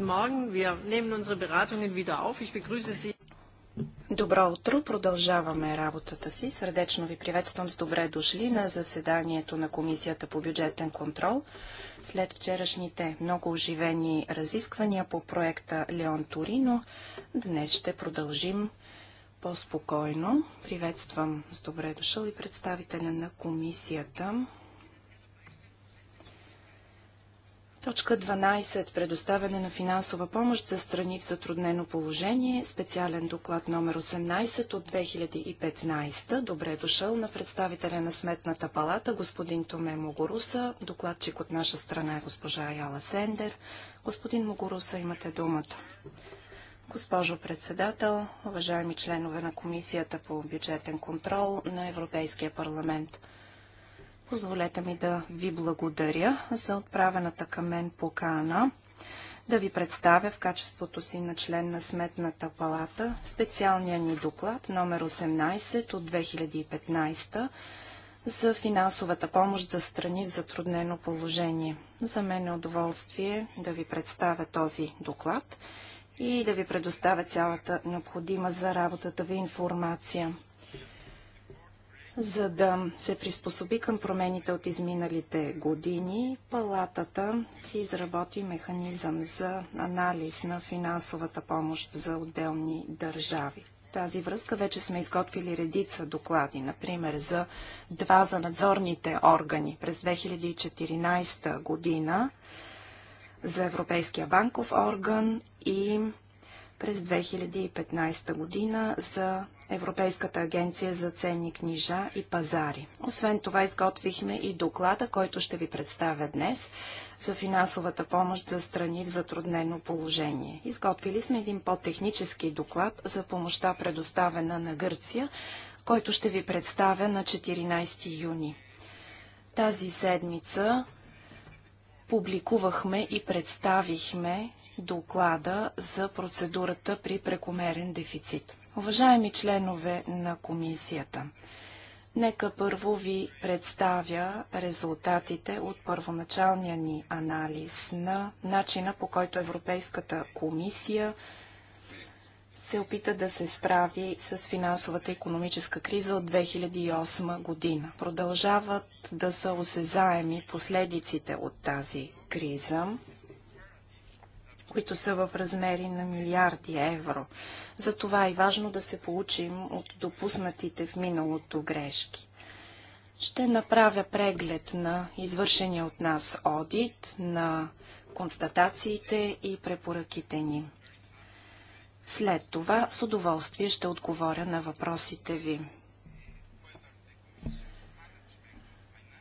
Guten Morgen. Wir nehmen unsere Beratungen wieder auf. Ich begrüße Sie. Добро утро! Продължаваме работата си. Сърдечно ви приветствам с добре дошли на заседанието на Комисията по бюджетен контрол. След вчерашните много оживени разисквания по проекта Леон Торино, днес ще продължим по-спокойно. Приветствам с добре дошъл и представителя на комисията Точка 12. Предоставяне на финансова помощ за страни в затруднено положение. Специален доклад номер 18 от 2015. Добре е дошъл на представителя на Сметната палата, господин Томе Могоруса. Докладчик от наша страна е госпожа Аяла Сендер. Господин Могоруса, имате думата. Госпожо председател, уважаеми членове на Комисията по бюджетен контрол на Европейския парламент – Позволете ми да ви благодаря за отправената към мен покана да ви представя в качеството си на член на Сметната палата специалния ни доклад номер 18 от 2015 за финансовата помощ за страни в затруднено положение. За мен е удоволствие да ви представя този доклад и да ви предоставя цялата необходима за работата ви информация. За да се приспособи към промените от изминалите години, палатата си изработи механизъм за анализ на финансовата помощ за отделни държави. В тази връзка вече сме изготвили редица доклади, например за два за надзорните органи през 2014 година, за Европейския банков орган и през 2015 година за Европейската агенция за ценни книжа и пазари. Освен това изготвихме и доклада, който ще ви представя днес за финансовата помощ за страни в затруднено положение. Изготвили сме един по-технически доклад за помощта предоставена на Гърция, който ще ви представя на 14 юни. Тази седмица публикувахме и представихме доклада за процедурата при прекомерен дефицит. Уважаеми членове на комисията, нека първо ви представя резултатите от първоначалния ни анализ на начина по който Европейската комисия се опита да се справи с финансовата економическа криза от 2008 година. Продължават да са осезаеми последиците от тази криза, които са в размери на милиарди евро. Затова е важно да се получим от допуснатите в миналото грешки. Ще направя преглед на извършения от нас одит, на констатациите и препоръките ни. След това с удоволствие ще отговоря на въпросите ви.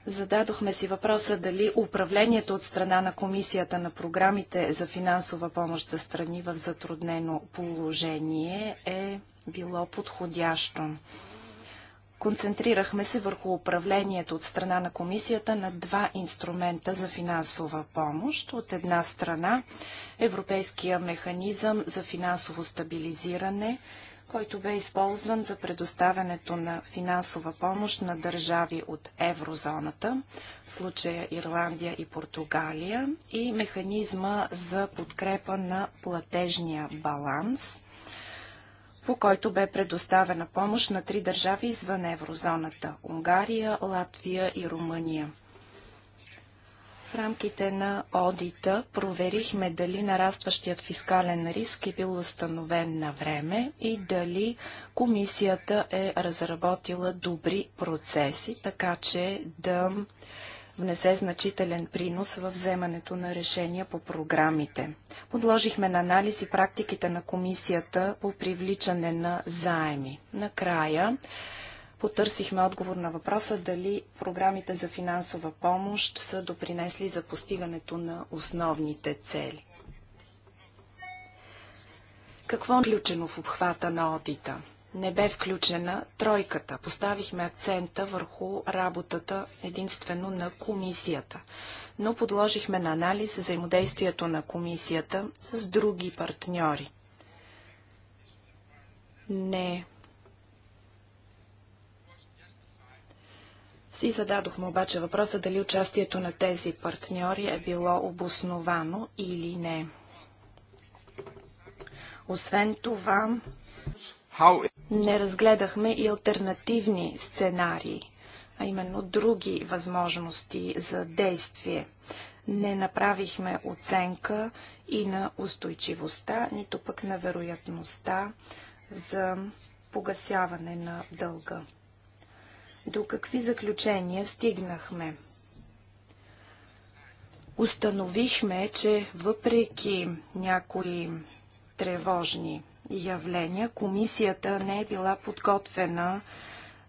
Зададохме си въпроса дали управлението от страна на комисията на програмите за финансова помощ за страни в затруднено положение е било подходящо. Концентрирахме се върху управлението от страна на комисията на два инструмента за финансова помощ. От една страна Европейския механизъм за финансово стабилизиране – който бе използван за предоставянето на финансова помощ на държави от еврозоната, в случая Ирландия и Португалия, и механизма за подкрепа на платежния баланс, по който бе предоставена помощ на три държави извън еврозоната – Унгария, Латвия и Румъния. В рамките на одита проверихме дали нарастващият фискален риск е бил установен на време и дали комисията е разработила добри процеси, така че да внесе значителен принос в вземането на решения по програмите. Подложихме на анализ и практиките на комисията по привличане на заеми. Накрая Потърсихме отговор на въпроса дали програмите за финансова помощ са допринесли за постигането на основните цели. Какво е включено в обхвата на одита? Не бе включена тройката. Поставихме акцента върху работата единствено на комисията, но подложихме на анализ взаимодействието на комисията с други партньори. Не Си зададохме обаче въпроса дали участието на тези партньори е било обосновано или не. Освен това, не разгледахме и альтернативни сценарии, а именно други възможности за действие. Не направихме оценка и на устойчивостта, нито пък на вероятността за погасяване на дълга. До какви заключения стигнахме? Установихме, че въпреки някои тревожни явления, комисията не е била подготвена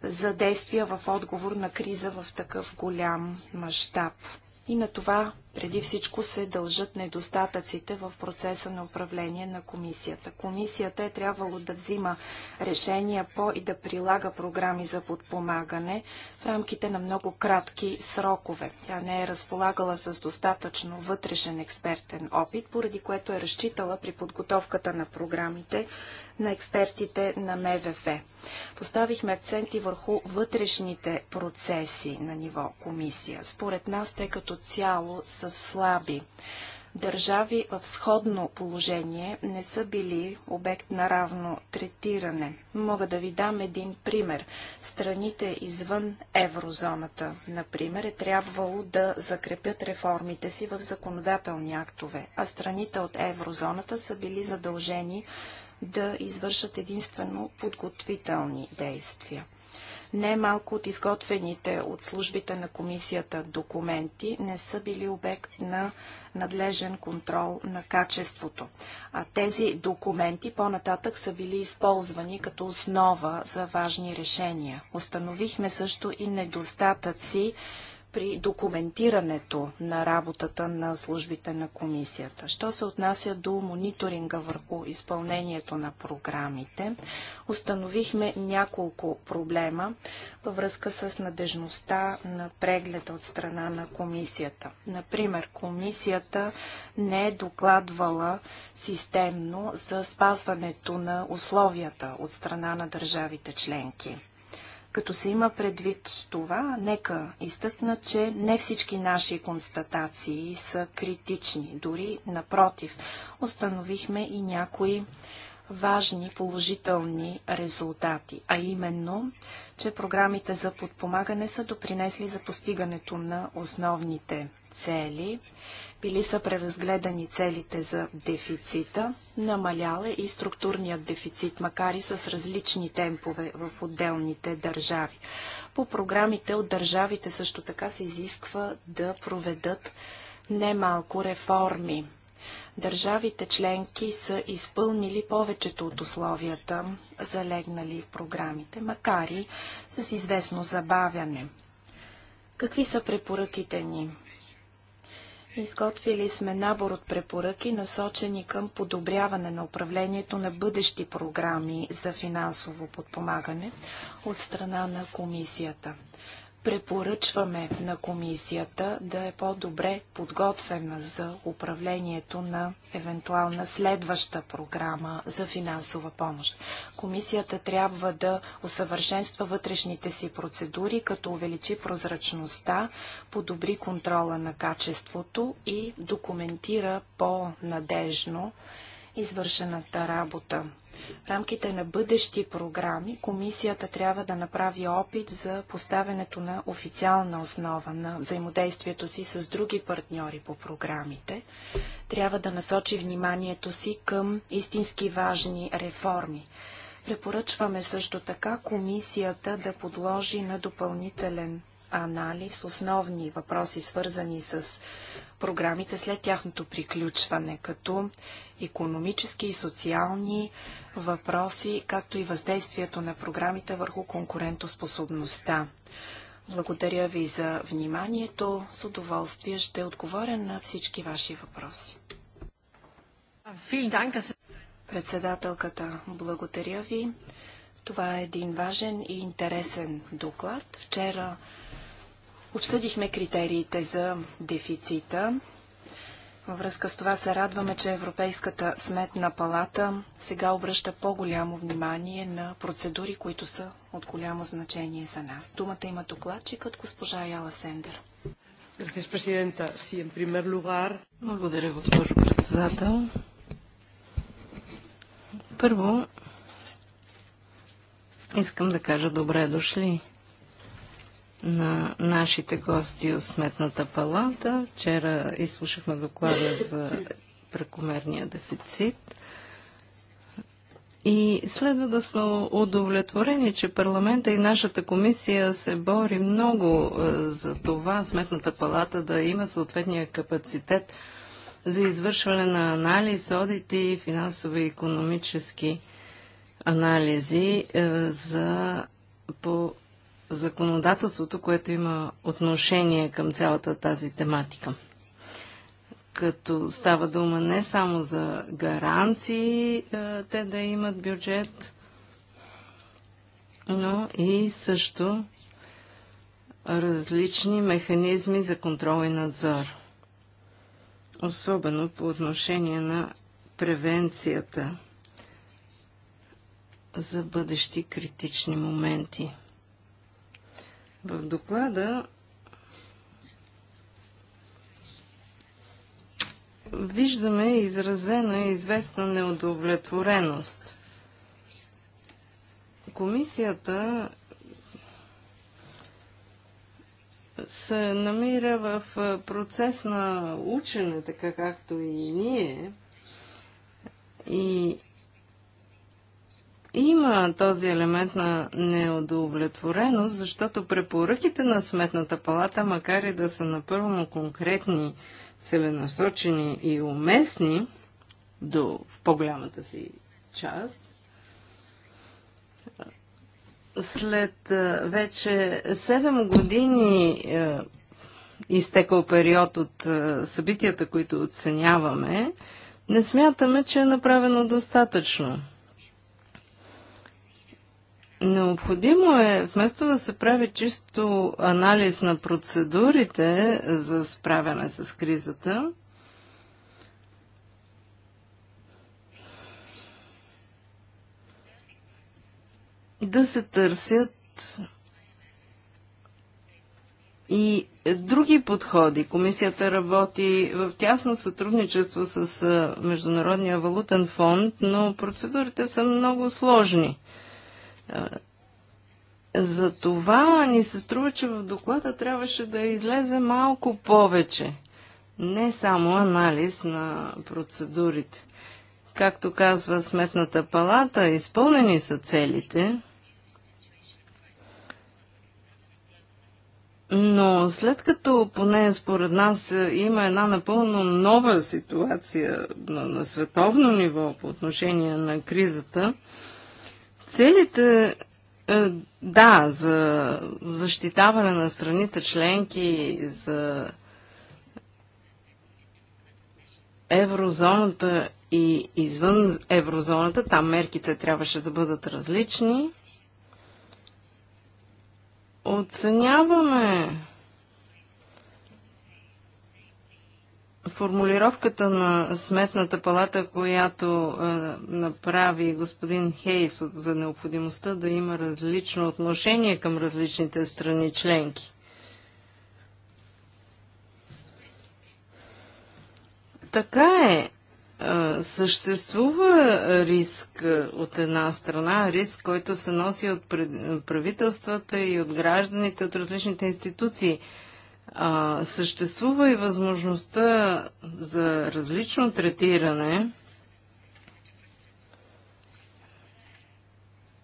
за действия в отговор на криза в такъв голям мащаб. И на това преди всичко се дължат недостатъците в процеса на управление на комисията. Комисията е трябвало да взима решения по и да прилага програми за подпомагане в рамките на много кратки срокове. Тя не е разполагала с достатъчно вътрешен експертен опит, поради което е разчитала при подготовката на програмите на експертите на МВФ. Поставихме акценти върху вътрешните процеси на ниво комисия. Според нас те като цяло са слаби. Държави в сходно положение не са били обект на равно третиране. Мога да ви дам един пример. Страните извън еврозоната, например, е трябвало да закрепят реформите си в законодателни актове, а страните от еврозоната са били задължени да извършат единствено подготвителни действия. Немалко от изготвените от службите на комисията документи не са били обект на надлежен контрол на качеството. А тези документи по-нататък са били използвани като основа за важни решения. Установихме също и недостатъци при документирането на работата на службите на комисията. Що се отнася до мониторинга върху изпълнението на програмите, установихме няколко проблема във връзка с надежността на прегледа от страна на комисията. Например, комисията не е докладвала системно за спазването на условията от страна на държавите членки. Като се има предвид това, нека изтъкна, че не всички наши констатации са критични. Дори напротив, установихме и някои важни положителни резултати, а именно, че програмите за подпомагане са допринесли за постигането на основните цели, били са преразгледани целите за дефицита, намалял е и структурният дефицит, макар и с различни темпове в отделните държави. По програмите от държавите също така се изисква да проведат немалко реформи. Държавите членки са изпълнили повечето от условията, залегнали в програмите, макар и с известно забавяне. Какви са препоръките ни? Изготвили сме набор от препоръки, насочени към подобряване на управлението на бъдещи програми за финансово подпомагане от страна на комисията препоръчваме на комисията да е по-добре подготвена за управлението на евентуална следваща програма за финансова помощ. Комисията трябва да усъвършенства вътрешните си процедури, като увеличи прозрачността, подобри контрола на качеството и документира по-надежно извършената работа. В рамките на бъдещи програми комисията трябва да направи опит за поставянето на официална основа на взаимодействието си с други партньори по програмите. Трябва да насочи вниманието си към истински важни реформи. Препоръчваме също така комисията да подложи на допълнителен анализ основни въпроси, свързани с програмите след тяхното приключване, като економически и социални въпроси, както и въздействието на програмите върху конкурентоспособността. Благодаря ви за вниманието. С удоволствие ще отговоря на всички ваши въпроси. Председателката, благодаря ви. Това е един важен и интересен доклад. Вчера Обсъдихме критериите за дефицита. Във връзка с това се радваме, че Европейската сметна палата сега обръща по-голямо внимание на процедури, които са от голямо значение за нас. Думата има докладчикът госпожа Яла Сендер. Благодаря, госпожо председател. Първо, искам да кажа добре дошли на нашите гости от Сметната палата. Вчера изслушахме доклада за прекомерния дефицит. И следва да сме удовлетворени, че парламента и нашата комисия се бори много е, за това Сметната палата да има съответния капацитет за извършване на анализ, одити, финансови и економически анализи е, за по законодателството, което има отношение към цялата тази тематика. Като става дума не само за гаранции, е, те да имат бюджет, но и също различни механизми за контрол и надзор. Особено по отношение на превенцията за бъдещи критични моменти – в доклада виждаме изразена известна неудовлетвореност. Комисията се намира в процес на учене, така както и ние. И има този елемент на неудовлетвореност, защото препоръките на Сметната палата, макар и да са напълно конкретни, целенасочени и уместни до, в по-голямата си част, след вече 7 години е, изтекал период от е, събитията, които оценяваме, не смятаме, че е направено достатъчно. Необходимо е, вместо да се прави чисто анализ на процедурите за справяне с кризата, да се търсят и други подходи. Комисията работи в тясно сътрудничество с Международния валутен фонд, но процедурите са много сложни. За това ни се струва, че в доклада трябваше да излезе малко повече. Не само анализ на процедурите. Както казва Сметната палата, изпълнени са целите, но след като поне според нас има една напълно нова ситуация на, на световно ниво по отношение на кризата – Целите, е, да, за защитаване на страните членки, за еврозоната и извън еврозоната, там мерките трябваше да бъдат различни. Оценяваме формулировката на сметната палата, която е, направи господин Хейс за необходимостта да има различно отношение към различните страни членки. Така е. е съществува риск е, от една страна, риск, който се носи от правителствата и от гражданите, от различните институции – а, съществува и възможността за различно третиране,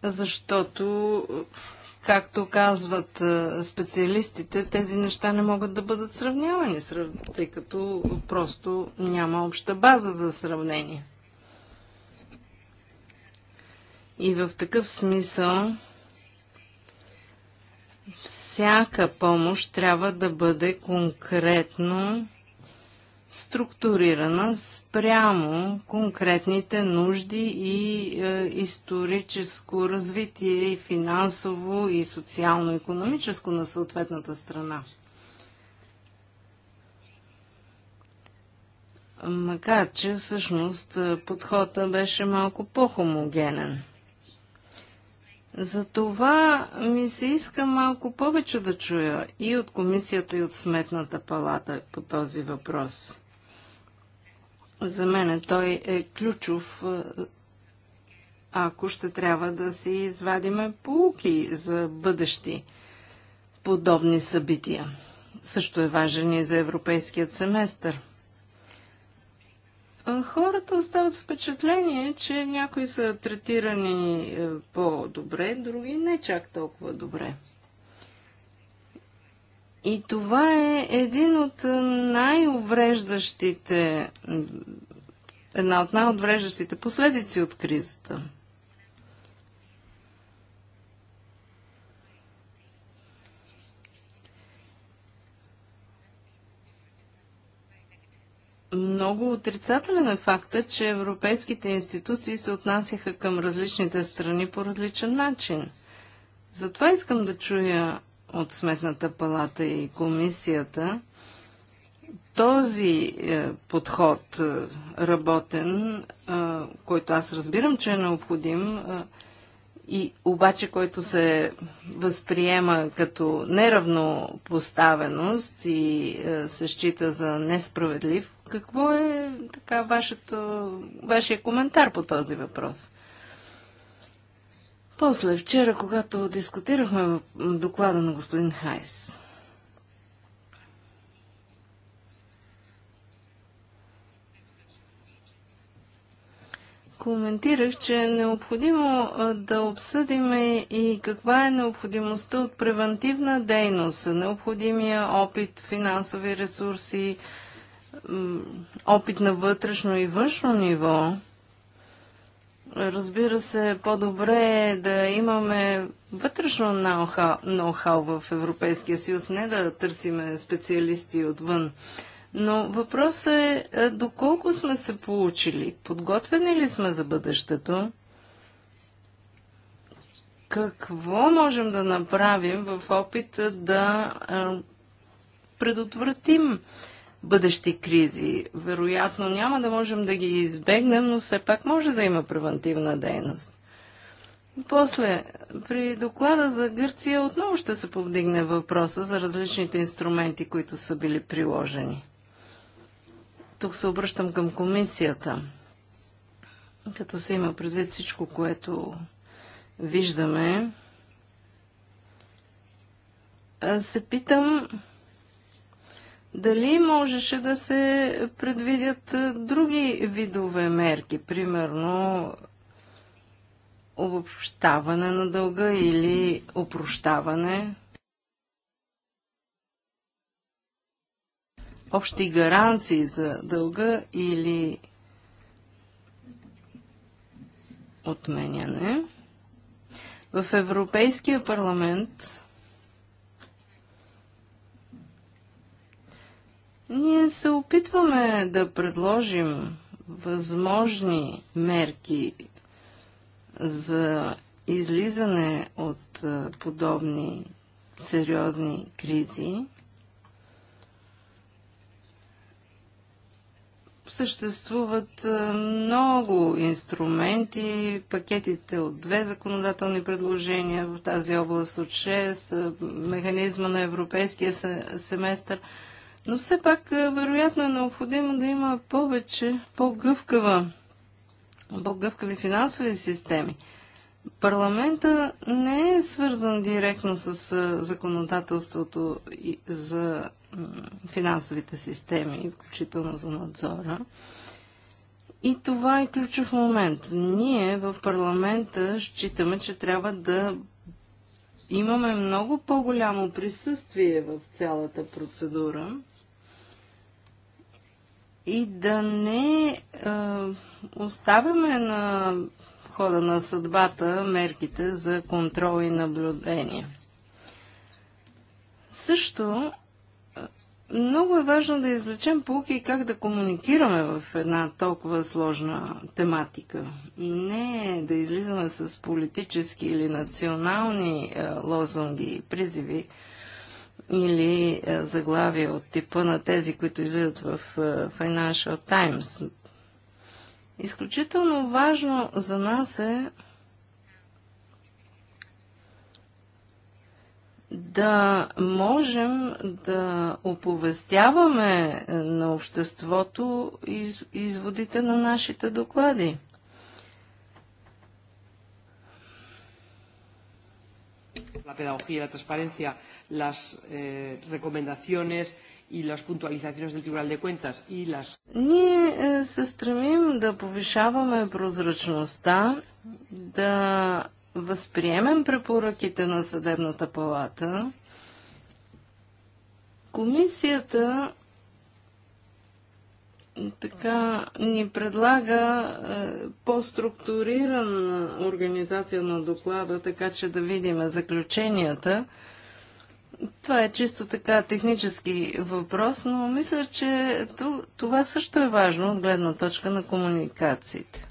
защото, както казват специалистите, тези неща не могат да бъдат сравнявани, тъй като просто няма обща база за сравнение. И в такъв смисъл всяка помощ трябва да бъде конкретно структурирана спрямо конкретните нужди и е, историческо развитие и финансово и социално-економическо на съответната страна. Макар, че всъщност е, подходът беше малко по-хомогенен. За това ми се иска малко повече да чуя и от комисията, и от сметната палата по този въпрос. За мен той е ключов, ако ще трябва да си извадиме полуки за бъдещи подобни събития. Също е важен и за европейският семестър хората остават впечатление, че някои са третирани е, по-добре, други не чак толкова добре. И това е един от най-увреждащите, една от най-увреждащите последици от кризата. много отрицателен е факта, че европейските институции се отнасяха към различните страни по различен начин. Затова искам да чуя от Сметната палата и комисията този е, подход е, работен, е, който аз разбирам, че е необходим, и обаче, който се възприема като неравнопоставеност и е, се счита за несправедлив. Какво е така вашето, вашия коментар по този въпрос? После вчера, когато дискутирахме доклада на господин Хайс, коментирах, че е необходимо да обсъдим и каква е необходимостта от превентивна дейност, необходимия опит, финансови ресурси, опит на вътрешно и външно ниво. Разбира се, по-добре е да имаме вътрешно ноу-хау в Европейския съюз, не да търсиме специалисти отвън. Но въпросът е, е доколко сме се получили, подготвени ли сме за бъдещето, какво можем да направим в опита да е, предотвратим бъдещи кризи. Вероятно няма да можем да ги избегнем, но все пак може да има превентивна дейност. После, при доклада за Гърция отново ще се повдигне въпроса за различните инструменти, които са били приложени. Тук се обръщам към комисията. Като се има предвид всичко, което виждаме, се питам дали можеше да се предвидят други видове мерки, примерно обобщаване на дълга или опрощаване общи гаранции за дълга или отменяне. В Европейския парламент ние се опитваме да предложим възможни мерки за излизане от подобни сериозни кризи. съществуват е, много инструменти, пакетите от две законодателни предложения в тази област от 6, е, механизма на европейския семестър. Но все пак, е, вероятно е необходимо да има повече, по-гъвкава, по-гъвкави финансови системи. Парламента не е свързан директно с законодателството за финансовите системи, включително за надзора. И това е ключов момент. Ние в парламента считаме, че трябва да имаме много по-голямо присъствие в цялата процедура и да не е, оставяме на хода на съдбата мерките за контрол и наблюдение. Също много е важно да извлечем полки и как да комуникираме в една толкова сложна тематика. Не да излизаме с политически или национални е, лозунги и призиви или е, заглавия от типа на тези, които излизат в е, Financial Times. Изключително важно за нас е да можем да оповестяваме на обществото из, изводите на нашите доклади. La pedagogía, la transparencia, las eh, recomendaciones y las puntualizaciones del Tribunal de Cuentas y las... Ние eh, се стремим да повишаваме прозрачността, да възприемем препоръките на Съдебната палата, комисията така ни предлага е, по-структурирана организация на доклада, така че да видим заключенията. Това е чисто така технически въпрос, но мисля, че това също е важно от гледна точка на комуникациите.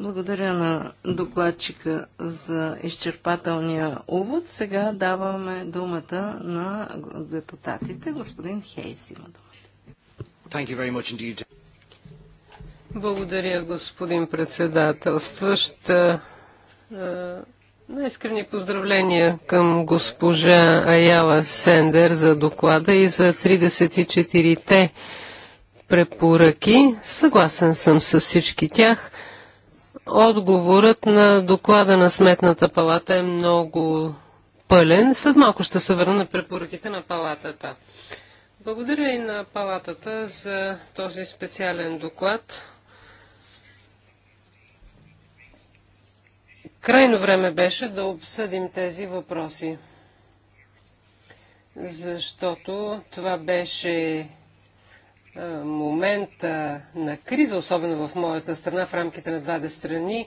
Благодаря на докладчика за изчерпателния увод. Сега даваме думата на депутатите. Господин Хейс има думата. Благодаря, господин председателстващ. Е, е, Най-искрени поздравления към госпожа Аяла Сендер за доклада и за 34-те препоръки. Съгласен съм с всички тях. Отговорът на доклада на Сметната палата е много пълен. След малко ще се върна на препоръките на палатата. Благодаря и на палатата за този специален доклад. Крайно време беше да обсъдим тези въпроси, защото това беше момента на криза, особено в моята страна, в рамките на 20 страни,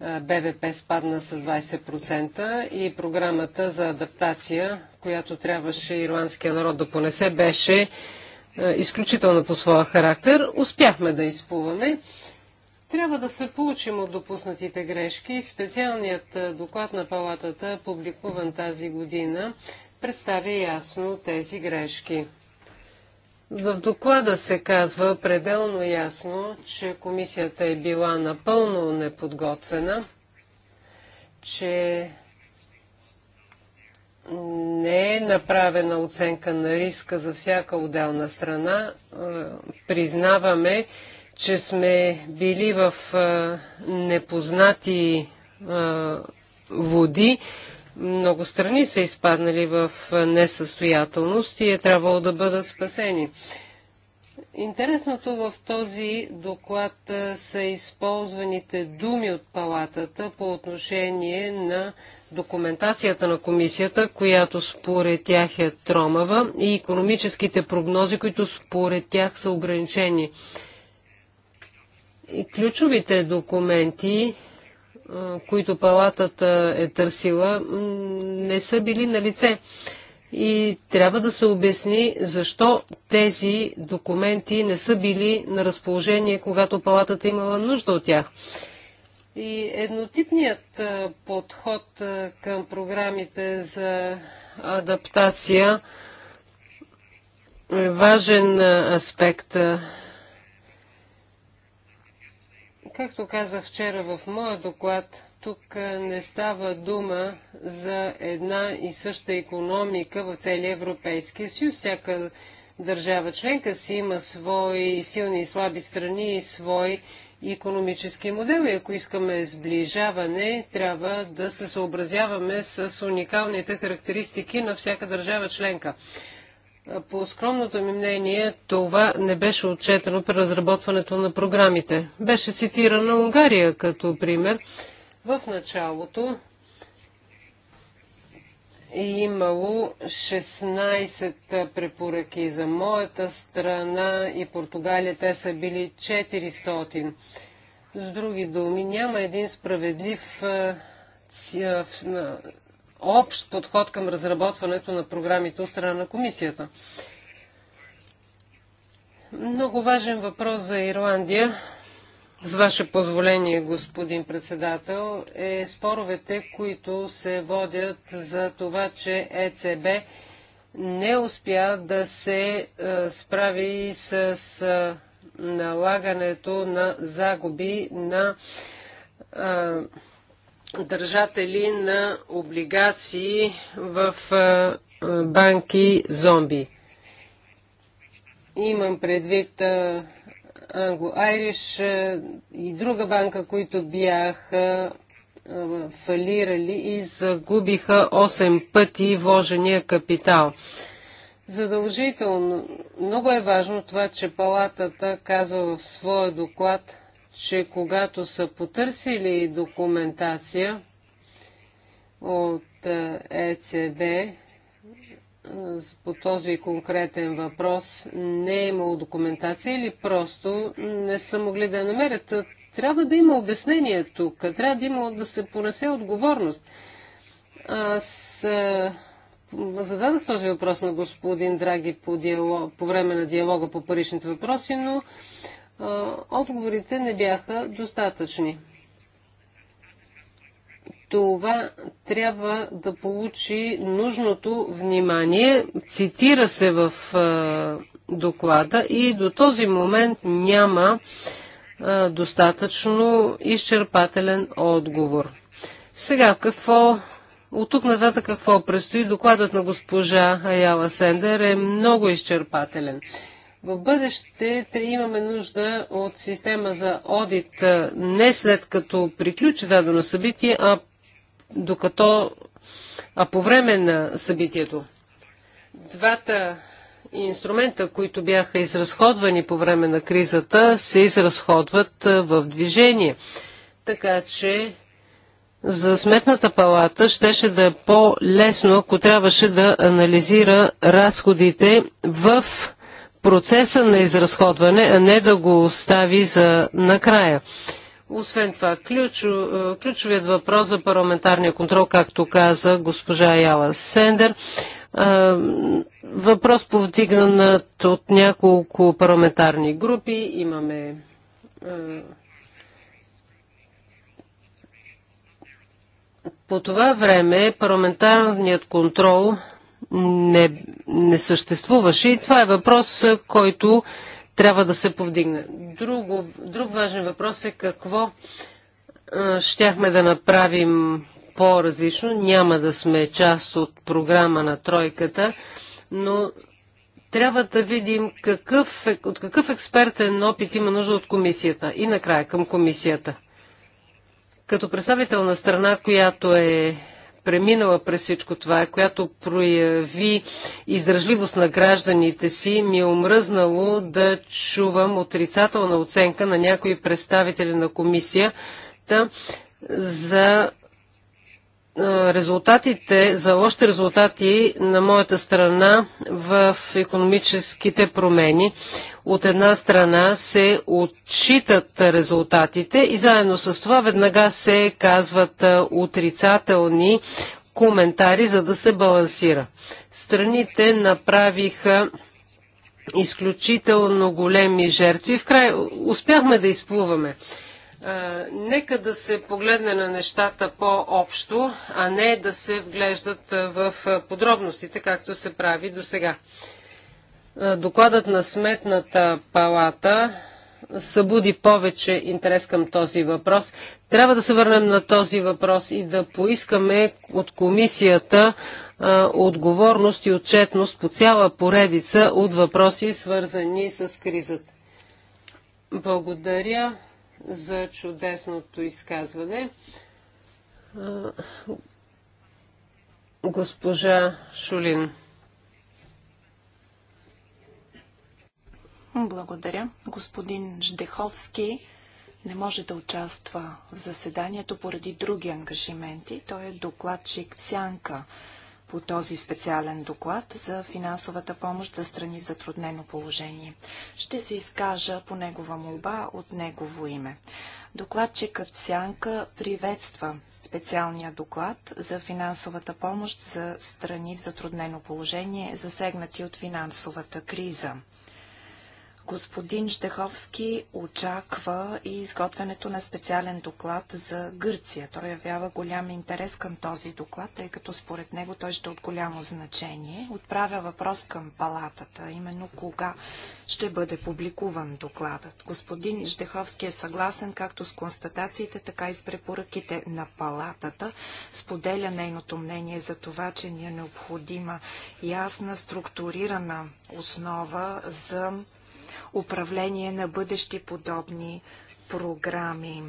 БВП спадна с 20% и програмата за адаптация, която трябваше ирландския народ да понесе, беше изключително по своя характер. Успяхме да изплуваме. Трябва да се получим от допуснатите грешки. Специалният доклад на палатата, публикуван тази година, представя ясно тези грешки. В доклада се казва пределно ясно, че комисията е била напълно неподготвена, че не е направена оценка на риска за всяка отделна страна. Е, признаваме, че сме били в е, непознати е, води, много страни са изпаднали в несъстоятелност и е трябвало да бъдат спасени. Интересното в този доклад са използваните думи от палатата по отношение на документацията на комисията, която според тях е тромава и економическите прогнози, които според тях са ограничени. И ключовите документи които палатата е търсила, не са били на лице. И трябва да се обясни защо тези документи не са били на разположение, когато палатата имала нужда от тях. И еднотипният подход към програмите за адаптация е важен аспект Както казах вчера в моя доклад, тук не става дума за една и съща економика в целия Европейски съюз. Всяка държава членка си има свои силни и слаби страни и свои економически модел. И ако искаме сближаване, трябва да се съобразяваме с уникалните характеристики на всяка държава членка. По скромното ми мнение, това не беше отчетено при разработването на програмите. Беше цитирана Унгария като пример. В началото е имало 16 препоръки за моята страна и Португалия. Те са били 400. С други думи, няма един справедлив общ подход към разработването на програмите от страна на комисията. Много важен въпрос за Ирландия, с ваше позволение, господин председател, е споровете, които се водят за това, че ЕЦБ не успя да се е, справи с е, налагането на загуби на е, държатели на облигации в банки зомби. Имам предвид anglo айриш и друга банка, които бяха фалирали и загубиха 8 пъти вложения капитал. Задължително. Много е важно това, че палатата казва в своя доклад, че когато са потърсили документация от ЕЦБ е по този конкретен въпрос, не е имало документация или просто не са могли да намерят. Трябва да има обяснение тук, трябва да има да се понесе отговорност. Аз е, зададах този въпрос на господин Драги по, диалог, по време на диалога по паричните въпроси, но отговорите не бяха достатъчни. Това трябва да получи нужното внимание. Цитира се в доклада и до този момент няма достатъчно изчерпателен отговор. Сега какво от тук нататък какво предстои? Докладът на госпожа Аяла Сендер е много изчерпателен. В бъдеще имаме нужда от система за одит не след като приключи дадено събитие, а докато а по време на събитието. Двата инструмента, които бяха изразходвани по време на кризата, се изразходват в движение. Така че за сметната палата щеше да е по-лесно, ако трябваше да анализира разходите в процеса на изразходване, а не да го остави за накрая. Освен това, ключ, е, ключовият въпрос за парламентарния контрол, както каза госпожа Яла Сендер, е, въпрос повдигнат от няколко парламентарни групи. Имаме е, по това време парламентарният контрол не, не съществуваше. И това е въпрос, който трябва да се повдигне. Друго, друг важен въпрос е какво а, щяхме да направим по-различно. Няма да сме част от програма на тройката, но трябва да видим какъв, от какъв експертен опит има нужда от комисията. И накрая към комисията. Като представител на страна, която е преминала през всичко това, която прояви издържливост на гражданите си, ми е омръзнало да чувам отрицателна оценка на някои представители на комисията за резултатите, за лошите резултати на моята страна в економическите промени. От една страна се отчитат резултатите и заедно с това веднага се казват отрицателни коментари, за да се балансира. Страните направиха изключително големи жертви. В край успяхме да изплуваме. Нека да се погледне на нещата по-общо, а не да се вглеждат в подробностите, както се прави до сега. Докладът на Сметната палата събуди повече интерес към този въпрос. Трябва да се върнем на този въпрос и да поискаме от комисията отговорност и отчетност по цяла поредица от въпроси, свързани с кризата. Благодаря за чудесното изказване. Госпожа Шулин. Благодаря. Господин Ждеховски не може да участва в заседанието поради други ангажименти. Той е докладчик в Сянка по този специален доклад за финансовата помощ за страни в затруднено положение. Ще се изкажа по негова молба от негово име. Докладчикът Сянка приветства специалния доклад за финансовата помощ за страни в затруднено положение, засегнати от финансовата криза. Господин Штеховски очаква и изготвянето на специален доклад за Гърция. Той явява голям интерес към този доклад, тъй като според него той ще е от голямо значение. Отправя въпрос към палатата, именно кога ще бъде публикуван докладът. Господин Ждеховски е съгласен както с констатациите, така и с препоръките на палатата. Споделя нейното мнение за това, че ни е необходима ясна, структурирана основа за управление на бъдещи подобни програми.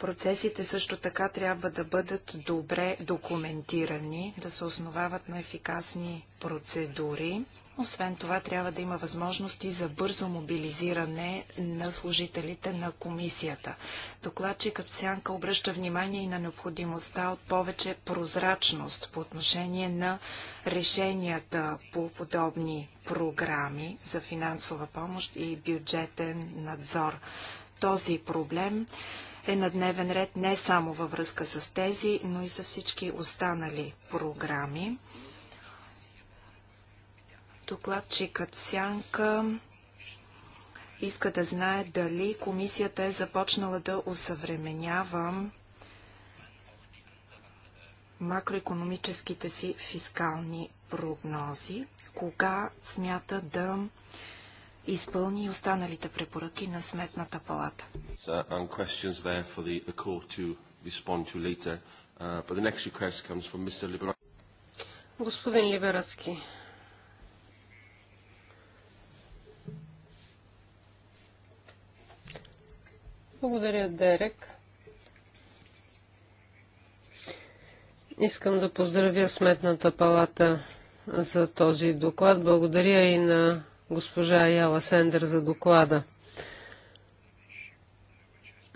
Процесите също така трябва да бъдат добре документирани, да се основават на ефикасни процедури. Освен това, трябва да има възможности за бързо мобилизиране на служителите на комисията. Докладчикът Сянка обръща внимание и на необходимостта от повече прозрачност по отношение на решенията по подобни програми за финансова помощ и бюджетен надзор. Този проблем е на дневен ред не само във връзка с тези, но и с всички останали програми. Докладчикът Сянка иска да знае дали комисията е започнала да усъвременява макроекономическите си фискални прогнози, кога смята да изпълни останалите препоръки на Сметната палата. Um, uh, Господин Либерацки, Благодаря, Дерек. Искам да поздравя Сметната палата за този доклад. Благодаря и на госпожа Яла Сендер за доклада.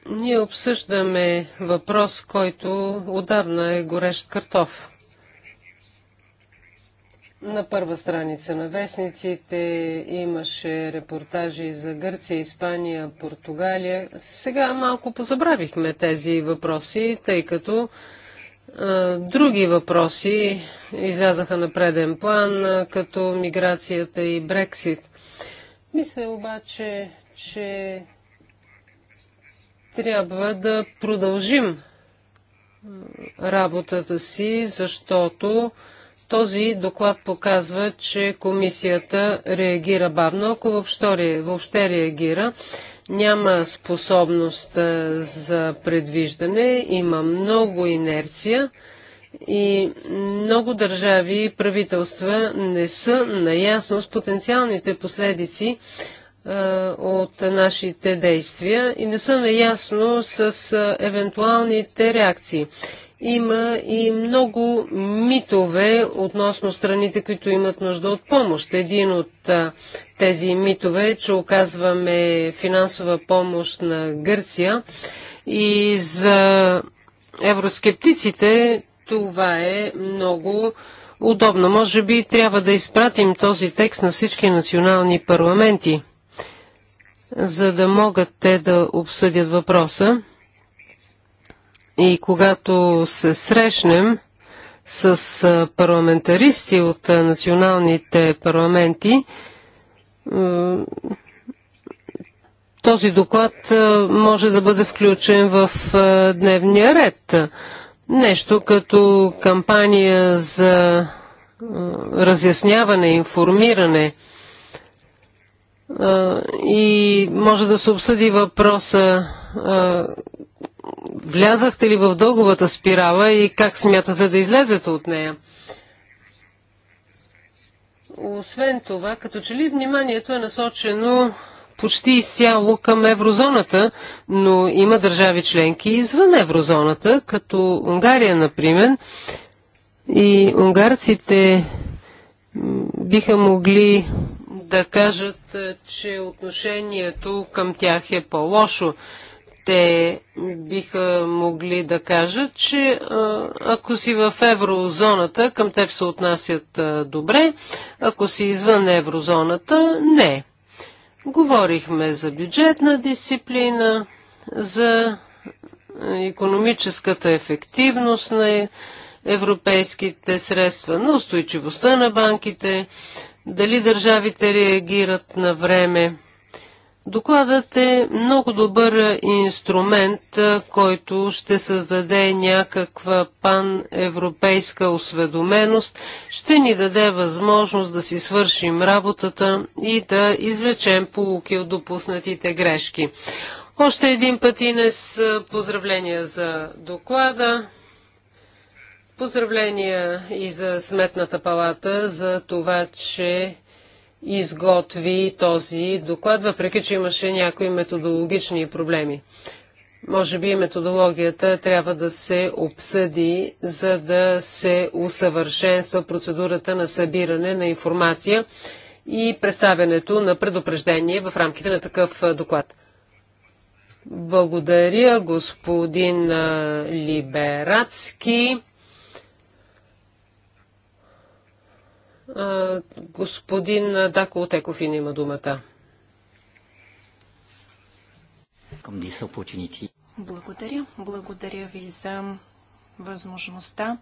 Ние обсъждаме въпрос, който отдавна е горещ картоф. На първа страница на вестниците имаше репортажи за Гърция, Испания, Португалия. Сега малко позабравихме тези въпроси, тъй като а, други въпроси излязаха на преден план, а, като миграцията и Брексит. Мисля обаче, че трябва да продължим работата си, защото този доклад показва, че комисията реагира бавно, ако въобще, реагира. Няма способност за предвиждане, има много инерция и много държави и правителства не са наясно с потенциалните последици от нашите действия и не са наясно с евентуалните реакции. Има и много митове относно страните, които имат нужда от помощ. Един от тези митове е, че оказваме финансова помощ на Гърция и за евроскептиците това е много удобно. Може би трябва да изпратим този текст на всички национални парламенти, за да могат те да обсъдят въпроса. И когато се срещнем с парламентаристи от националните парламенти, този доклад може да бъде включен в дневния ред. Нещо като кампания за разясняване, информиране и може да се обсъди въпроса влязахте ли в дълговата спирала и как смятате да излезете от нея? Освен това, като че ли вниманието е насочено почти изцяло към еврозоната, но има държави членки извън еврозоната, като Унгария, например. И унгарците биха могли да кажат, че отношението към тях е по-лошо те биха могли да кажат, че ако си в еврозоната, към теб се отнасят добре, ако си извън еврозоната, не. Говорихме за бюджетна дисциплина, за економическата ефективност на европейските средства, на устойчивостта на банките, дали държавите реагират на време. Докладът е много добър инструмент, който ще създаде някаква паневропейска осведоменост, ще ни даде възможност да си свършим работата и да извлечем полуки от допуснатите грешки. Още един път Инес, поздравления за доклада. Поздравления и за Сметната палата за това, че изготви този доклад, въпреки че имаше някои методологични проблеми. Може би методологията трябва да се обсъди, за да се усъвършенства процедурата на събиране на информация и представянето на предупреждение в рамките на такъв доклад. Благодаря, господин Либерацки. Господин Дако Отекофин има думата. Благодаря. Благодаря ви за възможността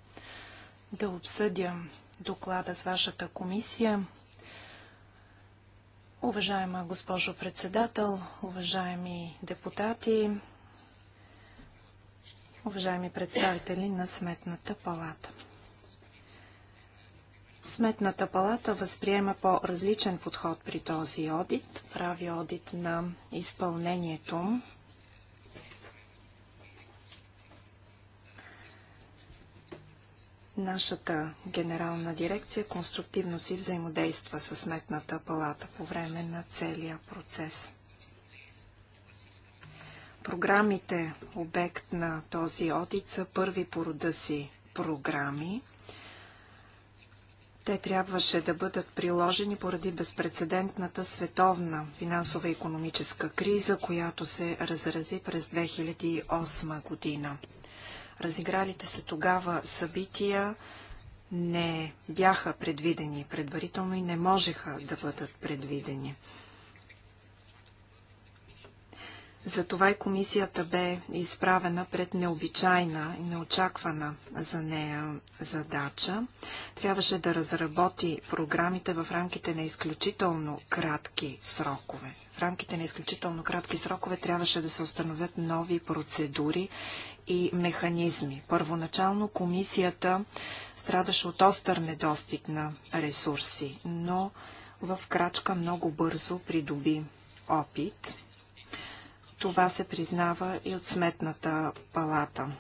да обсъдя доклада с вашата комисия. Уважаема госпожо председател, уважаеми депутати, уважаеми представители на Сметната палата. Сметната палата възприема по-различен подход при този одит, прави одит на изпълнението. Нашата генерална дирекция конструктивно си взаимодейства с Сметната палата по време на целия процес. Програмите, обект на този одит, са първи по рода си програми – те трябваше да бъдат приложени поради безпредседентната световна финансова и економическа криза, която се разрази през 2008 година. Разигралите се тогава събития не бяха предвидени предварително и не можеха да бъдат предвидени. Затова и комисията бе изправена пред необичайна и неочаквана за нея задача. Трябваше да разработи програмите в рамките на изключително кратки срокове. В рамките на изключително кратки срокове трябваше да се установят нови процедури и механизми. Първоначално комисията страдаше от остър недостиг на ресурси, но в крачка много бързо придоби опит това се признава и от сметната палата.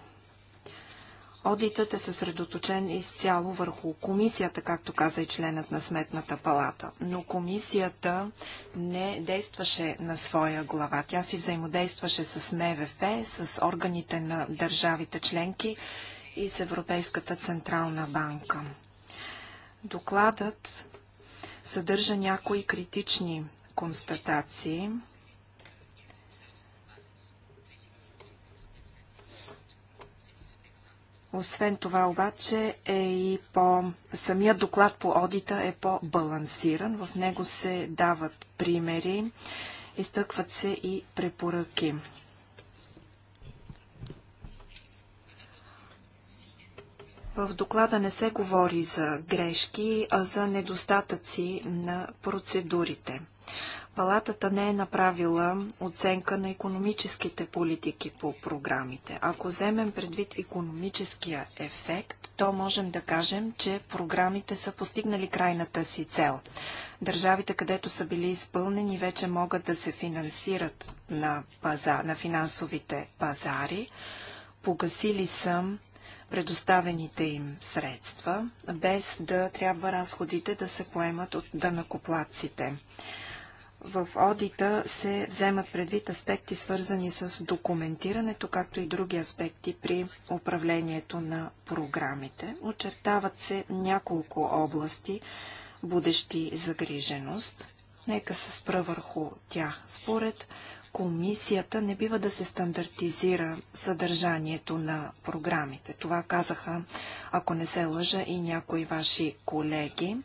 Одитът е съсредоточен изцяло върху комисията, както каза и членът на Сметната палата. Но комисията не действаше на своя глава. Тя си взаимодействаше с МВФ, с органите на държавите членки и с Европейската централна банка. Докладът съдържа някои критични констатации – Освен това обаче е и по... Самият доклад по одита е по-балансиран. В него се дават примери, изтъкват се и препоръки. В доклада не се говори за грешки, а за недостатъци на процедурите. Палатата не е направила оценка на економическите политики по програмите. Ако вземем предвид економическия ефект, то можем да кажем, че програмите са постигнали крайната си цел. Държавите, където са били изпълнени, вече могат да се финансират на, паза, на финансовите пазари. Погасили съм предоставените им средства, без да трябва разходите да се поемат от дънакоплаците. Да в одита се вземат предвид аспекти свързани с документирането, както и други аспекти при управлението на програмите. Очертават се няколко области, будещи загриженост. Нека се спра върху тях. Според комисията не бива да се стандартизира съдържанието на програмите. Това казаха, ако не се лъжа, и някои ваши колеги.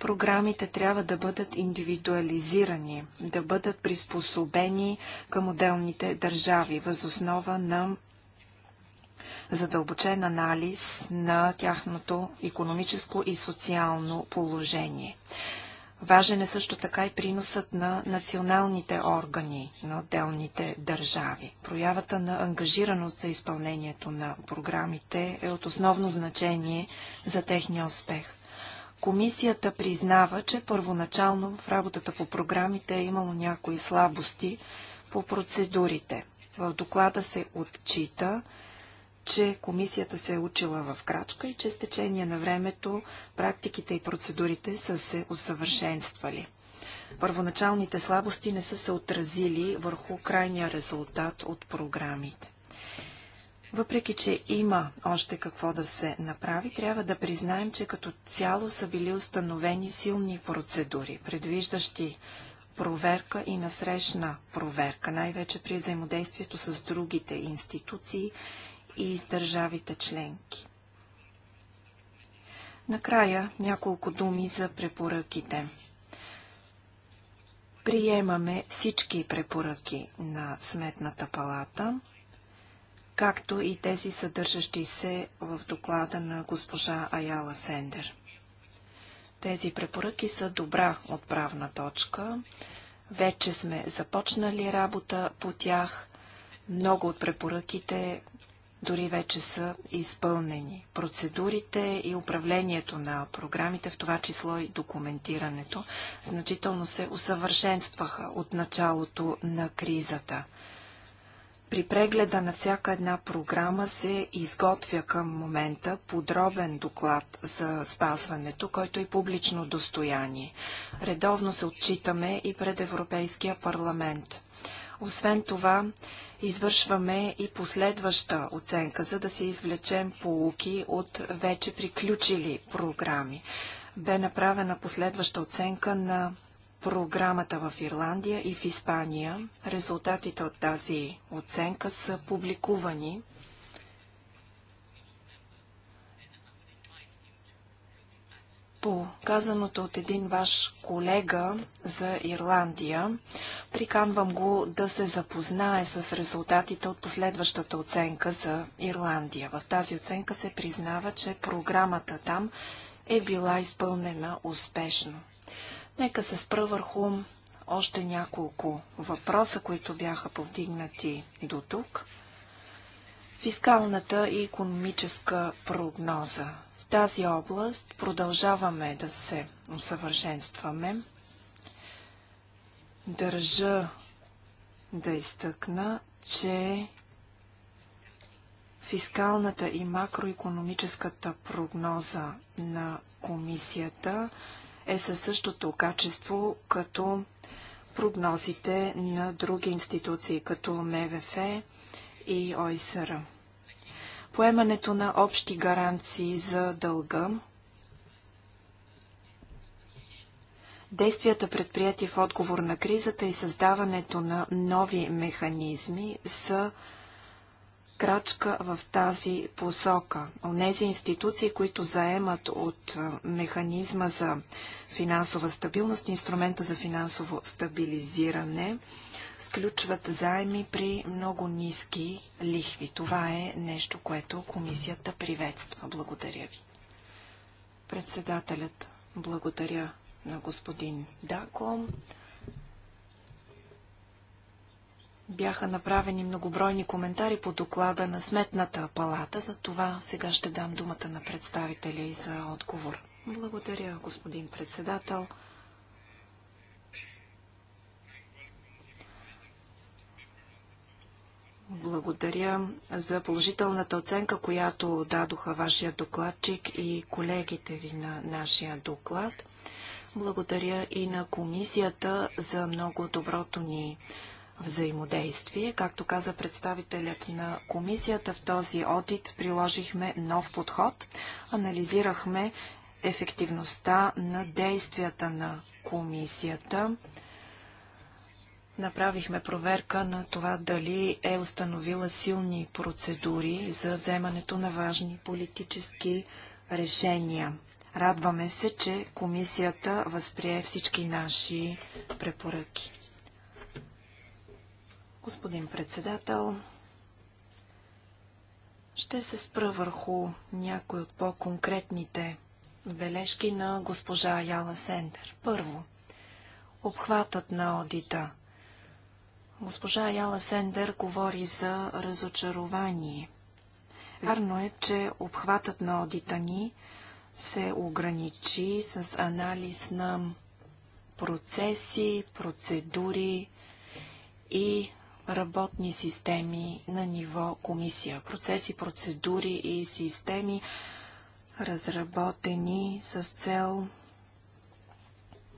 Програмите трябва да бъдат индивидуализирани, да бъдат приспособени към отделните държави, възоснова на задълбочен анализ на тяхното економическо и социално положение. Важен е също така и приносът на националните органи на отделните държави. Проявата на ангажираност за изпълнението на програмите е от основно значение за техния успех. Комисията признава, че първоначално в работата по програмите е имало някои слабости по процедурите. В доклада се отчита, че комисията се е учила в крачка и че с течение на времето практиките и процедурите са се усъвършенствали. Първоначалните слабости не са се отразили върху крайния резултат от програмите. Въпреки, че има още какво да се направи, трябва да признаем, че като цяло са били установени силни процедури, предвиждащи проверка и насрещна проверка, най-вече при взаимодействието с другите институции и с държавите членки. Накрая няколко думи за препоръките. Приемаме всички препоръки на Сметната палата както и тези съдържащи се в доклада на госпожа Аяла Сендер. Тези препоръки са добра отправна точка. Вече сме започнали работа по тях. Много от препоръките дори вече са изпълнени. Процедурите и управлението на програмите, в това число и документирането, значително се усъвършенстваха от началото на кризата – при прегледа на всяка една програма се изготвя към момента подробен доклад за спазването, който е публично достояние. Редовно се отчитаме и пред Европейския парламент. Освен това, извършваме и последваща оценка, за да се извлечем полуки от вече приключили програми. Бе направена последваща оценка на програмата в Ирландия и в Испания. Резултатите от тази оценка са публикувани. По казаното от един ваш колега за Ирландия, приканвам го да се запознае с резултатите от последващата оценка за Ирландия. В тази оценка се признава, че програмата там е била изпълнена успешно. Нека се спра върху още няколко въпроса, които бяха повдигнати до тук. Фискалната и економическа прогноза. В тази област продължаваме да се усъвършенстваме. Държа да изтъкна, че фискалната и макроекономическата прогноза на комисията – е със същото качество като прогнозите на други институции, като МВФ и ОИСР. Поемането на общи гаранции за дълга, действията предприяти в отговор на кризата и създаването на нови механизми са крачка в тази посока. Онези институции, които заемат от механизма за финансова стабилност, инструмента за финансово стабилизиране, сключват заеми при много ниски лихви. Това е нещо, което комисията приветства. Благодаря ви. Председателят, благодаря на господин Даком. Бяха направени многобройни коментари по доклада на Сметната палата, за това сега ще дам думата на представителя и за отговор. Благодаря, господин председател. Благодаря за положителната оценка, която дадоха вашия докладчик и колегите ви на нашия доклад. Благодаря и на комисията за много доброто ни взаимодействие. Както каза представителят на комисията, в този одит приложихме нов подход. Анализирахме ефективността на действията на комисията. Направихме проверка на това дали е установила силни процедури за вземането на важни политически решения. Радваме се, че комисията възприе всички наши препоръки. Господин председател, ще се спра върху някои от по-конкретните бележки на госпожа Яла Сендер. Първо, обхватът на одита. Госпожа Яла Сендер говори за разочарование. Вярно е, че обхватът на одита ни се ограничи с анализ на процеси, процедури и работни системи на ниво комисия, процеси, процедури и системи, разработени с цел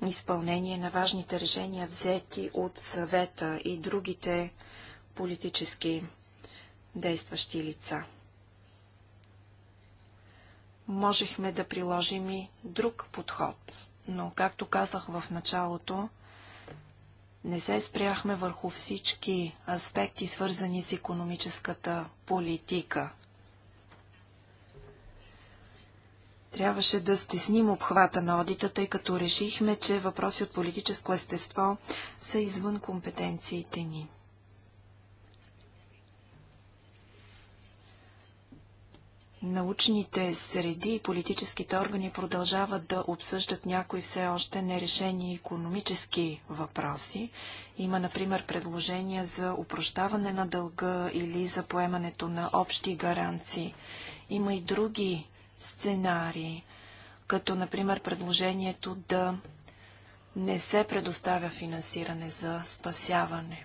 изпълнение на важните решения, взети от съвета и другите политически действащи лица. Можехме да приложим и друг подход, но, както казах в началото, не се спряхме върху всички аспекти, свързани с економическата политика. Трябваше да стесним обхвата на одита, тъй като решихме, че въпроси от политическо естество са извън компетенциите ни. научните среди и политическите органи продължават да обсъждат някои все още нерешени економически въпроси. Има, например, предложения за упрощаване на дълга или за поемането на общи гаранции. Има и други сценарии, като, например, предложението да не се предоставя финансиране за спасяване.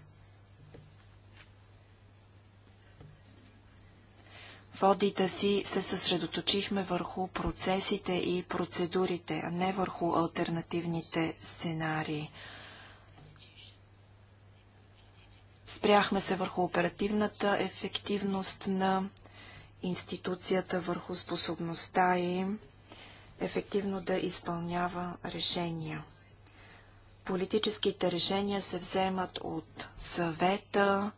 В одита си се съсредоточихме върху процесите и процедурите, а не върху альтернативните сценарии. Спряхме се върху оперативната ефективност на институцията, върху способността и ефективно да изпълнява решения. Политическите решения се вземат от съвета,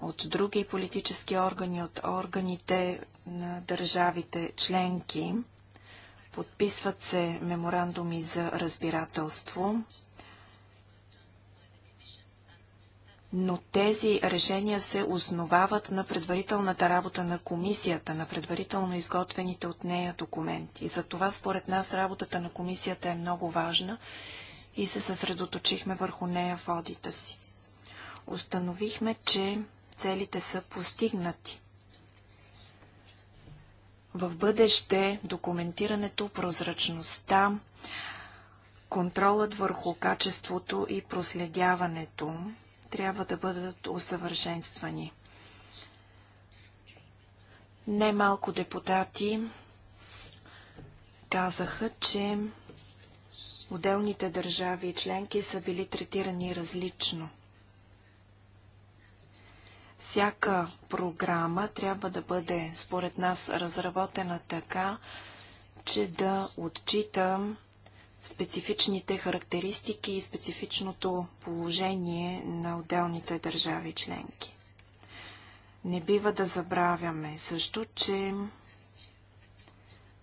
от други политически органи, от органите на държавите членки. Подписват се меморандуми за разбирателство, но тези решения се основават на предварителната работа на комисията, на предварително изготвените от нея документи. За това според нас работата на комисията е много важна и се съсредоточихме върху нея в одита си. Установихме, че целите са постигнати. В бъдеще документирането, прозрачността, контролът върху качеството и проследяването трябва да бъдат усъвършенствани. Немалко депутати казаха, че отделните държави и членки са били третирани различно – всяка програма трябва да бъде, според нас, разработена така, че да отчита специфичните характеристики и специфичното положение на отделните държави членки. Не бива да забравяме също, че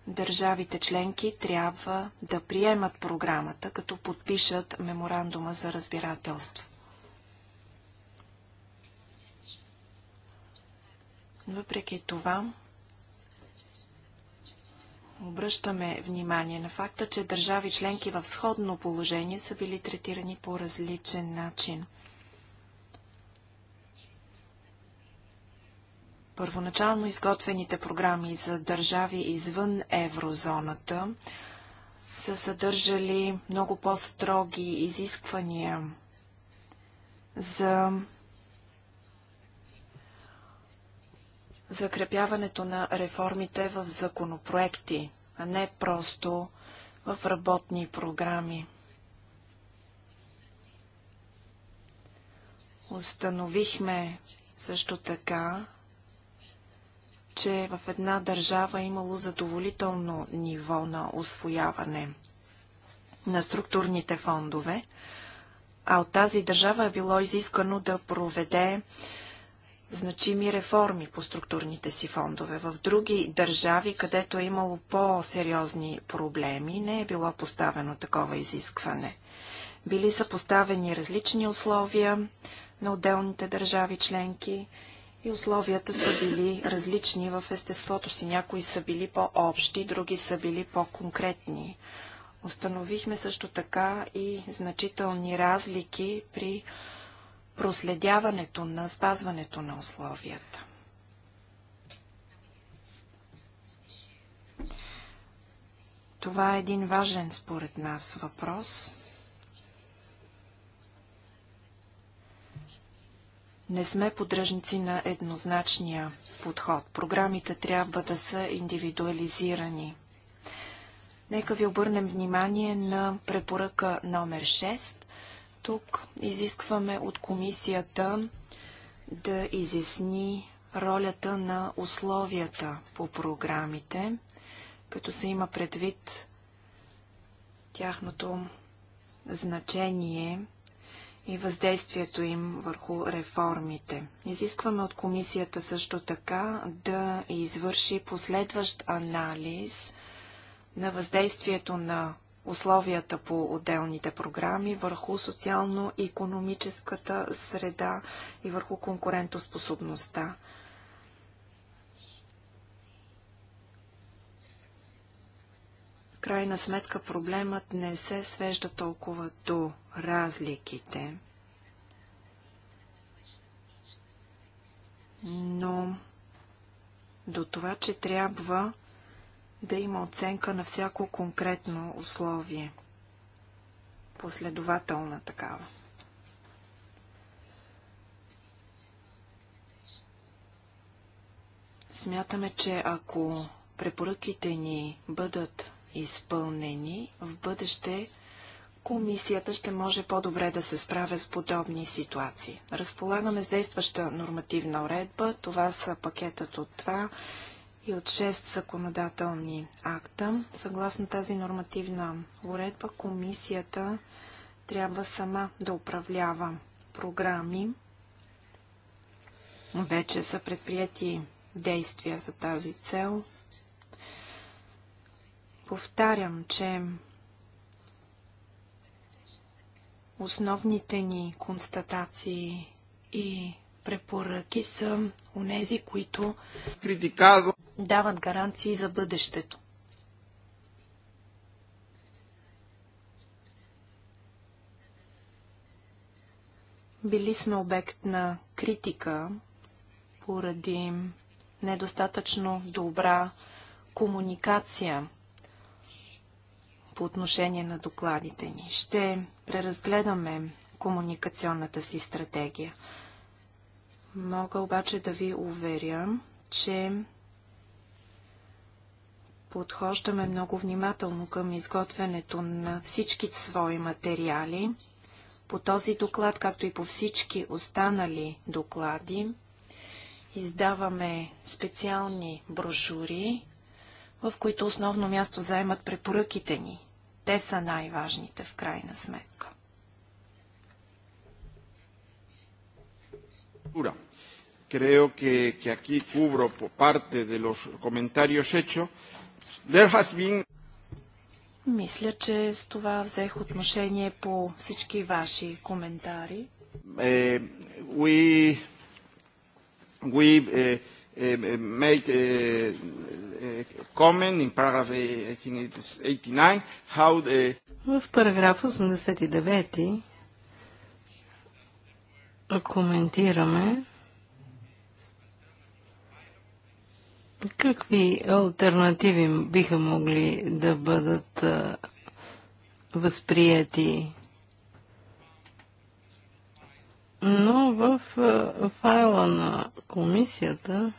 държавите членки трябва да приемат програмата, като подпишат меморандума за разбирателство. Въпреки това, обръщаме внимание на факта, че държави членки в сходно положение са били третирани по различен начин. Първоначално изготвените програми за държави извън еврозоната са съдържали много по-строги изисквания за закрепяването на реформите в законопроекти, а не просто в работни програми. Установихме също така, че в една държава е имало задоволително ниво на освояване на структурните фондове, а от тази държава е било изискано да проведе значими реформи по структурните си фондове. В други държави, където е имало по-сериозни проблеми, не е било поставено такова изискване. Били са поставени различни условия на отделните държави членки и условията са били различни в естеството си. Някои са били по-общи, други са били по-конкретни. Установихме също така и значителни разлики при проследяването на спазването на условията. Това е един важен според нас въпрос. Не сме подръжници на еднозначния подход. Програмите трябва да са индивидуализирани. Нека ви обърнем внимание на препоръка номер 6 тук изискваме от комисията да изясни ролята на условията по програмите, като се има предвид тяхното значение и въздействието им върху реформите. Изискваме от комисията също така да извърши последващ анализ на въздействието на условията по отделните програми, върху социално-економическата среда и върху конкурентоспособността. крайна сметка проблемът не се свежда толкова до разликите, но до това, че трябва да има оценка на всяко конкретно условие. Последователна такава. Смятаме, че ако препоръките ни бъдат изпълнени, в бъдеще комисията ще може по-добре да се справя с подобни ситуации. Разполагаме с действаща нормативна уредба. Това са пакетът от това и от 6 законодателни акта. Съгласно тази нормативна уредба, комисията трябва сама да управлява програми. Вече са предприяти действия за тази цел. Повтарям, че основните ни констатации и препоръки са онези, които Критикава. дават гаранции за бъдещето. Били сме обект на критика поради недостатъчно добра комуникация по отношение на докладите ни. Ще преразгледаме комуникационната си стратегия. Мога обаче да ви уверя, че подхождаме много внимателно към изготвянето на всички свои материали. По този доклад, както и по всички останали доклади, издаваме специални брошури, в които основно място заемат препоръките ни. Те са най-важните в крайна сметка. Ура! creo que, que aquí cubro parte de los comentarios hechos. There has been... Мисля, че с това взех отношение по всички ваши коментари. Uh, we we uh, uh, make a, a comment in paragraph 89 how the... В параграф 89 коментираме Какви альтернативи биха могли да бъдат възприяти? Но в файла на комисията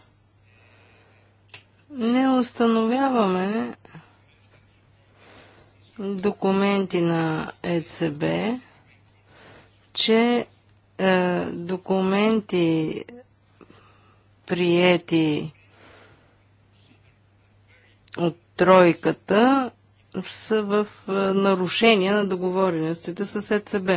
не установяваме документи на ЕЦБ, че е, документи приети от тройката са в нарушение на договореностите с ЕЦБ.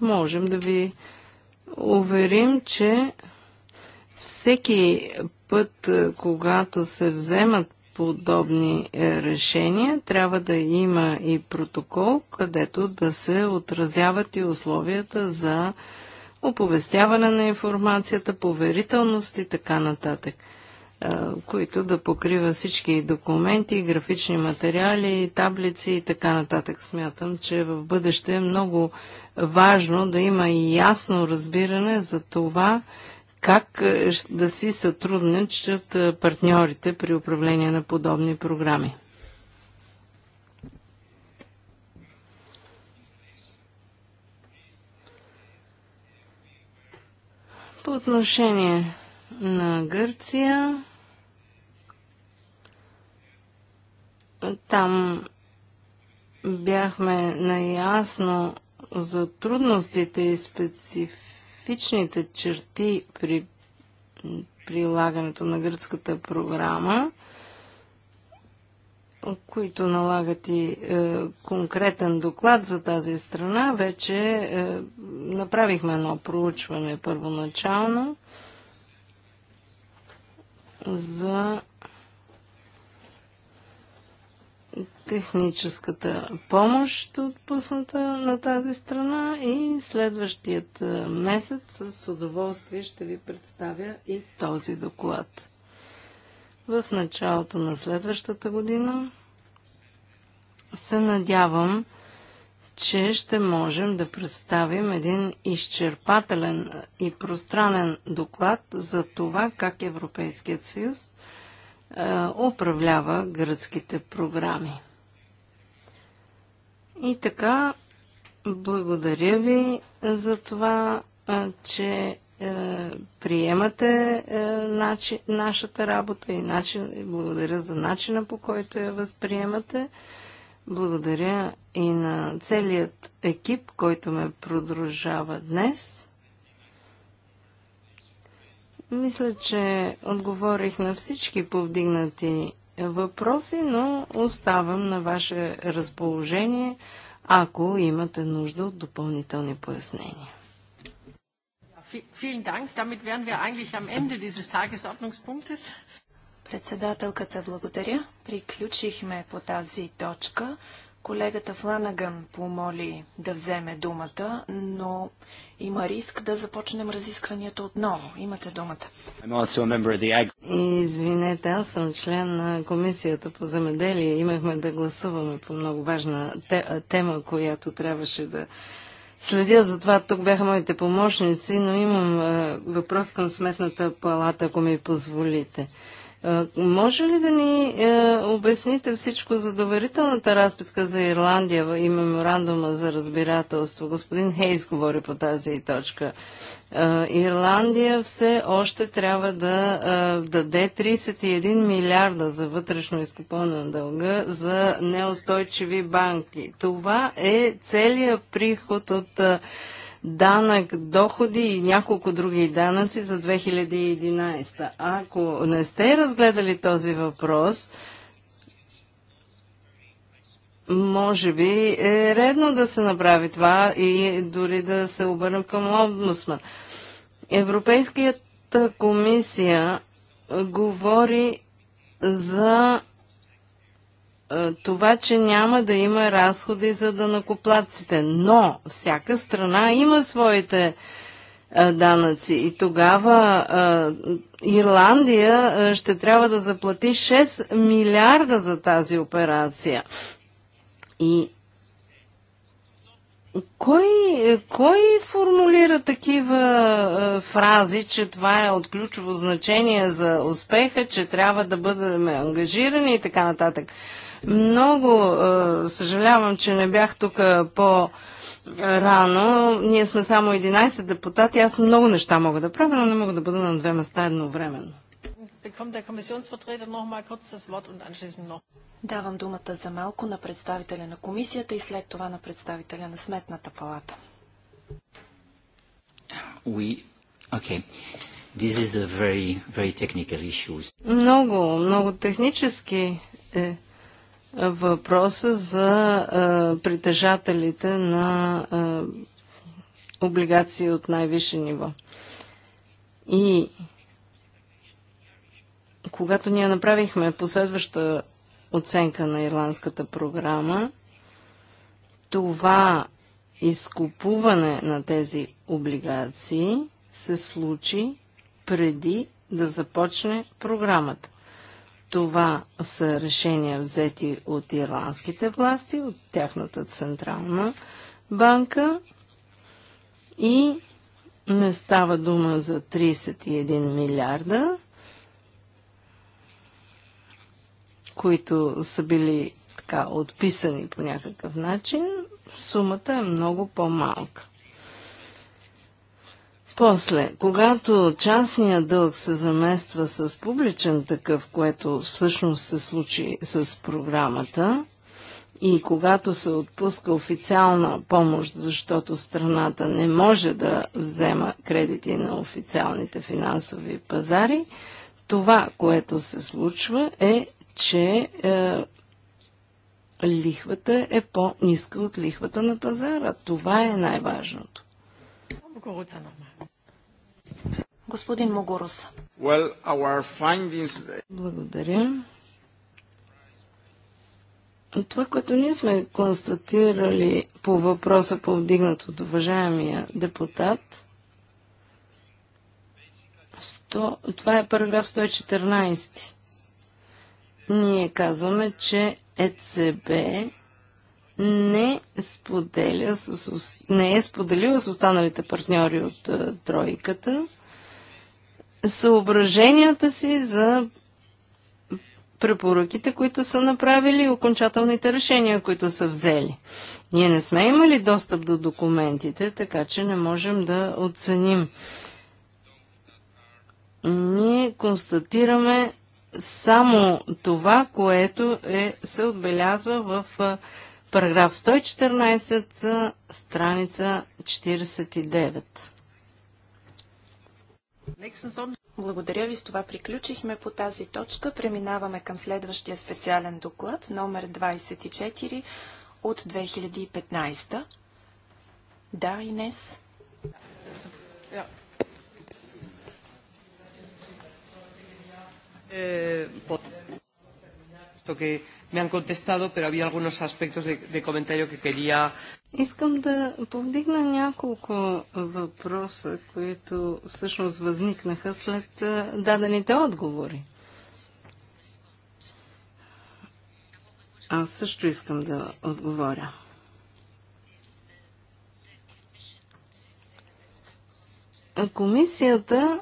Можем да ви уверим, че всеки път, когато се вземат подобни е, решения, трябва да има и протокол, където да се отразяват и условията за оповестяване на информацията, поверителност и така нататък, които да покрива всички документи, графични материали, таблици и така нататък. Смятам, че в бъдеще е много важно да има и ясно разбиране за това, как е, да си сътрудничат е, партньорите при управление на подобни програми. По отношение на Гърция, там бяхме наясно за трудностите и специфичните черти при прилагането на гръцката програма които налагат и е, конкретен доклад за тази страна, вече е, направихме едно проучване първоначално за техническата помощ отпусната на тази страна и следващият е, месец с удоволствие ще ви представя и този доклад в началото на следващата година. Се надявам, че ще можем да представим един изчерпателен и пространен доклад за това как Европейският съюз е, управлява гръцките програми. И така, благодаря ви за това, е, че е, приемате е, нашата работа и начин, благодаря за начина по който я възприемате. Благодаря и на целият екип, който ме продължава днес. Мисля, че отговорих на всички повдигнати въпроси, но оставам на ваше разположение, ако имате нужда от допълнителни пояснения. Vielen Dank. Damit wären wir eigentlich am Ende dieses Tagesordnungspunktes. Председателката благодаря. Приключихме по тази точка. Колегата Фланаган помоли да вземе думата, но има риск да започнем разискванията отново. Имате думата. Извинете, аз съм член на Комисията по земеделие. Имахме да гласуваме по много важна тема, която трябваше да следя, затова тук бяха моите помощници, но имам е, въпрос към сметната палата, ако ми позволите. Може ли да ни е, обясните всичко за доверителната разписка за Ирландия и меморандума за разбирателство? Господин Хейс говори по тази точка. Е, Ирландия все още трябва да е, даде 31 милиарда за вътрешно изкупване на дълга за неустойчиви банки. Това е целият приход от данък доходи и няколко други данъци за 2011. Ако не сте разгледали този въпрос, може би е редно да се направи това и дори да се обърна към омбусман. Европейската комисия говори за е, това, че няма да има разходи за данакоплатците. Но всяка страна има своите е, данъци. И тогава а, е, Ирландия а, ще трябва да заплати 6 милиарда за тази операция. И кой, кой формулира такива а, фрази, че това е от ключово значение за успеха, че трябва да бъдем ангажирани и така нататък? Много съжалявам, че не бях тук по рано. Ние сме само 11 депутати. Аз много неща мога да правя, но не мога да бъда на две места едновременно. Давам думата за малко на представителя на комисията и след това на представителя на Сметната палата. We... Okay. This is a very, very technical issue. Много, много технически е въпроса за а, притежателите на а, облигации от най-висше ниво. И когато ние направихме последваща оценка на ирландската програма, това изкупуване на тези облигации се случи преди да започне програмата. Това са решения взети от ирландските власти, от тяхната централна банка и не става дума за 31 милиарда, които са били така отписани по някакъв начин. Сумата е много по-малка. После, когато частният дълг се замества с публичен такъв, което всъщност се случи с програмата, и когато се отпуска официална помощ, защото страната не може да взема кредити на официалните финансови пазари, това, което се случва е, че е, лихвата е по-ниска от лихвата на пазара. Това е най-важното. Много Господин Могорус. Well, findings... Благодаря. Това, което ние сме констатирали по въпроса повдигнат от уважаемия депутат, 100, това е параграф 114. Ние казваме, че ЕЦБ не, споделя с, не е споделила с останалите партньори от е, тройката съображенията си за препоръките, които са направили и окончателните решения, които са взели. Ние не сме имали достъп до документите, така че не можем да оценим. Ние констатираме само това, което е, се отбелязва в параграф 114, страница 49. Благодаря ви, с това приключихме по тази точка. Преминаваме към следващия специален доклад, номер 24 от 2015. Да, Инес? Yeah. Eh, esto que me han contestado, pero había algunos aspectos de, de comentario que quería Искам да повдигна няколко въпроса, които всъщност възникнаха след дадените отговори. Аз също искам да отговоря. Комисията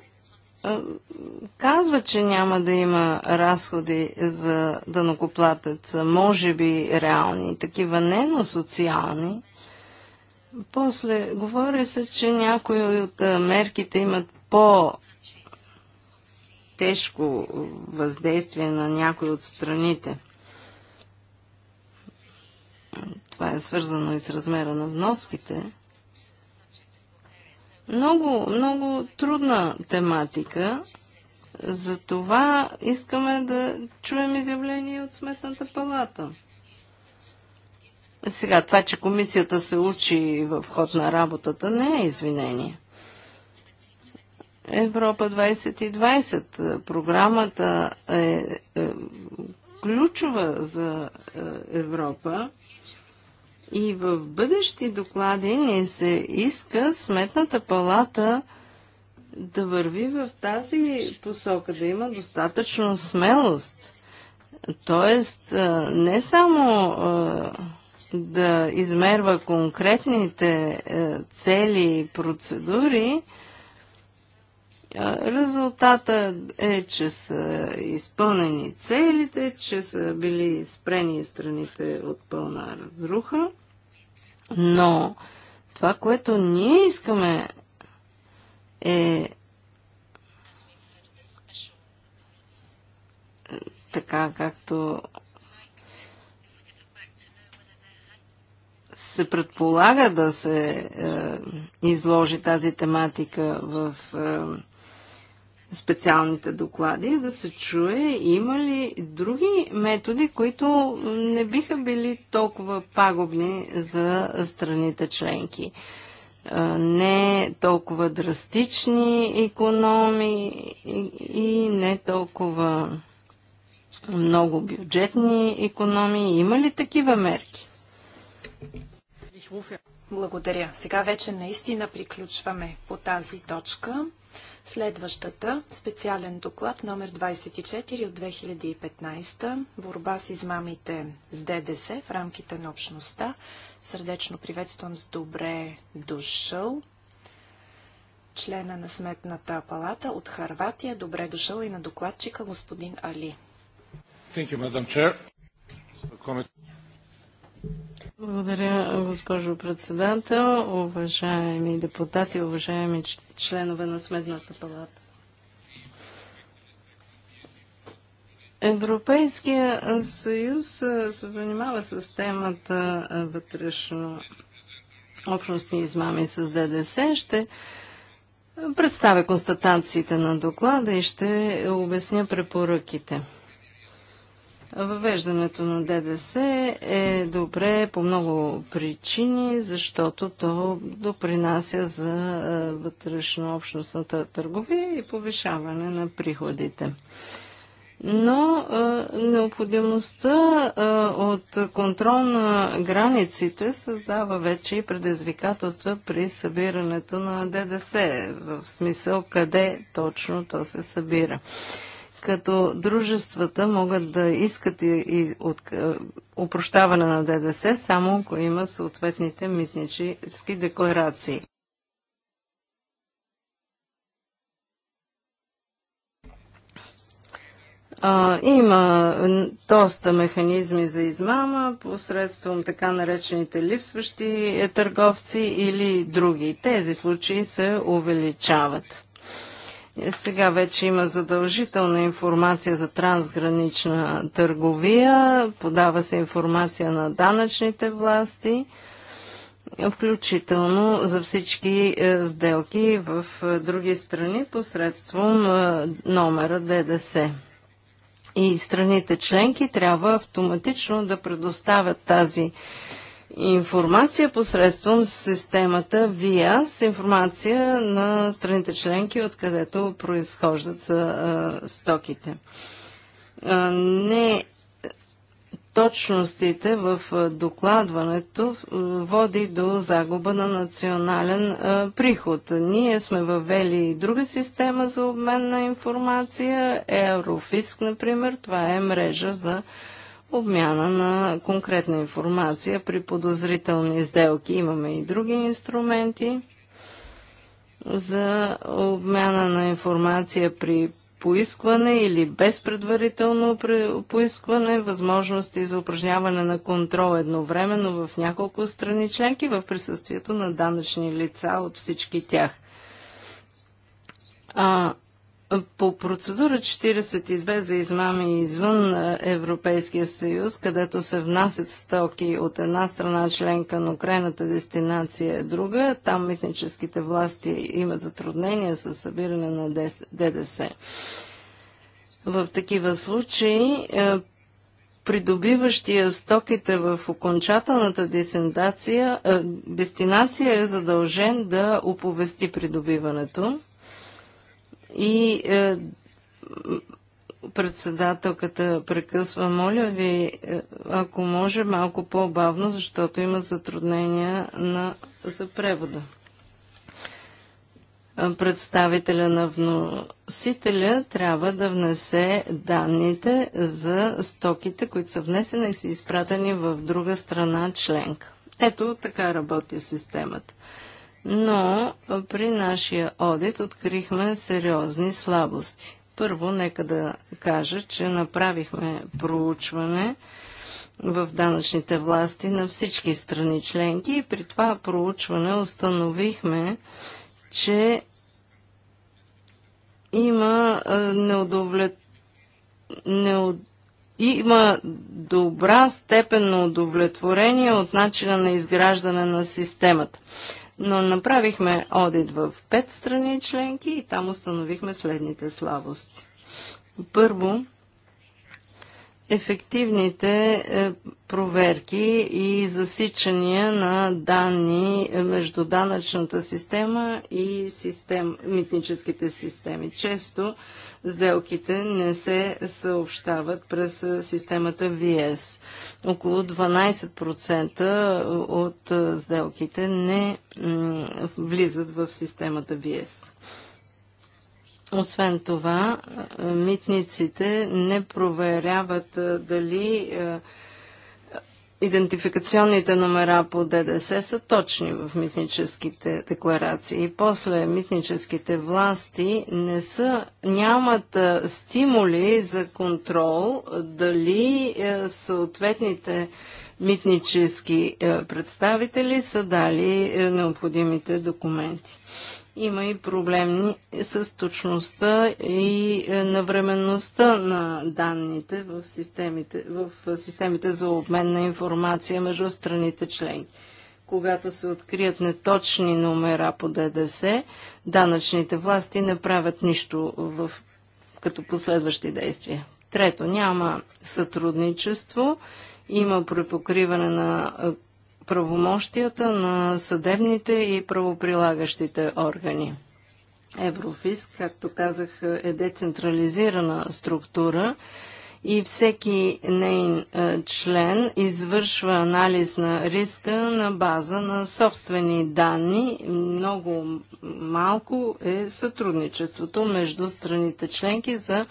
казва, че няма да има разходи за дънокоплатеца, може би реални, такива не, но социални. После говори се, че някои от мерките имат по тежко въздействие на някои от страните. Това е свързано и с размера на вноските. Много, много трудна тематика. За това искаме да чуем изявление от Сметната палата. Сега, това, че комисията се учи в ход на работата, не е извинение. Европа 2020, програмата е, е ключова за е, Европа. И в бъдещи доклади ни се иска Сметната палата да върви в тази посока, да има достатъчно смелост. Тоест, е, не само е, да измерва конкретните е, цели и процедури, е, Резултата е, че са изпълнени целите, че са били спрени страните от пълна разруха, но това, което ние искаме е така, както се предполага да се е, изложи тази тематика в е, специалните доклади, да се чуе има ли други методи, които не биха били толкова пагубни за страните членки. Е, не толкова драстични и, и не толкова много бюджетни економии. Има ли такива мерки? Благодаря. Сега вече наистина приключваме по тази точка. Следващата специален доклад номер 24 от 2015 Борба с измамите с ДДС в рамките на общността. Сърдечно приветствам с добре дошъл члена на Сметната палата от Харватия. Добре дошъл и на докладчика господин Али. Thank you, благодаря, госпожо председател, уважаеми депутати, уважаеми членове на Сметната палата. Европейския съюз се занимава с темата вътрешно общностни измами с ДДС. Ще представя констатациите на доклада и ще обясня препоръките. Въвеждането на ДДС е добре по много причини, защото то допринася за е, вътрешно общностната търговия и повишаване на приходите. Но е, необходимостта е, от контрол на границите създава вече и предизвикателства при събирането на ДДС, в смисъл къде точно то се събира. Е, като дружествата могат да искат и, и от, упрощаване е, на ДДС, само ако има съответните митнически декларации. А, има доста механизми за измама посредством така наречените липсващи е, търговци или други. Тези случаи се увеличават. Сега вече има задължителна информация за трансгранична търговия, подава се информация на данъчните власти, включително за всички е, сделки в е, други страни посредством е, номера ДДС. И страните членки трябва автоматично да предоставят тази информация информация посредством системата с информация на страните членки, откъдето произхождат са, а, стоките. А, не точностите в докладването води до загуба на национален а, приход. Ние сме въвели и друга система за обмен на информация, Еврофиск, например. Това е мрежа за а, обмяна на конкретна информация при подозрителни сделки. Имаме и други инструменти за обмяна на информация при поискване или без предварително поискване, възможности за упражняване на контрол едновременно в няколко страни членки в присъствието на данъчни лица от всички тях. А по процедура 42 за измами извън Европейския съюз, където се внасят стоки от една страна членка, но крайната дестинация е друга, там митническите власти имат затруднения с събиране на ДДС. В такива случаи придобиващия стоките в окончателната дестинация е задължен да оповести придобиването и е, председателката прекъсва, моля ви, е, ако може малко по-бавно, защото има затруднения на, за превода. Е, представителя на вносителя трябва да внесе данните за стоките, които са внесени и са изпратени в друга страна членка. Ето така работи системата но при нашия одит открихме сериозни слабости. Първо, нека да кажа, че направихме проучване в данъчните власти на всички страни членки и при това проучване установихме, че има неудовлет... неуд... има добра степен на удовлетворение от начина на изграждане на системата. Но направихме одит в пет страни членки и там установихме следните слабости. Първо, ефективните е, проверки и засичания на данни е, между данъчната система и систем, митническите системи. Често сделките не се съобщават през системата VS. Около 12% от сделките не влизат в системата VS. Освен това, митниците не проверяват дали идентификационните номера по ДДС са точни в митническите декларации. И после митническите власти не са, нямат стимули за контрол дали съответните митнически представители са дали необходимите документи. Има и проблеми с точността и е, навременността на данните в системите, в е, системите за обмен на информация между страните членки. Когато се открият неточни номера по ДДС, данъчните власти не правят нищо в, като последващи действия. Трето, няма сътрудничество, има препокриване на е, правомощията на съдебните и правоприлагащите органи. Еврофис, както казах, е децентрализирана структура и всеки нейн е, член извършва анализ на риска на база на собствени данни. Много малко е сътрудничеството между страните членки за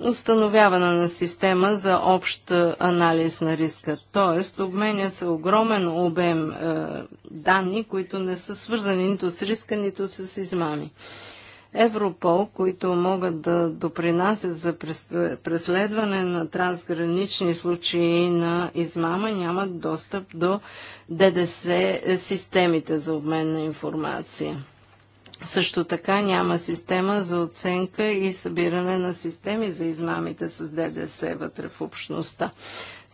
установяване на система за общ анализ на риска. Тоест, обменят се огромен обем е, данни, които не са свързани нито с риска, нито с измами. Европол, които могат да допринасят за преследване на трансгранични случаи на измама, нямат достъп до ДДС системите за обмен на информация. Също така няма система за оценка и събиране на системи за измамите с ДДС вътре в общността.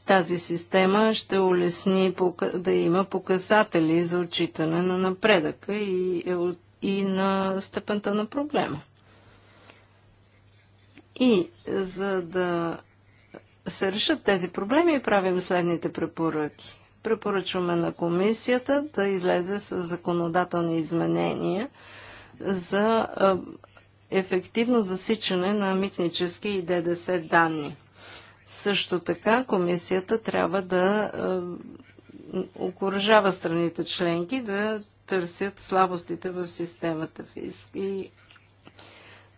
Тази система ще улесни да има показатели за отчитане на напредъка и, на степента на проблема. И за да се решат тези проблеми, правим следните препоръки. Препоръчваме на комисията да излезе с законодателни изменения – за ефективно засичане на митнически и ДДС данни. Също така комисията трябва да окоръжава страните членки да търсят слабостите в системата ФИСК и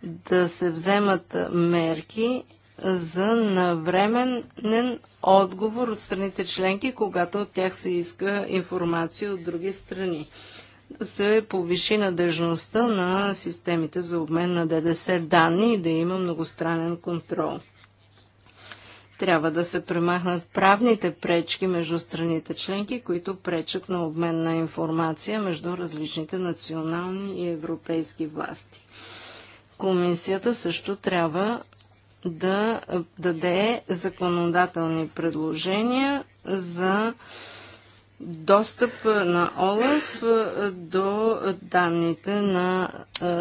да се вземат мерки за навременен отговор от страните членки, когато от тях се иска информация от други страни се повиши надежността на системите за обмен на ДДС данни и да има многостранен контрол. Трябва да се премахнат правните пречки между страните членки, които пречат на обмен на информация между различните национални и европейски власти. Комисията също трябва да даде законодателни предложения за достъп на ОЛАФ до данните на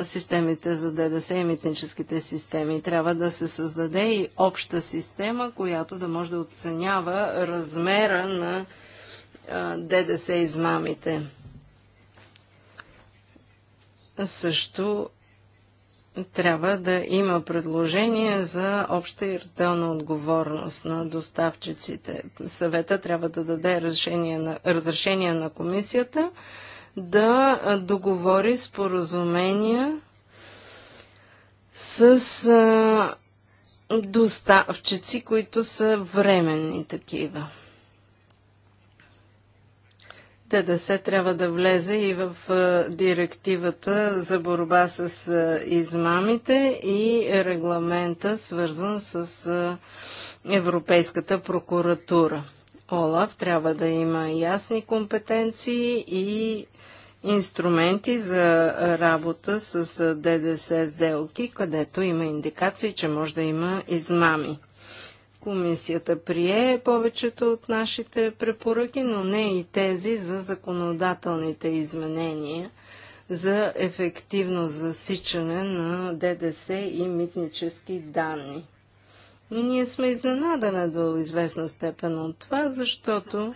системите за ДДС и митническите системи. Трябва да се създаде и обща система, която да може да оценява размера на ДДС измамите. Също трябва да има предложение за обща и разделна отговорност на доставчиците. Съвета трябва да даде разрешение на, разрешение на комисията да договори споразумения с а, доставчици, които са временни такива. ТДС трябва да влезе и в директивата за борба с измамите и регламента, свързан с Европейската прокуратура. ОЛАВ трябва да има ясни компетенции и инструменти за работа с ДДС сделки, където има индикации, че може да има измами. Комисията прие повечето от нашите препоръки, но не и тези за законодателните изменения за ефективно засичане на ДДС и митнически данни. И ние сме изненадани до известна степен от това, защото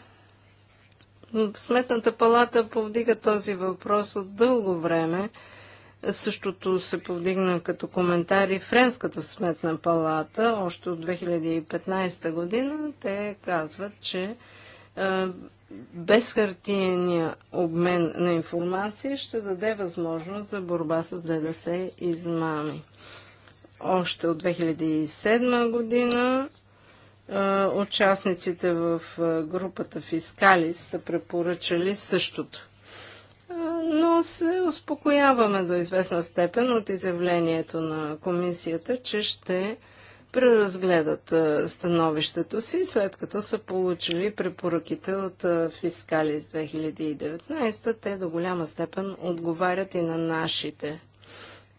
Сметната палата повдига този въпрос от дълго време Същото се повдигна като коментари Френската сметна палата още от 2015 година. Те казват, че без обмен на информация ще даде възможност за борба с ДДС измами. Още от 2007 година участниците в групата Фискалис са препоръчали същото но се успокояваме до известна степен от изявлението на комисията, че ще преразгледат становището си, след като са получили препоръките от фискали с 2019. Те до голяма степен отговарят и на нашите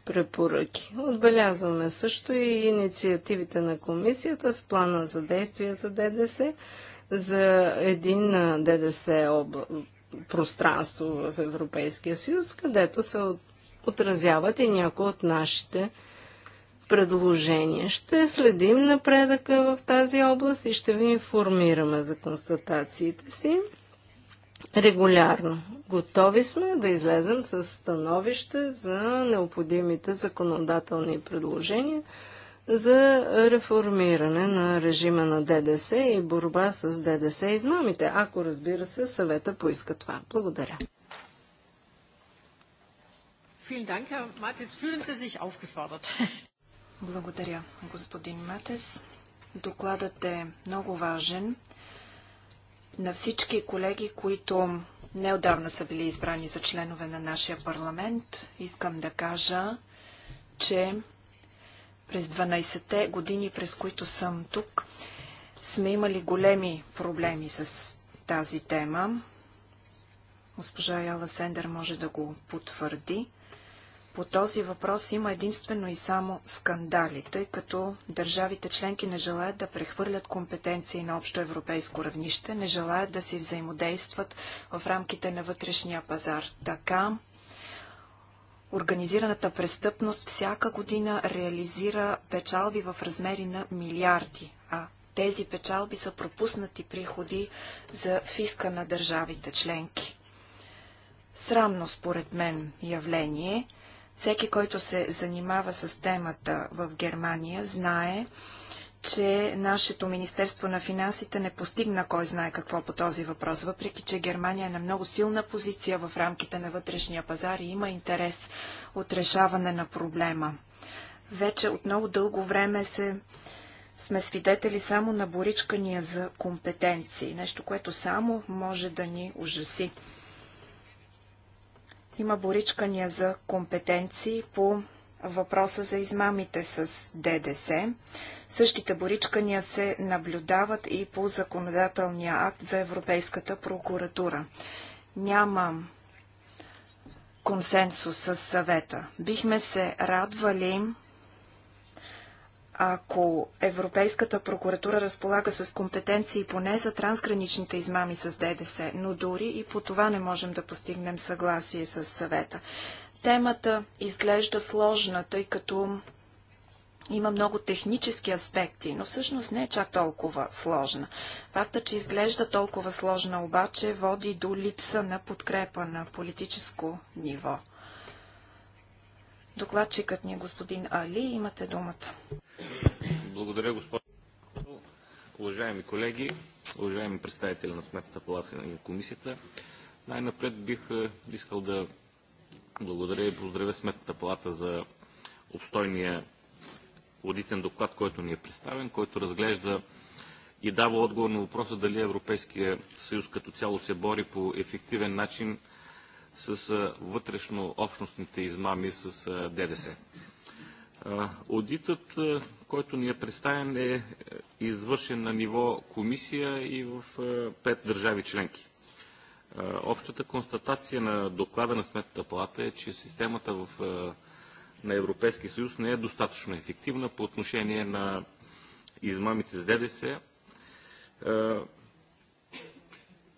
препоръки. Отбелязваме също и инициативите на комисията с плана за действие за ДДС, за един ДДС обла пространство в Европейския съюз, където се отразяват и някои от нашите предложения. Ще следим напредъка в тази област и ще ви информираме за констатациите си регулярно. Готови сме да излезем с становище за необходимите законодателни предложения за реформиране на режима на ДДС и борба с ДДС измамите, ако разбира се съвета поиска това. Благодаря. Благодаря, господин Матес. Докладът е много важен. На всички колеги, които неодавна са били избрани за членове на нашия парламент, искам да кажа, че през 12-те години, през които съм тук, сме имали големи проблеми с тази тема. Госпожа Яла Сендер може да го потвърди. По този въпрос има единствено и само скандали, тъй като държавите членки не желаят да прехвърлят компетенции на общо европейско равнище, не желаят да си взаимодействат в рамките на вътрешния пазар. Така Организираната престъпност всяка година реализира печалби в размери на милиарди, а тези печалби са пропуснати приходи за фиска на държавите членки. Срамно, според мен, явление. Всеки, който се занимава с темата в Германия, знае, че нашето Министерство на финансите не постигна кой знае какво по този въпрос, въпреки че Германия е на много силна позиция в рамките на вътрешния пазар и има интерес от решаване на проблема. Вече от много дълго време се сме свидетели само на боричкания за компетенции, нещо, което само може да ни ужаси. Има боричкания за компетенции по въпроса за измамите с ДДС. Същите боричкания се наблюдават и по законодателния акт за Европейската прокуратура. Няма консенсус с съвета. Бихме се радвали ако Европейската прокуратура разполага с компетенции поне за трансграничните измами с ДДС, но дори и по това не можем да постигнем съгласие с съвета. Темата изглежда сложна, тъй като има много технически аспекти, но всъщност не е чак толкова сложна. Факта, че изглежда толкова сложна обаче, води до липса на подкрепа на политическо ниво. Докладчикът ни е господин Али. Имате думата. Благодаря, господин. Уважаеми колеги, уважаеми представители на Сметната палата и на комисията, най-напред бих е, искал да благодаря и поздравя Сметната палата за обстойния одитен доклад, който ни е представен, който разглежда и дава отговор на въпроса дали Европейския съюз като цяло се бори по ефективен начин с вътрешно общностните измами с ДДС. Одитът, който ни е представен, е, е извършен на ниво комисия и в пет държави членки. Е, общата констатация на доклада на Сметната палата е, че системата в, е, на Европейския съюз не е достатъчно ефективна по отношение на измамите с ДДС е,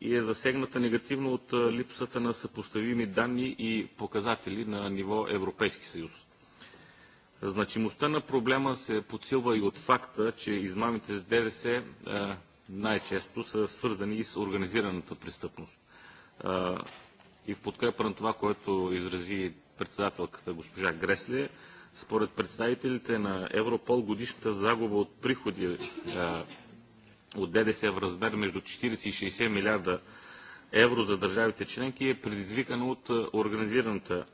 и е засегната негативно от липсата на съпоставими данни и показатели на ниво Европейски съюз. Значимостта на проблема се подсилва и от факта, че измамите с ДДС най-често са свързани и с организираната престъпност и в подкрепа на това, което изрази председателката госпожа Гресле, според представителите на Европол годишната загуба от приходи от ДДС в размер между 40 и 60 милиарда евро за държавите членки е предизвикана от, организираната,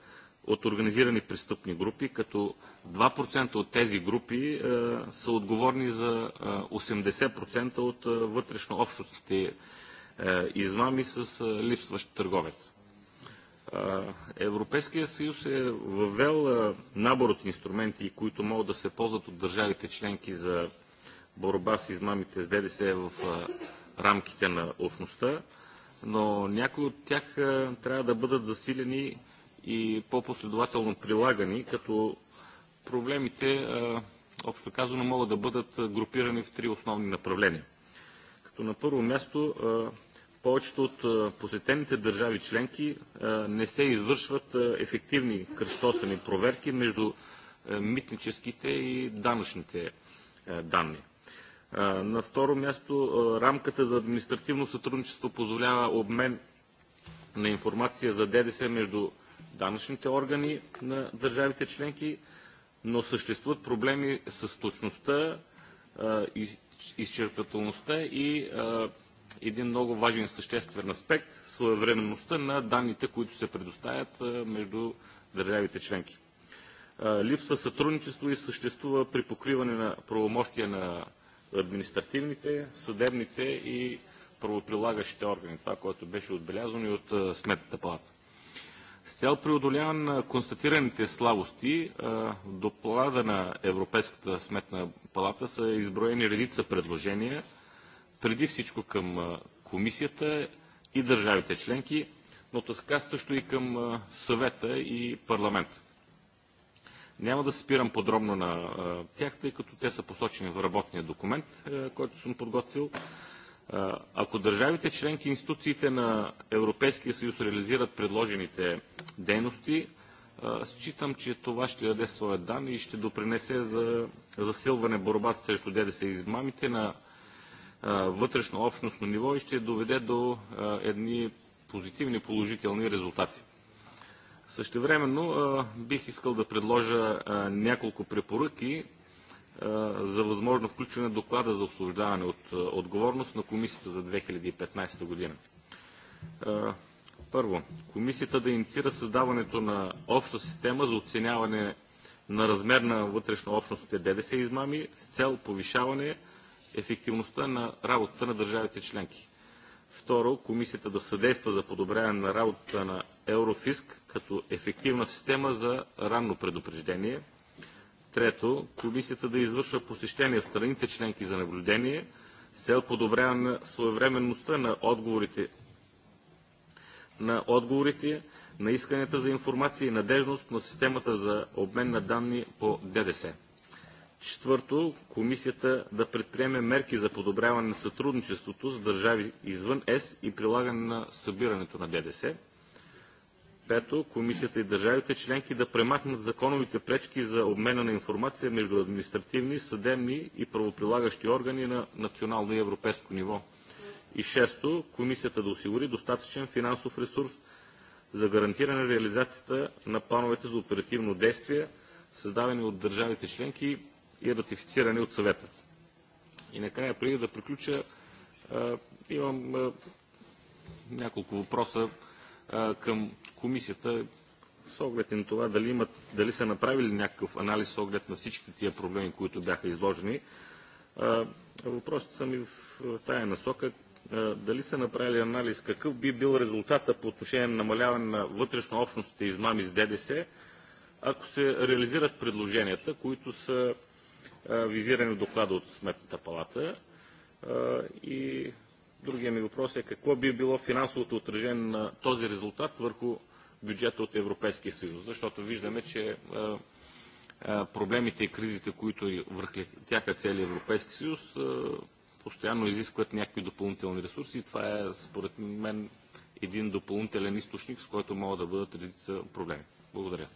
от организирани престъпни групи, като 2% от тези групи са отговорни за 80% от вътрешно общностите е, измами с е, липсващ търговец. Е, Европейския съюз е въвел набор от инструменти, които могат да се ползват от държавите членки за борба с измамите с ДДС в рамките на общността, но някои от тях трябва да бъдат засилени и по-последователно прилагани, като проблемите, общо казано, могат да бъдат групирани в три основни направления. Като на първо място повечето от посетените държави членки не се извършват ефективни кръстосани проверки между митническите и данъчните данни. На второ място, рамката за административно сътрудничество позволява обмен на информация за ДДС между данъчните органи на държавите членки, но съществуват проблеми с точността, изчерпателността и един много важен и съществен аспект – своевременността на данните, които се предоставят между държавите членки. Липса сътрудничество и съществува при покриване на правомощия на административните, съдебните и правоприлагащите органи. Това, което беше отбелязано и от Сметната палата. С цел преодоляване на констатираните слабости в доклада на Европейската сметна палата са изброени редица предложения – преди всичко към комисията и държавите членки, но така също и към съвета и парламент. Няма да се спирам подробно на тях, тъй като те са посочени в работния документ, който съм подготвил. Ако държавите членки и институциите на Европейския съюз реализират предложените дейности, считам, че това ще даде своя дан и ще допринесе за засилване борбата срещу ДДС и измамите на вътрешно общностно ниво и ще доведе до едни позитивни, положителни резултати. Същевременно бих искал да предложа няколко препоръки за възможно включване на доклада за освобождаване от отговорност на комисията за 2015 година. Първо, комисията да инициира създаването на обща система за оценяване на размер на вътрешно-общностните ДДС измами с цел повишаване ефективността на работата на държавите членки. Второ, комисията да съдейства за подобряване на работата на Еврофиск като ефективна система за ранно предупреждение. Трето, комисията да извършва посещения в страните членки за наблюдение с цел подобряване на своевременността на отговорите на отговорите на исканията за информация и надежност на системата за обмен на данни по ДДС. Четвърто, комисията да предприеме мерки за подобряване на сътрудничеството с държави извън ЕС и прилагане на събирането на ДДС. Пето, комисията и държавите членки да премахнат законовите пречки за обмена на информация между административни, съдебни и правоприлагащи органи на национално и европейско ниво. И шесто, комисията да осигури достатъчен финансов ресурс за гарантиране реализацията на плановете за оперативно действие, създадени от държавите членки и ратифицирани от съвета. И накрая, преди да приключа, имам няколко въпроса към комисията с оглед на това дали, имат, дали са направили някакъв анализ с оглед на всички тия проблеми, които бяха изложени. Въпросите са ми в тая насока. Дали са направили анализ какъв би бил резултата по отношение на намаляване на вътрешно общностите измами с ДДС, ако се реализират предложенията, които са е, визирани от доклада от Сметната палата. Е, и другия ми въпрос е какво би било финансовото отражение на този резултат върху бюджета от Европейския съюз, защото виждаме, че е, проблемите и кризите, които върхлетяха цели Европейски съюз, постоянно изискват някакви допълнителни ресурси и това е, според мен, един допълнителен източник, с който могат да бъдат редица проблеми. Благодаря.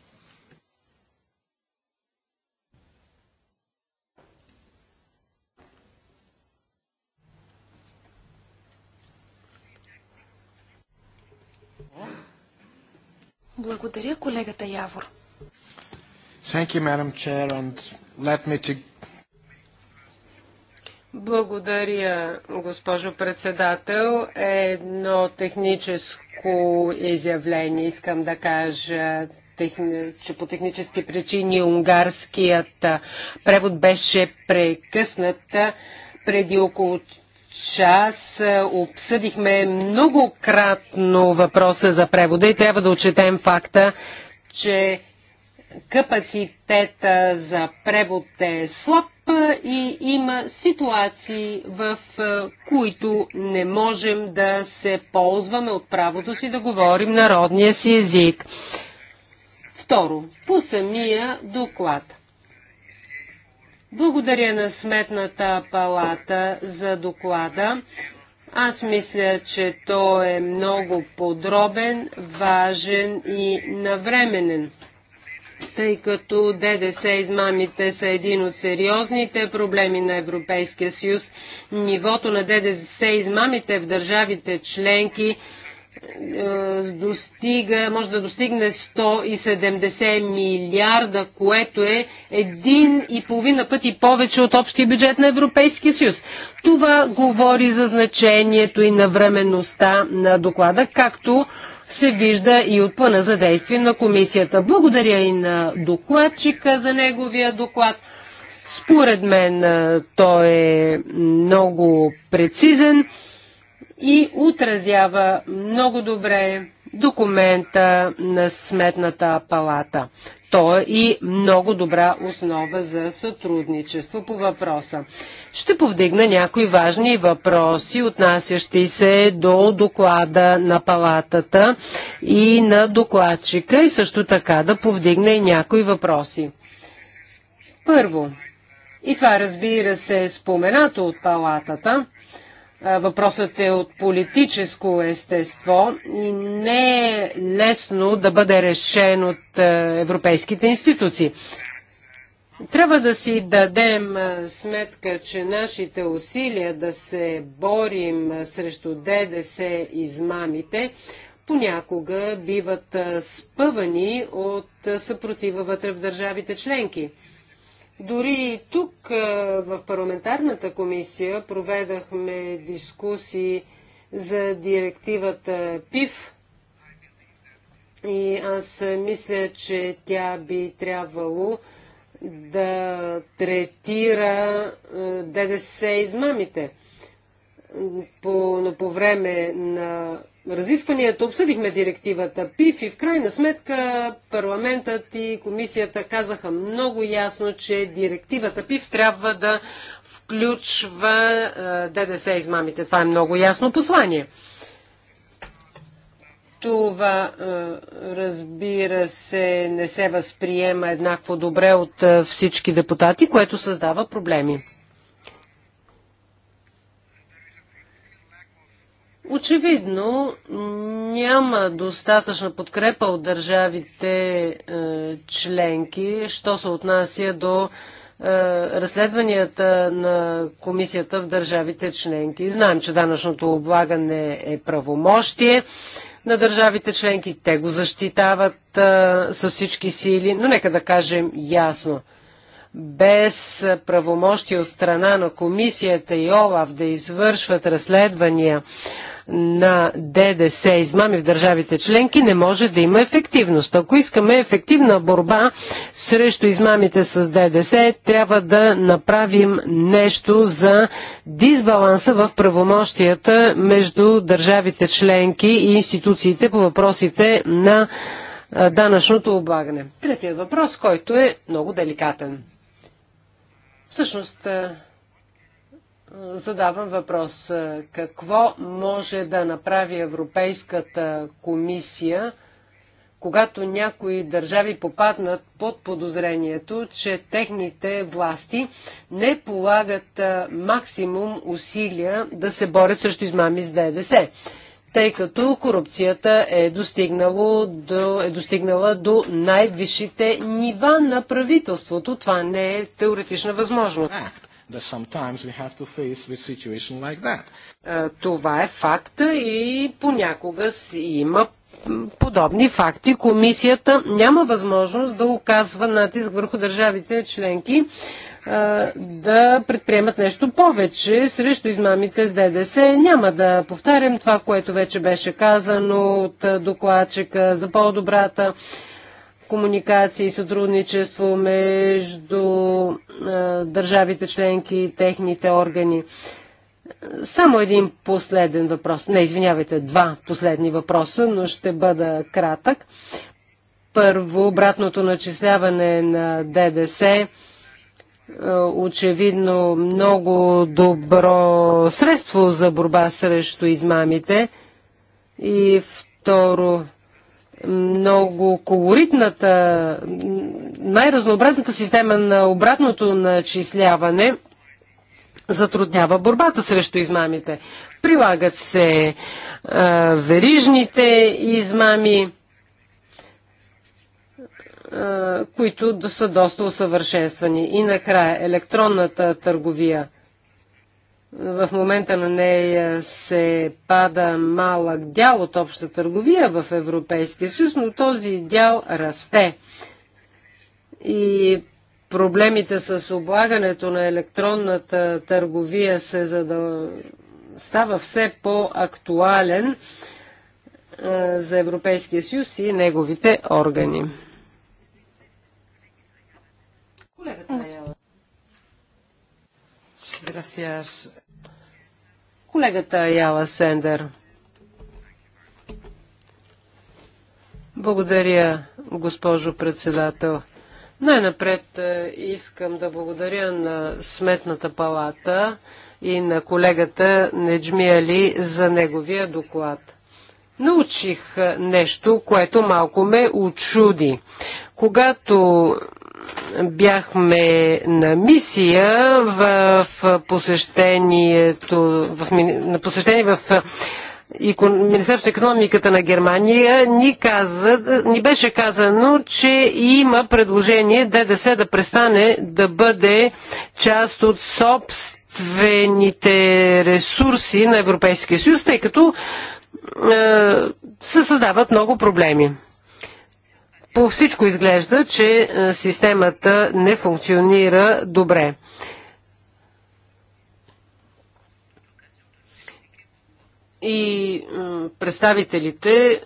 Благодаря, колегата Явор. Thank you, Madam Chair, and let me to... Благодаря, госпожо председател. Е едно техническо изявление искам да кажа че по технически причини унгарският превод беше прекъснат преди около час е, обсъдихме многократно въпроса за превода и трябва да отчетем факта, че капацитета за превод е слаб е, и има ситуации, в е, които не можем да се ползваме от правото си да говорим народния си език. Второ, по самия доклад – благодаря на Сметната палата за доклада. Аз мисля, че той е много подробен, важен и навременен, тъй като ДДС измамите са един от сериозните проблеми на Европейския съюз. Нивото на ДДС измамите в държавите членки – е, достига, може да достигне 170 милиарда, което е един и половина пъти повече от общия бюджет на Европейския съюз. Това говори за значението и на временността на доклада, както се вижда и от плана за действие на комисията. Благодаря и на докладчика за неговия доклад. Според мен е, той е много прецизен и отразява много добре документа на Сметната палата. То е и много добра основа за сътрудничество по въпроса. Ще повдигна някои важни въпроси, отнасящи се до доклада на палатата и на докладчика и също така да повдигна и някои въпроси. Първо, и това разбира се е споменато от палатата, Въпросът е от политическо естество и не е лесно да бъде решен от европейските институции. Трябва да си дадем сметка, че нашите усилия да се борим срещу ДДС измамите понякога биват спъвани от съпротива вътре в държавите членки. Дори и тук в парламентарната комисия проведахме дискусии за директивата ПИФ, и аз мисля, че тя би трябвало да третира ДДС измамите. По, но по време на разискванията обсъдихме директивата ПИФ и в крайна сметка парламентът и комисията казаха много ясно, че директивата ПИФ трябва да включва ДДС измамите. Това е много ясно послание. Това, разбира се, не се възприема еднакво добре от всички депутати, което създава проблеми. Очевидно няма достатъчна подкрепа от държавите е, членки, що се отнася до е, разследванията на комисията в държавите членки. Знаем, че данъчното облагане е правомощие на държавите членки. Те го защитават със е, всички сили, но нека да кажем ясно – без правомощи от страна на комисията и ОЛАВ да извършват разследвания на ДДС измами в държавите членки, не може да има ефективност. Ако искаме ефективна борба срещу измамите с ДДС, трябва да направим нещо за дисбаланса в правомощията между държавите членки и институциите по въпросите на данъчното облагане. Третият въпрос, който е много деликатен. Всъщност, е, задавам въпрос. Е, какво може да направи Европейската комисия, когато някои държави попаднат под подозрението, че техните власти не полагат е, максимум усилия да се борят срещу измами с ДДС? тъй като корупцията е, достигнало до, е достигнала до най-висшите нива на правителството. Това не е теоретична възможност. Това е факт и понякога има подобни факти. Комисията няма възможност да оказва натиск върху държавите членки да предприемат нещо повече срещу измамите с ДДС. Няма да повтарям това, което вече беше казано от докладчика за по-добрата комуникация и сътрудничество между държавите членки и техните органи. Само един последен въпрос. Не, извинявайте, два последни въпроса, но ще бъда кратък. Първо, обратното начисляване на ДДС е, очевидно много добро средство за борба срещу измамите. И второ, много колоритната, най-разнообразната система на обратното начисляване затруднява борбата срещу измамите. Прилагат се а, е, верижните измами които да са доста усъвършенствани. И накрая, електронната търговия. В момента на нея се пада малък дял от обща търговия в Европейския съюз, но този дял расте. И проблемите с облагането на електронната търговия се задъл... става все по-актуален за Европейския съюз и неговите органи. Ами, е, колегата Аяла. Колегата Сендер. Благодаря, госпожо председател. Най-напред е, искам да благодаря на Сметната палата и на колегата Али за неговия доклад. Научих е, нещо, което малко ме очуди. Когато бяхме на мисия в посещението в, на посещение в Министерството на економиката на Германия ни, каза, ни беше казано, че има предложение ДДС да престане да бъде част от собствените ресурси на Европейския съюз, тъй като е, се създават много проблеми. По всичко изглежда, че е, системата не функционира добре. и представителите е,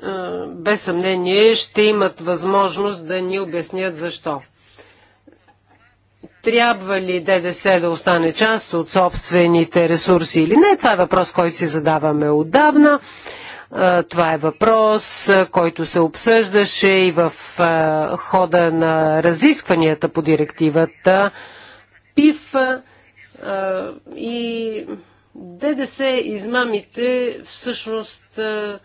без съмнение ще имат възможност да ни обяснят защо. Трябва ли ДДС да остане част от собствените ресурси или не? Това е въпрос, който си задаваме отдавна. Това е въпрос, който се обсъждаше и в хода на разискванията по директивата. ПИФ и ДДС измамите всъщност са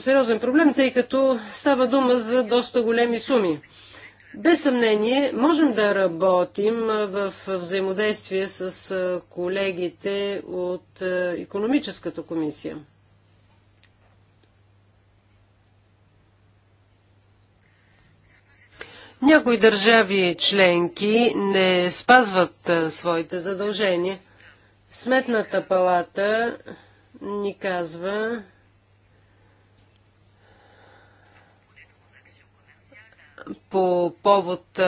сериозен проблем, тъй като става дума за доста големи суми. Без съмнение, можем да работим в взаимодействие с колегите от економическата комисия. Някои държави членки не спазват своите задължения. Сметната палата ни казва, по повод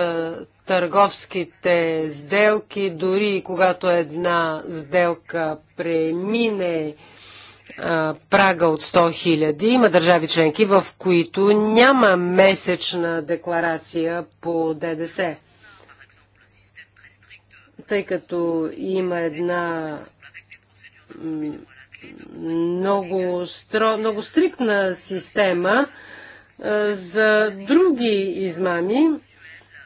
търговските сделки, дори когато една сделка премине прага от 100 000. Има държави членки, в които няма месечна декларация по ДДС. Тъй като има една много, стро, много стриктна система за други измами,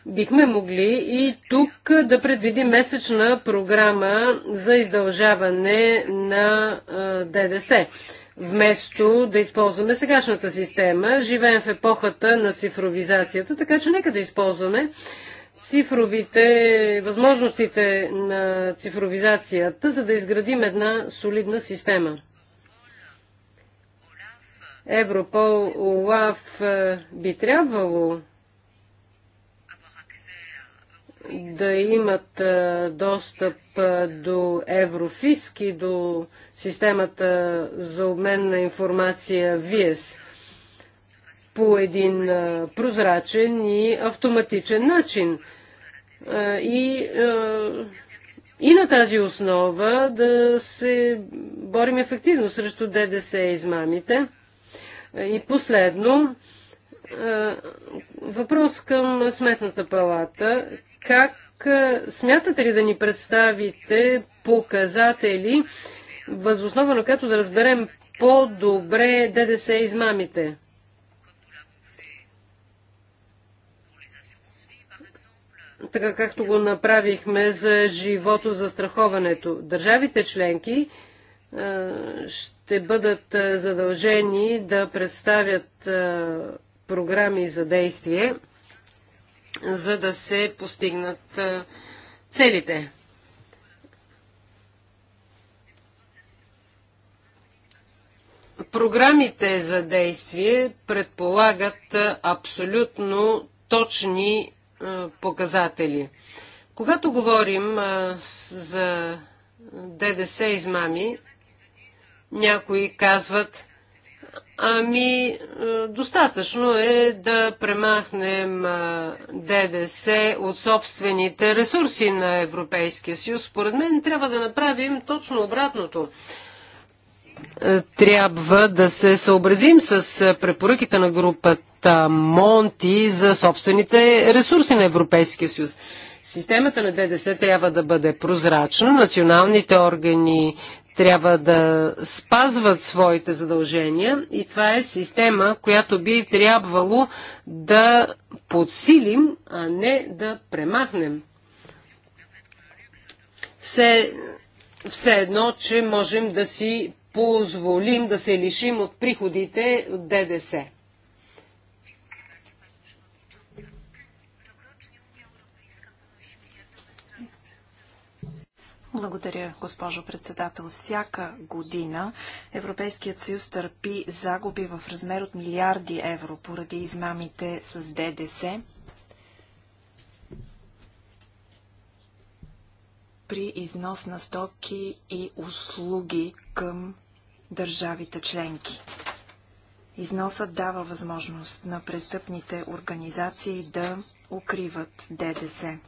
бихме могли и тук да предвидим месечна програма за издължаване на ДДС. Вместо да използваме сегашната система, живеем в епохата на цифровизацията, така че нека да използваме цифровите възможностите на цифровизацията, за да изградим една солидна система. Европол, ОЛАФ би трябвало да имат достъп до Еврофиск и до системата за обмен на информация ВИЕС по един прозрачен и автоматичен начин. И, и на тази основа да се борим ефективно срещу ДДС измамите. И последно, е, въпрос към Сметната палата. Как е, смятате ли да ни представите показатели, възоснова на като да разберем по-добре ДДС измамите? Така както го направихме за живото за страховането. Държавите членки е, ще бъдат задължени да представят програми за действие, за да се постигнат целите. Програмите за действие предполагат абсолютно точни показатели. Когато говорим за ДДС измами, някои казват, Ами, е, достатъчно е да премахнем е, ДДС от собствените ресурси на Европейския съюз. Според мен трябва да направим точно обратното. Е, трябва да се съобразим с препоръките на групата Монти за собствените ресурси на Европейския съюз. Системата на ДДС трябва да бъде прозрачна, националните органи трябва да спазват своите задължения и това е система, която би трябвало да подсилим, а не да премахнем. Все, все едно, че можем да си позволим да се лишим от приходите от ДДС. Благодаря, госпожо председател. Всяка година Европейският съюз търпи загуби в размер от милиарди евро поради измамите с ДДС. при износ на стоки и услуги към държавите членки. Износът дава възможност на престъпните организации да укриват ДДС.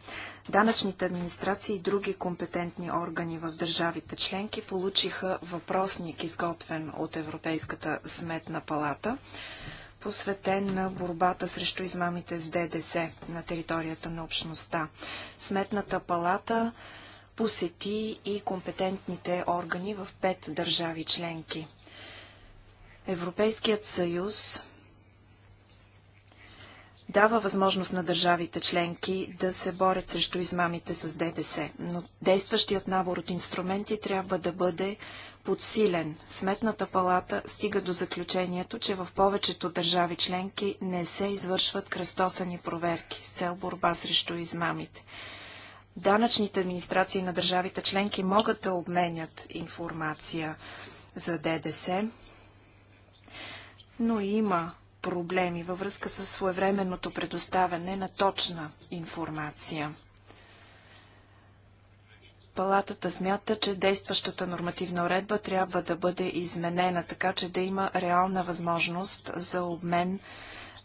Данъчните администрации и други компетентни органи в държавите членки получиха въпросник, изготвен от Европейската сметна палата, посветен на борбата срещу измамите с ДДС на територията на общността. Сметната палата посети и компетентните органи в пет държави членки. Европейският съюз дава възможност на държавите членки да се борят срещу измамите с ДДС, но действащият набор от инструменти трябва да бъде подсилен. Сметната палата стига до заключението, че в повечето държави членки не се извършват кръстосани проверки с цел борба срещу измамите. Данъчните администрации на държавите членки могат да обменят информация за ДДС, но има проблеми във връзка с своевременното предоставяне на точна информация. Палатата смята, че действащата нормативна уредба трябва да бъде изменена, така че да има реална възможност за обмен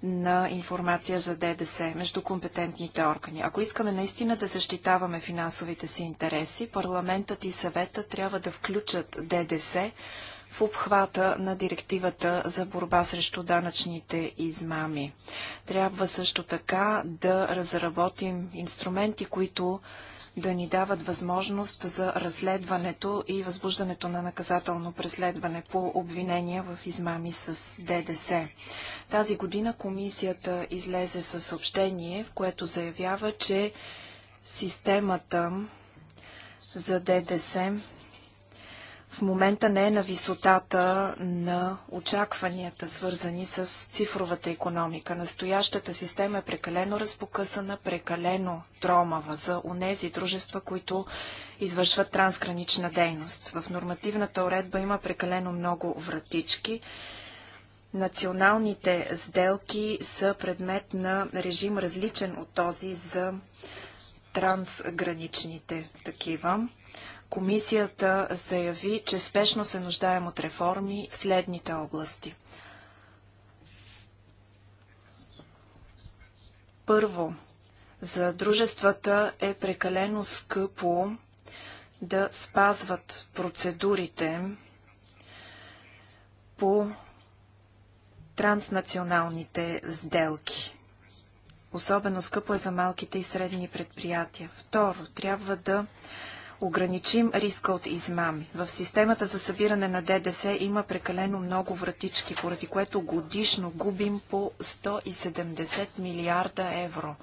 на информация за ДДС между компетентните органи. Ако искаме наистина да защитаваме финансовите си интереси, парламентът и съвета трябва да включат ДДС в обхвата на директивата за борба срещу данъчните измами. Трябва също така да разработим инструменти, които да ни дават възможност за разследването и възбуждането на наказателно преследване по обвинения в измами с ДДС. Тази година комисията излезе със съобщение, в което заявява, че системата за ДДС в момента не е на висотата на очакванията, свързани с цифровата економика. Настоящата система е прекалено разпокъсана, прекалено тромава за унези дружества, които извършват трансгранична дейност. В нормативната уредба има прекалено много вратички. Националните сделки са предмет на режим различен от този за трансграничните такива. Комисията заяви, че спешно се нуждаем от реформи в следните области. Първо, за дружествата е прекалено скъпо да спазват процедурите по транснационалните сделки. Особено скъпо е за малките и средни предприятия. Второ, трябва да ограничим риска от измами. В системата за събиране на ДДС има прекалено много вратички, поради което годишно губим по 170 милиарда евро.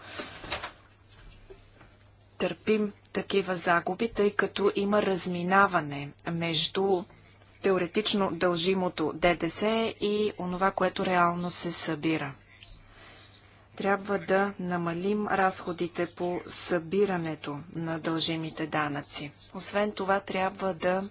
Търпим такива загуби, тъй като има разминаване между теоретично дължимото ДДС и онова, което реално се събира. Трябва да намалим разходите по събирането на дължимите данъци. Освен това, трябва да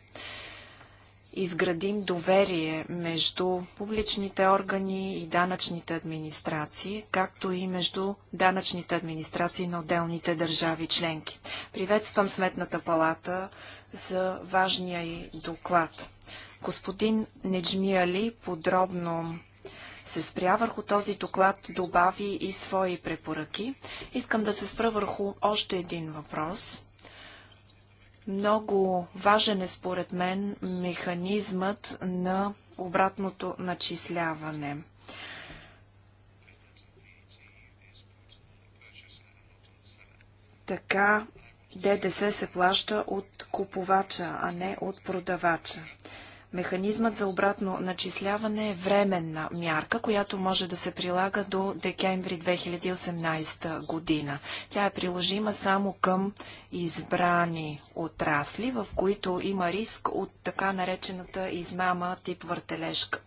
изградим доверие между публичните органи и данъчните администрации, както и между данъчните администрации на отделните държави членки. Приветствам Сметната палата за важния и доклад. Господин Неджми подробно се спря върху този доклад, добави и свои препоръки. Искам да се спра върху още един въпрос. Много важен е според мен механизмът на обратното начисляване. Така ДДС се плаща от купувача, а не от продавача. Механизмът за обратно начисляване е временна мярка, която може да се прилага до декември 2018 година. Тя е приложима само към избрани отрасли, в които има риск от така наречената измама тип въртележка.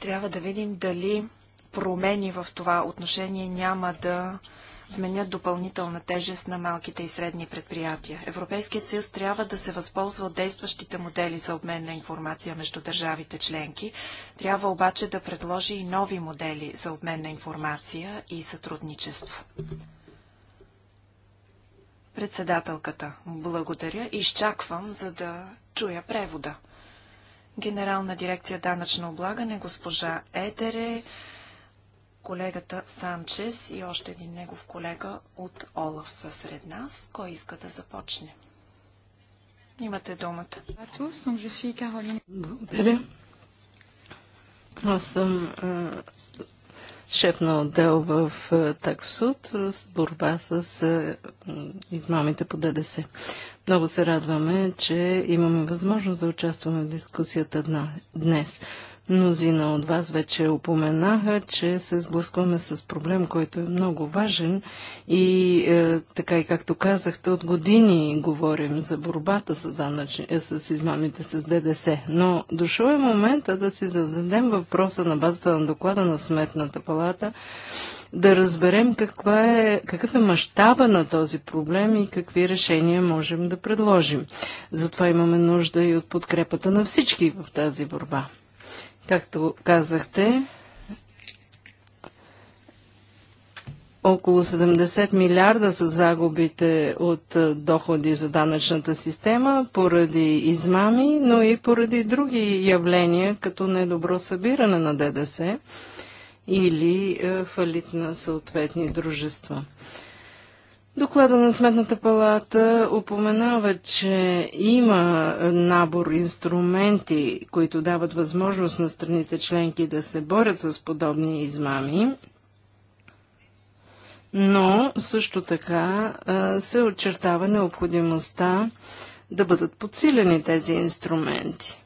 Трябва да видим дали промени в това отношение няма да вменят допълнителна тежест на малките и средни предприятия. Европейският съюз трябва да се възползва от действащите модели за обмен на информация между държавите членки. Трябва обаче да предложи и нови модели за обмен на информация и сътрудничество. Председателката, благодаря. Изчаквам, за да чуя превода. Генерална дирекция данъчно облагане, госпожа Етере, колегата Санчес и още един негов колега от Олаф са сред нас. Кой иска да започне? Имате думата. Благодаря. Аз съм шеф на отдел в таксуд с борба с измамите по ДДС. Много се радваме, че имаме възможност да участваме в дискусията днес. Мнозина от вас вече упоменаха, че се сблъскваме с проблем, който е много важен и е, така и както казахте, от години говорим за борбата с, данъч... Е, с измамите с ДДС. Но дошъл е момента да си зададем въпроса на базата на доклада на Сметната палата, да разберем каква е, какъв е мащаба на този проблем и какви решения можем да предложим. Затова имаме нужда и от подкрепата на всички в тази борба. Както казахте, около 70 милиарда са загубите от доходи за данъчната система поради измами, но и поради други явления, като недобро събиране на ДДС или фалит на съответни дружества. Доклада на Сметната палата упоменава, че има набор инструменти, които дават възможност на страните членки да се борят с подобни измами, но също така се очертава необходимостта да бъдат подсилени тези инструменти.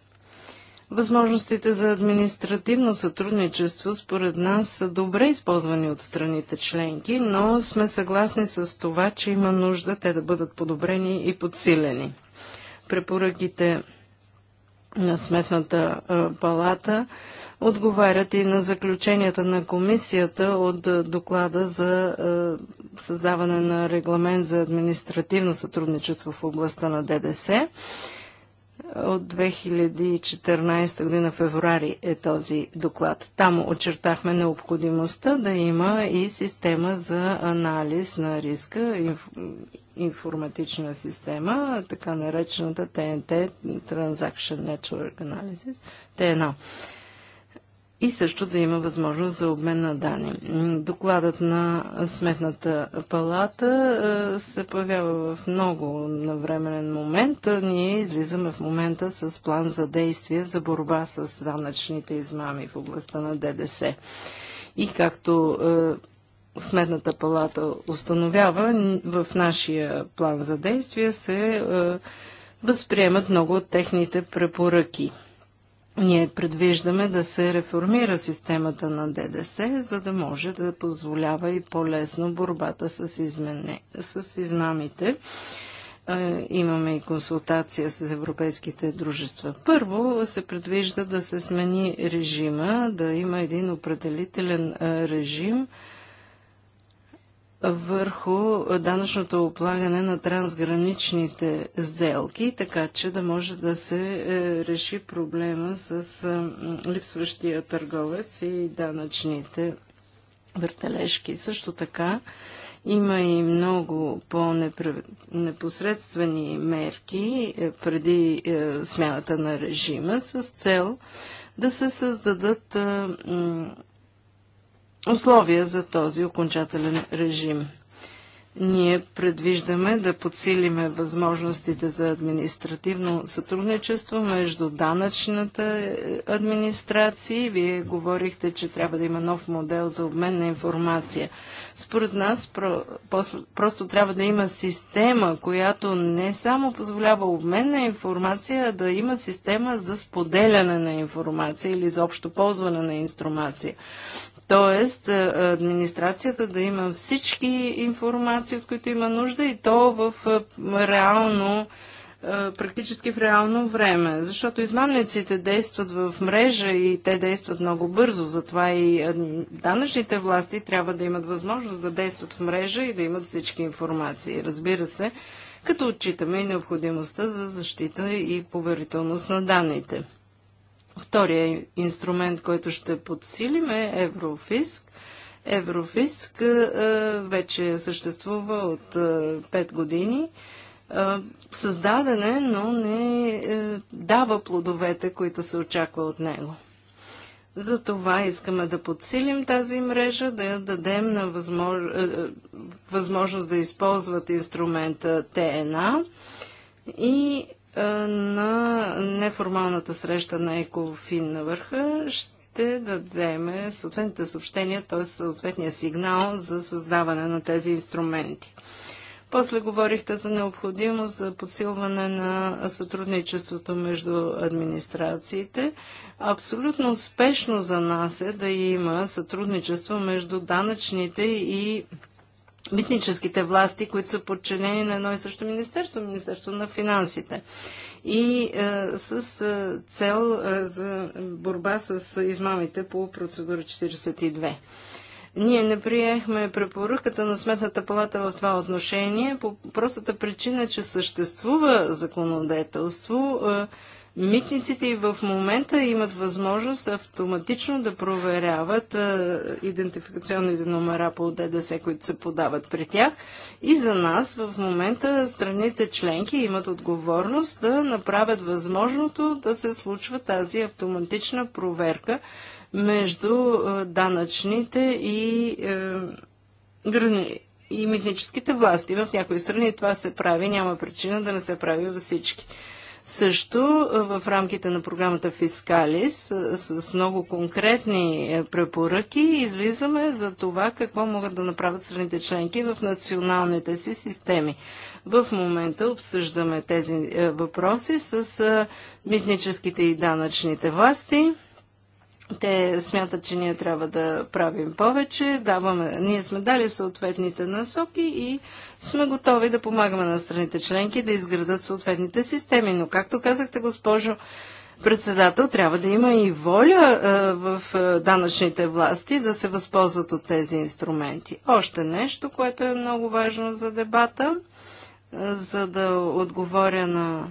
Възможностите за административно сътрудничество според нас са добре използвани от страните членки, но сме съгласни с това, че има нужда те да бъдат подобрени и подсилени. Препоръките на Сметната палата отговарят и на заключенията на комисията от доклада за създаване на регламент за административно сътрудничество в областта на ДДС от 2014 година феврари е този доклад. Там очертахме необходимостта да има и система за анализ на риска, инф... информатична система, така наречената ТНТ, Transaction Network Analysis, ТНА и също да има възможност за обмен на данни. Докладът на Сметната палата е, се появява в много навременен момент. Е, ние излизаме в момента с план за действие за борба с данъчните измами в областта на ДДС. И както е, Сметната палата установява, в нашия план за действие се възприемат много от техните препоръки – ние предвиждаме да се реформира системата на ДДС, за да може да позволява и по-лесно борбата с, измене, с изнамите. Е, имаме и консултация с европейските дружества. Първо се предвижда да се смени режима, да има един определителен е, режим – върху данъчното облагане на трансграничните сделки, така че да може да се е, реши проблема с е, липсващия търговец и данъчните въртележки. Също така има и много по-непосредствени мерки е, преди смяната на режима с цел да се създадат условия за този окончателен режим. Ние предвиждаме да подсилиме възможностите за административно сътрудничество между данъчната е, администрация. Вие говорихте, че трябва да има нов модел за обмен на информация. Според нас просто трябва да има система, която не само позволява обмен на информация, а да има система за споделяне на информация или за общо ползване на информация. Тоест, е, администрацията да има всички информации, от които има нужда и то в е, реално, е, практически в реално време. Защото измамниците действат в мрежа и те действат много бързо. Затова и данъчните власти трябва да имат възможност да действат в мрежа и да имат всички информации. Разбира се, като отчитаме и необходимостта за защита и поверителност на данните. Втория инструмент, който ще подсилим е Еврофиск. Еврофиск е, е, вече съществува от 5 е, години. Създадене, но не дава плодовете, които се очаква от него. Затова искаме да подсилим тази мрежа, да я дадем на възмож... възможност да използват инструмента ТНА и на неформалната среща на Екофин на върха ще дадем съответните съобщения, т.е. съответния сигнал за създаване на тези инструменти. После говорихте за необходимост за подсилване на сътрудничеството между администрациите. Абсолютно успешно за нас е да има сътрудничество между данъчните и митническите власти, които са подчинени на едно и също министерство, Министерство на финансите. И е, с е, цел е, за борба с измамите по процедура 42. Ние не приехме препоръката на Сметната палата в това отношение по простата причина, че съществува законодателство. Е, Митниците и в момента имат възможност автоматично да проверяват а, идентификационните номера по ДДС, които се подават при тях. И за нас в момента страните членки имат отговорност да направят възможното да се случва тази автоматична проверка между а, данъчните и, е, а, и митническите власти. В някои страни това се прави, няма причина да не се прави във всички. Също в рамките на програмата Фискалис с, с много конкретни е, препоръки излизаме за това какво могат да направят страните членки в националните си системи. В момента обсъждаме тези е, въпроси с е, митническите и данъчните власти. Те смятат, че ние трябва да правим повече. Даваме, ние сме дали съответните насоки и сме готови да помагаме на страните членки да изградат съответните системи. Но, както казахте, госпожо председател, трябва да има и воля а, в а, данъчните власти да се възползват от тези инструменти. Още нещо, което е много важно за дебата, а, за да отговоря на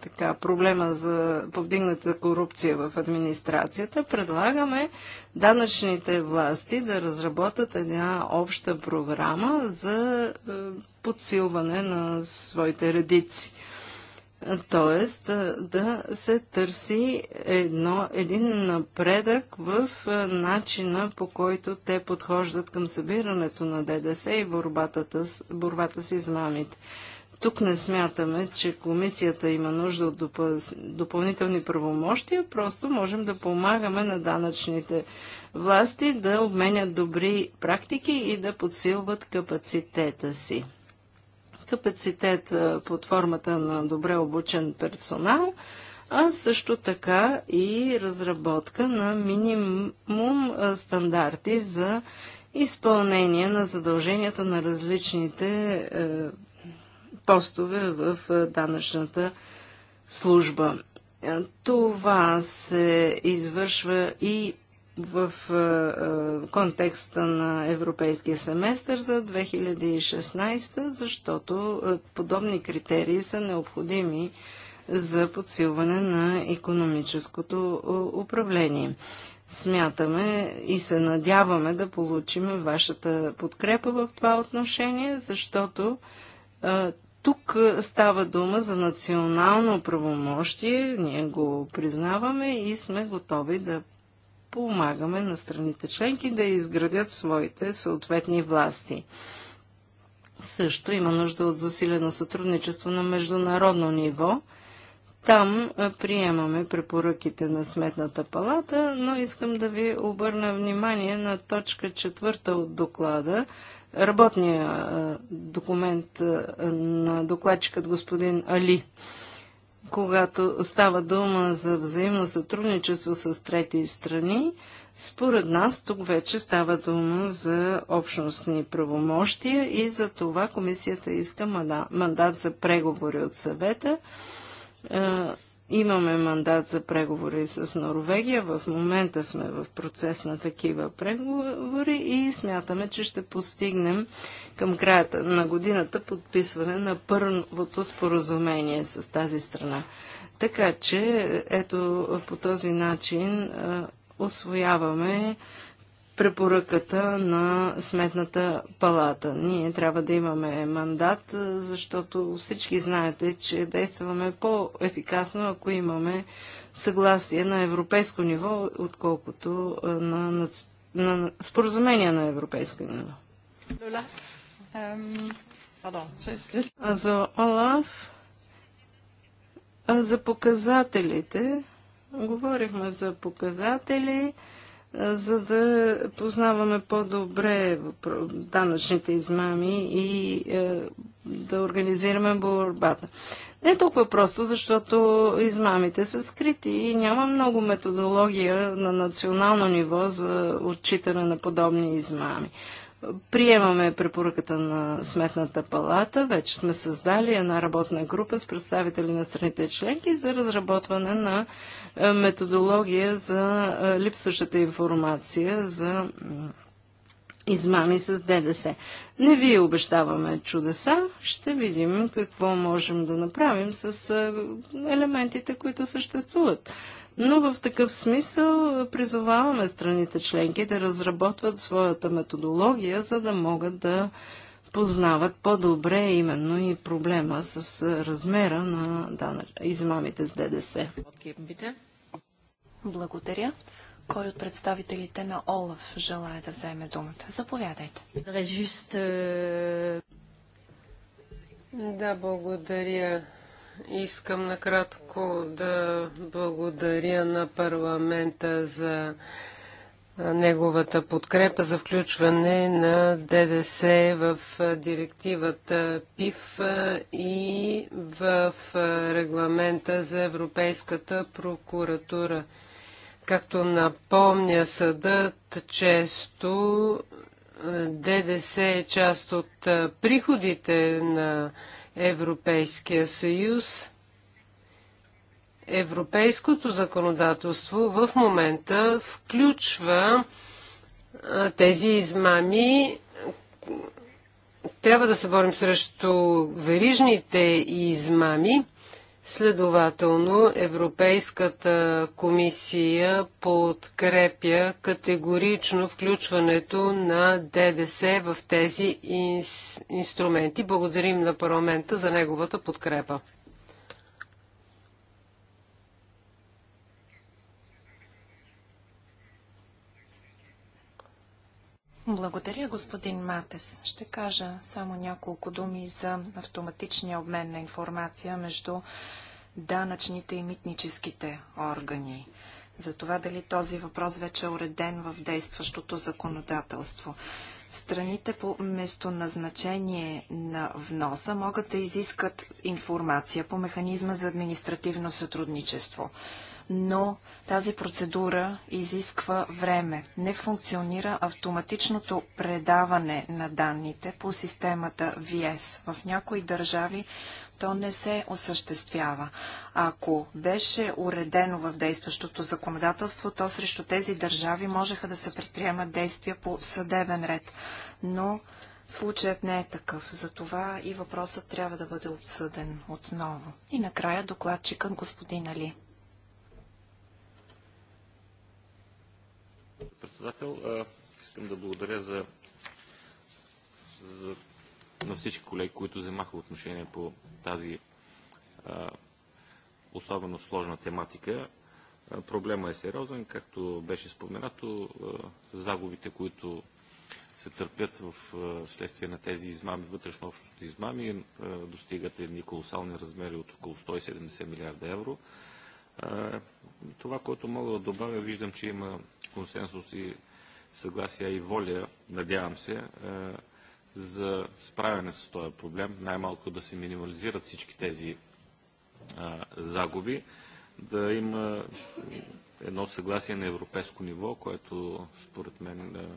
така, проблема за повдигната корупция в администрацията, предлагаме данъчните власти да разработят една обща програма за е, подсилване на своите редици. Тоест е, да се търси едно, един напредък в е, начина по който те подхождат към събирането на ДДС и борбата, борбата с мамите тук не смятаме, че комисията има нужда от допълнителни правомощия, просто можем да помагаме на данъчните власти да обменят добри практики и да подсилват капацитета си. Капацитет е, под формата на добре обучен персонал, а също така и разработка на минимум е, стандарти за изпълнение на задълженията на различните е, постове в данъчната служба. Това се извършва и в контекста на европейския семестър за 2016, защото подобни критерии са необходими за подсилване на економическото управление. Смятаме и се надяваме да получим вашата подкрепа в това отношение, защото тук става дума за национално правомощие, ние го признаваме и сме готови да помагаме на страните членки да изградят своите съответни власти. Също има нужда от засилено сътрудничество на международно ниво. Там приемаме препоръките на Сметната палата, но искам да ви обърна внимание на точка четвърта от доклада, работния документ на докладчикът господин Али, когато става дума за взаимно сътрудничество с трети страни, според нас тук вече става дума за общностни правомощия и за това комисията иска мандат за преговори от съвета Имаме мандат за преговори с Норвегия. В момента сме в процес на такива преговори и смятаме, че ще постигнем към края на годината подписване на първото споразумение с тази страна. Така че, ето по този начин освояваме препоръката на Сметната палата. Ние трябва да имаме мандат, защото всички знаете, че действаме по-ефикасно, ако имаме съгласие на европейско ниво, отколкото на, на, на споразумения на европейско ниво. А за Олаф, а за показателите, говорихме за показатели, за да познаваме по-добре данъчните измами и е, да организираме борбата. Не е толкова просто, защото измамите са скрити и няма много методология на национално ниво за отчитане на подобни измами. Приемаме препоръката на Сметната палата. Вече сме създали една работна група с представители на страните членки за разработване на е, методология за е, липсващата информация за измами с ДДС. Не ви обещаваме чудеса, ще видим какво можем да направим с е, елементите, които съществуват но в такъв смисъл призоваваме страните членки да разработват своята методология, за да могат да познават по-добре именно и проблема с размера на измамите с ДДС. Благодаря. Кой от представителите на ОЛАФ желая да вземе думата? Заповядайте. Да, благодаря Искам накратко да благодаря на парламента за неговата подкрепа за включване на ДДС в директивата ПИФ и в регламента за Европейската прокуратура. Както напомня съдът, често ДДС е част от приходите на Европейския съюз. Европейското законодателство в момента включва тези измами. Трябва да се борим срещу верижните измами Следователно, Европейската комисия подкрепя категорично включването на ДДС в тези инс... инструменти. Благодарим на парламента за неговата подкрепа. Благодаря, господин Матес. Ще кажа само няколко думи за автоматичния обмен на информация между данъчните и митническите органи. За това дали този въпрос вече е уреден в действащото законодателство. Страните по местоназначение на вноса могат да изискат информация по механизма за административно сътрудничество но тази процедура изисква време. Не функционира автоматичното предаване на данните по системата VS. В някои държави то не се осъществява. Ако беше уредено в действащото законодателство, то срещу тези държави можеха да се предприемат действия по съдебен ред. Но Случаят не е такъв, затова и въпросът трябва да бъде обсъден отново. И накрая докладчикът господин Али. Председател, искам да благодаря за, за на всички колеги, които вземаха отношение по тази а, особено сложна тематика. проблема е сериозен, както беше споменато. А, загубите, които се търпят в а, следствие на тези измами, вътрешно общото измами, а, достигат едни колосални размери от около 170 милиарда евро. А, това, което мога да добавя, виждам, че има консенсус и съгласие и воля, надявам се, за справяне с този проблем, най-малко да се минимализират всички тези загуби, да има едно съгласие на европейско ниво, което според мен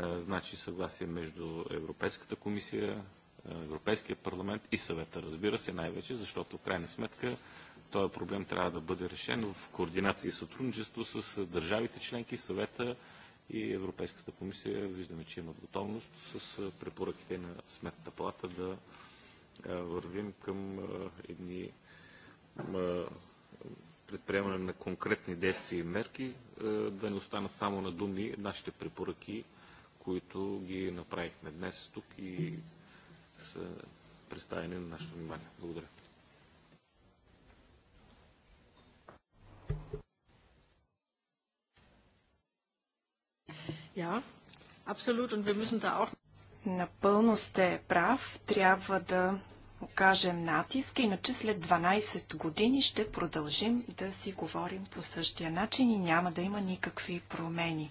значи съгласие между Европейската комисия, Европейския парламент и съвета, разбира се, най-вече, защото в крайна сметка този проблем трябва да бъде решен в координация и сътрудничество с държавите членки, съвета и Европейската комисия. Виждаме, че имат готовност с препоръките на Сметната палата да вървим към едни предприемане на конкретни действия и мерки, да не останат само на думи нашите препоръки, които ги направихме днес тук и са представени на нашето внимание. Благодаря. Ja, Напълно сте прав. Трябва да окажем натиск, иначе след 12 години ще продължим да си говорим по същия начин и няма да има никакви промени.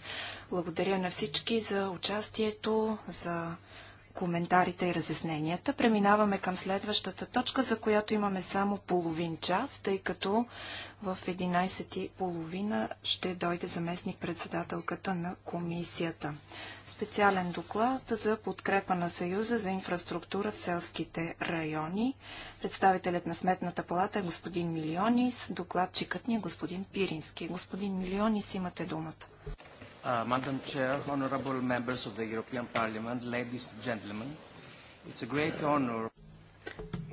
Благодаря на всички за участието, за коментарите и разясненията. Преминаваме към следващата точка, за която имаме само половин час, тъй като в 11.30 ще дойде заместник председателката на комисията. Специален доклад за подкрепа на Съюза за инфраструктура в селските райони. Представителят на Сметната палата е господин Милионис, докладчикът ни е господин Пирински. Господин Милионис, имате думата. Uh, Madam Chair, honorable members of the European Parliament, ladies and gentlemen, it's a great honor.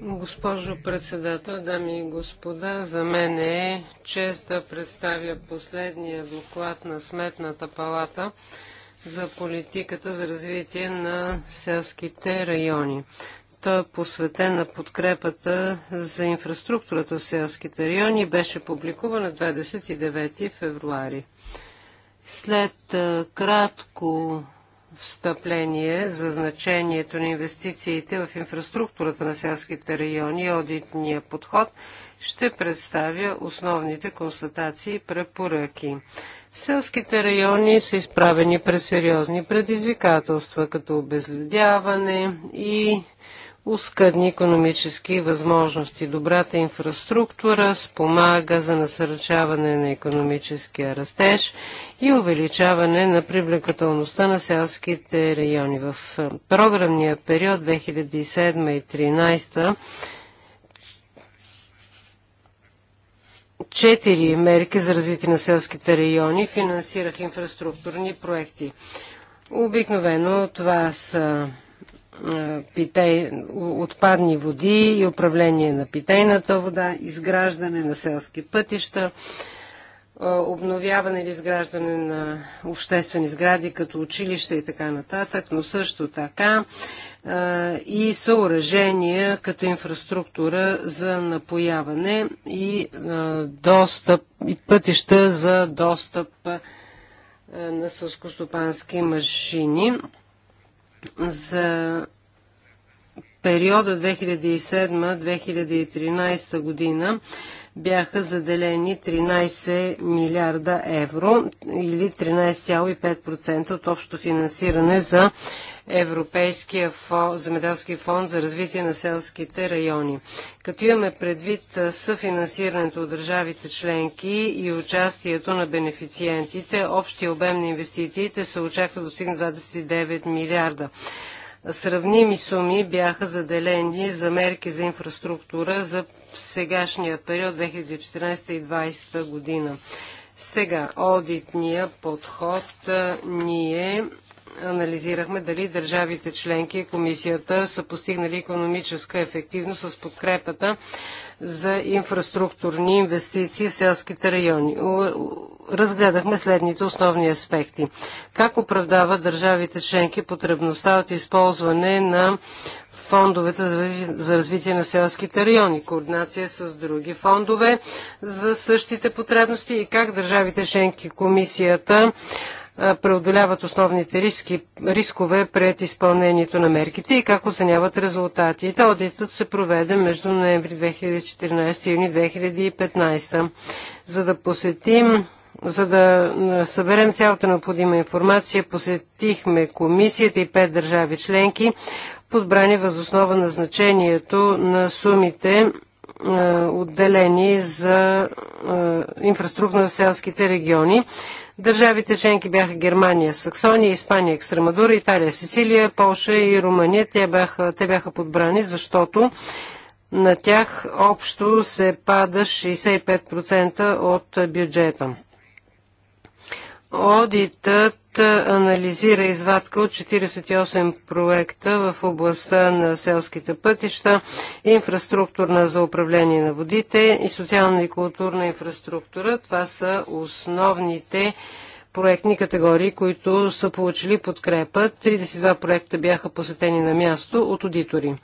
Госпожо председател, дами и господа, за мен е чест да представя последния доклад на Сметната палата за политиката за развитие на селските райони. Той е посветен на подкрепата за инфраструктурата в селските райони и беше публикуван на 29 февруари. След кратко встъпление за значението на инвестициите в инфраструктурата на селските райони и одитния подход, ще представя основните констатации и препоръки. Селските райони са изправени пред сериозни предизвикателства, като обезлюдяване и ускъдни економически възможности. Добрата инфраструктура спомага за насърчаване на економическия растеж и увеличаване на привлекателността на селските райони. В е, програмния период 2007 и 2013 четири мерки за развитие на селските райони финансирах инфраструктурни проекти. Обикновено това са питей, отпадни води и управление на питейната вода, изграждане на селски пътища, обновяване или изграждане на обществени сгради, като училища и така нататък, но също така и съоръжения като инфраструктура за напояване и, достъп, и пътища за достъп на сълскостопански машини за периода 2007-2013 година бяха заделени 13 милиарда евро или 13,5% от общо финансиране за Европейския земеделски фонд за развитие на селските райони. Като имаме предвид съфинансирането от държавите членки и участието на бенефициентите, общия обем на инвестициите се очаква да достигне 29 милиарда. Сравними суми бяха заделени за мерки за инфраструктура за сегашния период 2014 и 2020 година. Сега, одитния подход ние анализирахме дали държавите членки и комисията са постигнали економическа ефективност с подкрепата за инфраструктурни инвестиции в селските райони. Разгледахме следните основни аспекти. Как оправдават държавите членки потребността от използване на фондовете за развитие на селските райони, координация с други фондове за същите потребности и как държавите членки комисията преодоляват основните риски, рискове пред изпълнението на мерките и как оценяват резултатите. Одитът се проведе между ноември 2014 и юни 2015. За да посетим за да съберем цялата необходима информация, посетихме комисията и пет държави членки, подбрани възоснова на значението на сумите е, отделени за е, инфраструктура на селските региони. Държавите членки бяха Германия, Саксония, Испания, Екстремадура, Италия, Сицилия, Полша и Румъния. Те бяха, те бяха подбрани, защото на тях общо се пада 65% от бюджета. Одитът анализира извадка от 48 проекта в областта на селските пътища, инфраструктурна за управление на водите и социална и културна инфраструктура. Това са основните проектни категории, които са получили подкрепа. 32 проекта бяха посетени на място от аудитори.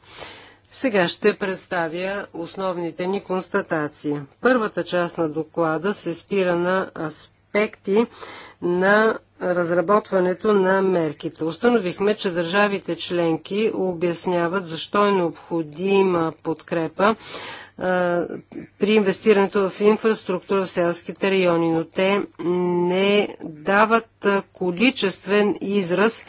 Сега ще представя основните ни констатации. Първата част на доклада се спира на аспект аспекти на разработването на мерките. Установихме, че държавите членки обясняват защо е необходима подкрепа при инвестирането в инфраструктура в селските райони, но те не дават количествен израз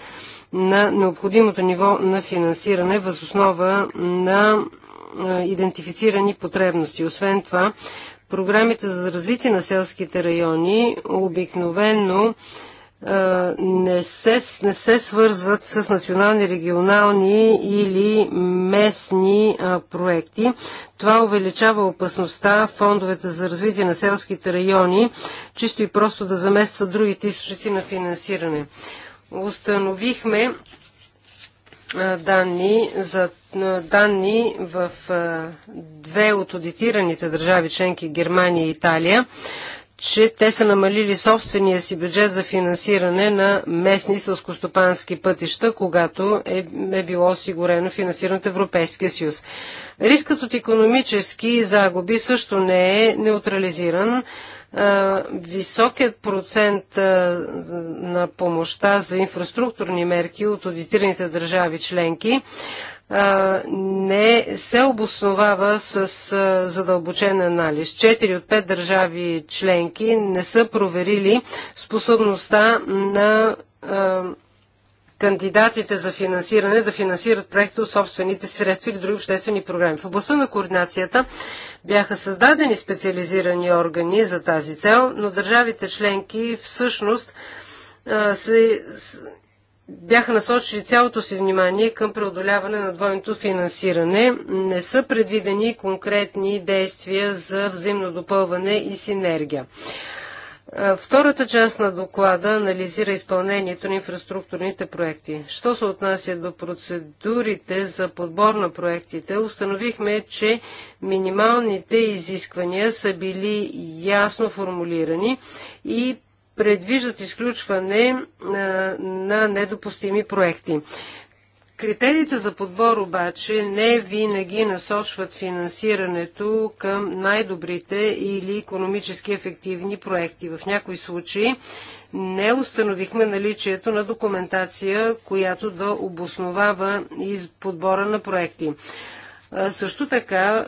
на необходимото ниво на финансиране възоснова на идентифицирани потребности. Освен това, Програмите за развитие на селските райони обикновено не се, не се свързват с национални, регионални или местни а, проекти. Това увеличава опасността фондовете за развитие на селските райони чисто и просто да заместват другите източници на финансиране. Установихме а, данни за данни в две от аудитираните държави членки Германия и Италия, че те са намалили собствения си бюджет за финансиране на местни сълскостопански пътища, когато е, е било осигурено финансиране от Европейския съюз. Рискът от економически загуби също не е неутрализиран. Високият процент на помощта за инфраструктурни мерки от аудитираните държави членки не се обосновава с задълбочен анализ. Четири от пет държави членки не са проверили способността на кандидатите за финансиране да финансират проекти от собствените си средства или други обществени програми. В областта на координацията бяха създадени специализирани органи за тази цел, но държавите членки всъщност се бяха насочили цялото си внимание към преодоляване на двойното финансиране. Не са предвидени конкретни действия за взаимно допълване и синергия. Втората част на доклада анализира изпълнението на инфраструктурните проекти. Що се отнася до процедурите за подбор на проектите, установихме, че минималните изисквания са били ясно формулирани и предвиждат изключване на недопустими проекти. Критериите за подбор обаче не винаги насочват финансирането към най-добрите или економически ефективни проекти. В някои случаи не установихме наличието на документация, която да обосновава из подбора на проекти. Също така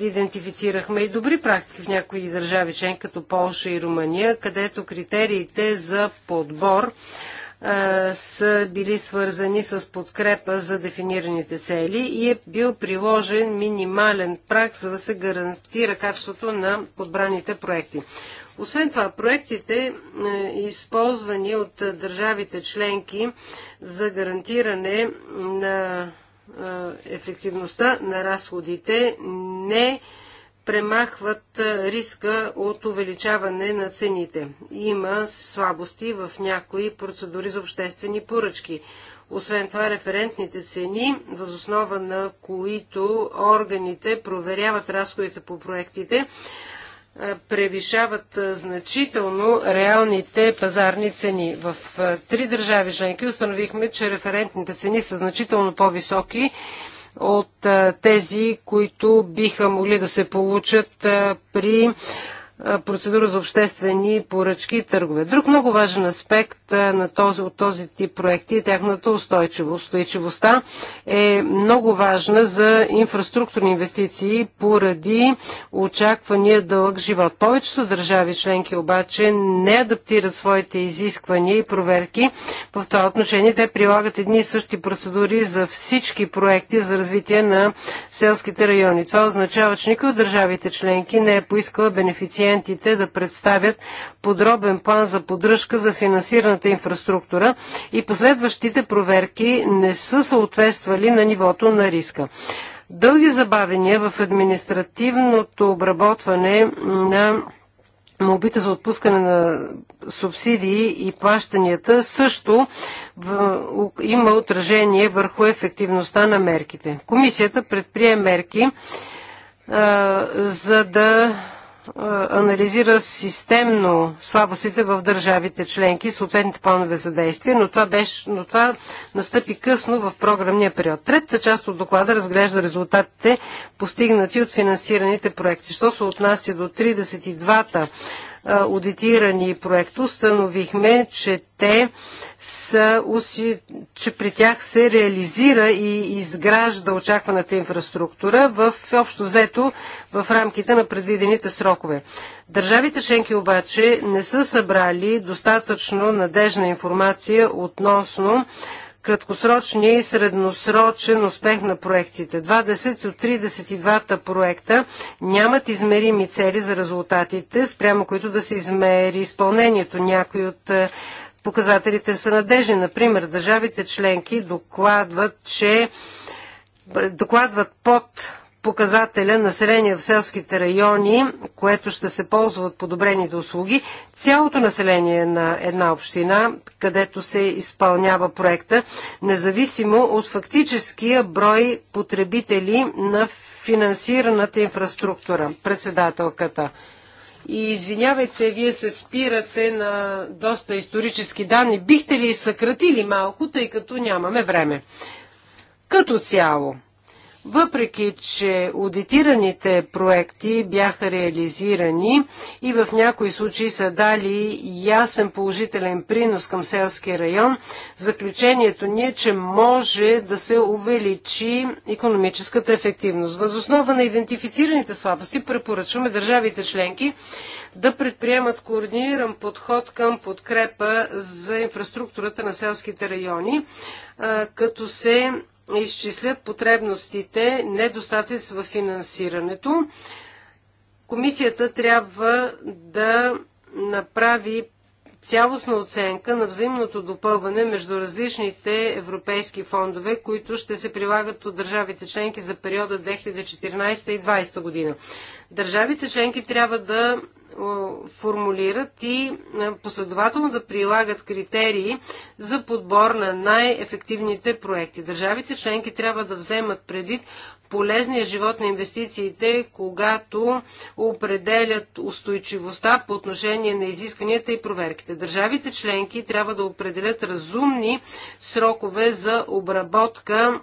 идентифицирахме и добри практики в някои държави, член като Полша и Румъния, където критериите за подбор са били свързани с подкрепа за дефинираните цели и е бил приложен минимален прак, за да се гарантира качеството на подбраните проекти. Освен това, проектите, е, използвани от държавите членки за гарантиране на ефективността на разходите не премахват риска от увеличаване на цените. Има слабости в някои процедури за обществени поръчки. Освен това, референтните цени, възоснова на които органите проверяват разходите по проектите, превишават значително реалните пазарни цени. В три държави членки установихме, че референтните цени са значително по-високи от тези, които биха могли да се получат при процедура за обществени поръчки и търгове. Друг много важен аспект на този, от този тип проекти е тяхната устойчивост. Устойчивостта е много важна за инфраструктурни инвестиции поради очаквания дълъг живот. Повечето държави членки обаче не адаптират своите изисквания и проверки в това отношение. Те прилагат едни и същи процедури за всички проекти за развитие на селските райони. Това означава, че никой от държавите членки не е поискала бенефициент клиентите да представят подробен план за поддръжка за финансираната инфраструктура и последващите проверки не са съответствали на нивото на риска. Дълги забавения в административното обработване на молбите за отпускане на субсидии и плащанията също има отражение върху ефективността на мерките. Комисията предприе мерки за да анализира системно слабостите в държавите членки, съответните планове за действие, но това, беше, но това настъпи късно в програмния период. Третата част от доклада разглежда резултатите, постигнати от финансираните проекти. Що се отнася до 32-та аудитирани проекта, установихме, че те са, че при тях се реализира и изгражда очакваната инфраструктура в общо взето в рамките на предвидените срокове. Държавите Шенки обаче не са събрали достатъчно надежна информация относно краткосрочния и средносрочен успех на проектите. 20 от 32 проекта нямат измерими цели за резултатите, спрямо които да се измери изпълнението. Някои от е, показателите са надежни. Например, държавите членки докладват, че е, докладват под показателя население в селските райони, което ще се ползва от подобрените услуги, цялото население на една община, където се изпълнява проекта, независимо от фактическия брой потребители на финансираната инфраструктура, председателката. И извинявайте, вие се спирате на доста исторически данни. Бихте ли съкратили малко, тъй като нямаме време? Като цяло, въпреки, че аудитираните проекти бяха реализирани и в някои случаи са дали ясен положителен принос към селския район, заключението ни е, че може да се увеличи економическата ефективност. Възоснова на идентифицираните слабости препоръчваме държавите членки да предприемат координиран подход към подкрепа за инфраструктурата на селските райони, като се изчислят потребностите, недостатъци в финансирането. Комисията трябва да направи цялостна оценка на взаимното допълване между различните европейски фондове, които ще се прилагат от държавите членки за периода 2014 и 2020 година. Държавите членки трябва да формулират и последователно да прилагат критерии за подбор на най-ефективните проекти. Държавите членки трябва да вземат предвид полезния живот на инвестициите, когато определят устойчивостта по отношение на изискванията и проверките. Държавите членки трябва да определят разумни срокове за обработка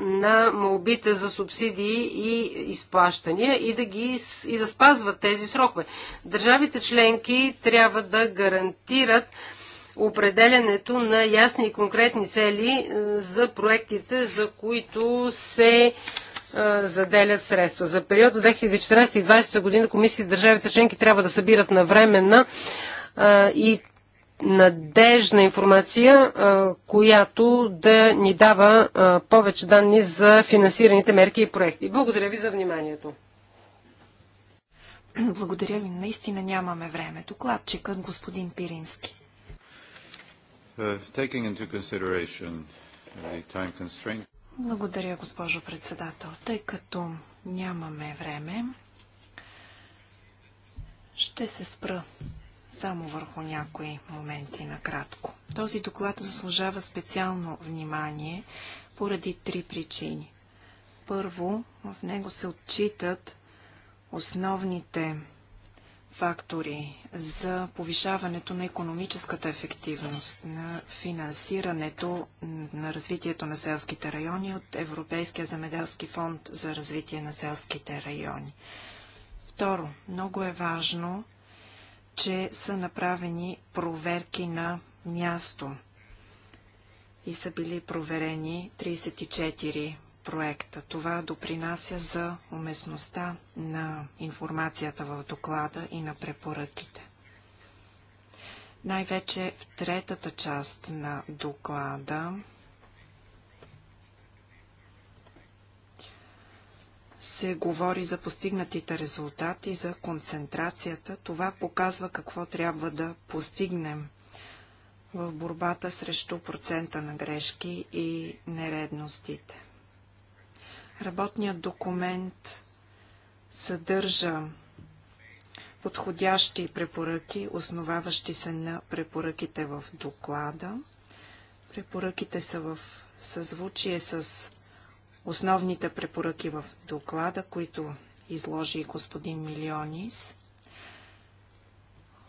на молбите за субсидии и изплащания и да, ги, и да спазват тези срокове. Държавите членки трябва да гарантират определенето на ясни и конкретни цели за проектите, за които се заделят средства. За период 2014 2020 година комисии държавите членки трябва да събират на и надежна информация, която да ни дава повече данни за финансираните мерки и проекти. Благодаря ви за вниманието. Благодаря ви. Наистина нямаме време. Докладчикът господин Пирински. Uh, Благодаря, госпожо председател. Тъй като нямаме време, ще се спра само върху някои моменти накратко. Този доклад заслужава специално внимание поради три причини. Първо, в него се отчитат основните фактори за повишаването на економическата ефективност на финансирането на развитието на селските райони от Европейския земеделски фонд за развитие на селските райони. Второ, много е важно че са направени проверки на място и са били проверени 34 проекта. Това допринася за уместността на информацията в доклада и на препоръките. Най-вече в третата част на доклада се говори за постигнатите резултати, за концентрацията. Това показва какво трябва да постигнем в борбата срещу процента на грешки и нередностите. Работният документ съдържа подходящи препоръки, основаващи се на препоръките в доклада. Препоръките са в съзвучие с основните препоръки в доклада, които изложи господин Милионис.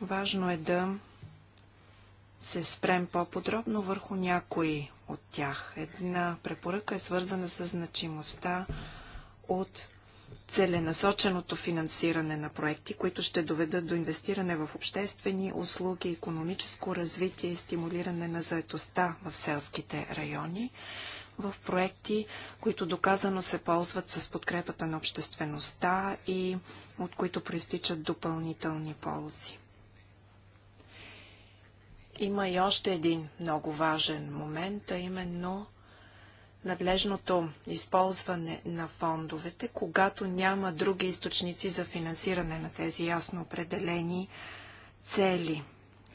Важно е да се спрем по-подробно върху някои от тях. Една препоръка е свързана с значимостта от целенасоченото финансиране на проекти, които ще доведат до инвестиране в обществени услуги, економическо развитие и стимулиране на заетостта в селските райони в проекти, които доказано се ползват с подкрепата на обществеността и от които проистичат допълнителни ползи. Има и още един много важен момент, а именно надлежното използване на фондовете, когато няма други източници за финансиране на тези ясно определени цели.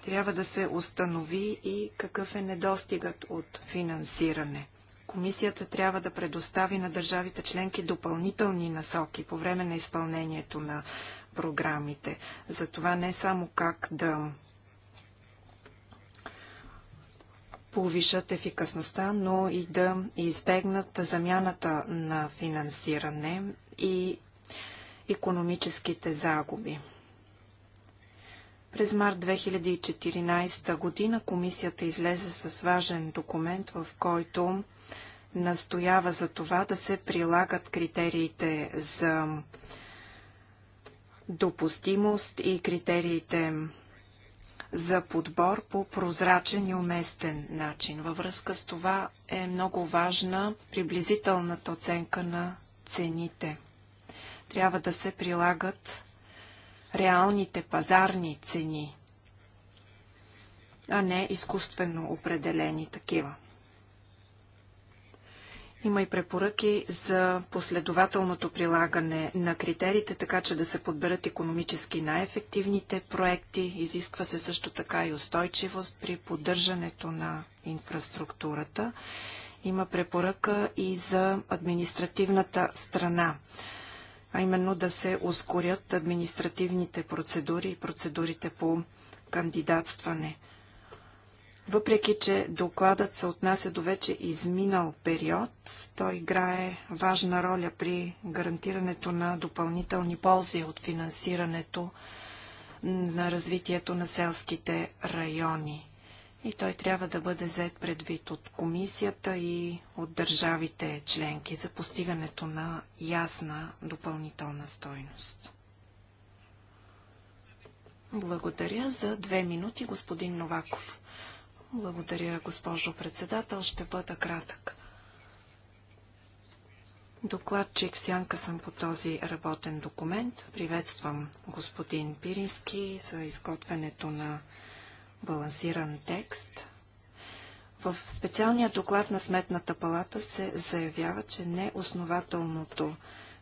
Трябва да се установи и какъв е недостигът от финансиране. Комисията трябва да предостави на държавите членки допълнителни насоки по време на изпълнението на програмите. За това не само как да повишат ефикасността, но и да избегнат замяната на финансиране и економическите загуби. През март 2014 година комисията излезе с важен документ, в който настоява за това да се прилагат критериите за допустимост и критериите за подбор по прозрачен и уместен начин. Във връзка с това е много важна приблизителната оценка на цените. Трябва да се прилагат реалните пазарни цени, а не изкуствено определени такива. Има и препоръки за последователното прилагане на критериите, така че да се подберат економически най-ефективните проекти. Изисква се също така и устойчивост при поддържането на инфраструктурата. Има препоръка и за административната страна а именно да се ускорят административните процедури и процедурите по кандидатстване. Въпреки, че докладът се отнася до вече изминал период, той играе важна роля при гарантирането на допълнителни ползи от финансирането на развитието на селските райони. И той трябва да бъде взет предвид от комисията и от държавите членки за постигането на ясна допълнителна стойност. Благодаря за две минути, господин Новаков. Благодаря, госпожо председател. Ще бъда кратък. Докладчик в сянка съм по този работен документ. Приветствам господин Пирински за изготвянето на балансиран текст. В специалния доклад на Сметната палата се заявява, че неоснователното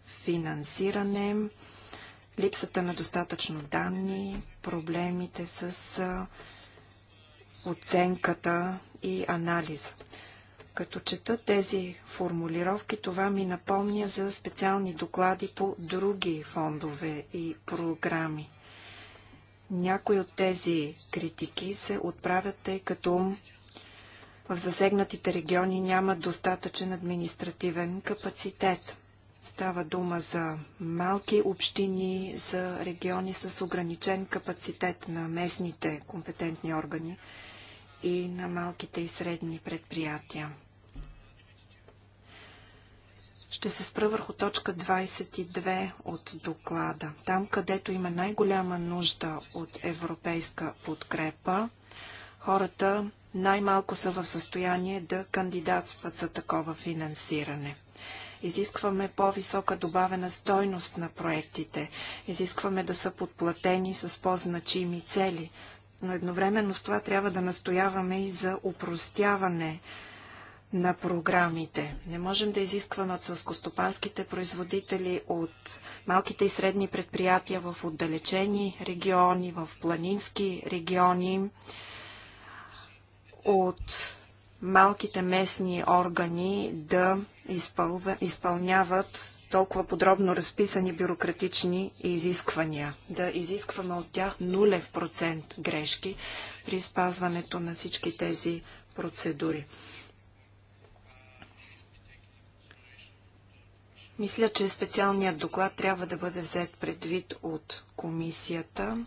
финансиране, липсата на достатъчно данни, проблемите с оценката и анализа. Като чета тези формулировки, това ми напомня за специални доклади по други фондове и програми. Някои от тези критики се отправят, тъй като в засегнатите региони няма достатъчен административен капацитет. Става дума за малки общини, за региони с ограничен капацитет на местните компетентни органи и на малките и средни предприятия. Ще се спра върху точка 22 от доклада. Там, където има най-голяма нужда от европейска подкрепа, хората най-малко са в състояние да кандидатстват за такова финансиране. Изискваме по-висока добавена стойност на проектите. Изискваме да са подплатени с по-значими цели – но едновременно с това трябва да настояваме и за упростяване на програмите. Не можем да изискваме от сълскостопанските производители, от малките и средни предприятия в отдалечени региони, в планински региони, от малките местни органи да изпълва, изпълняват толкова подробно разписани бюрократични изисквания. Да изискваме от тях нулев процент грешки при спазването на всички тези процедури. Мисля, че специалният доклад трябва да бъде взет предвид от комисията.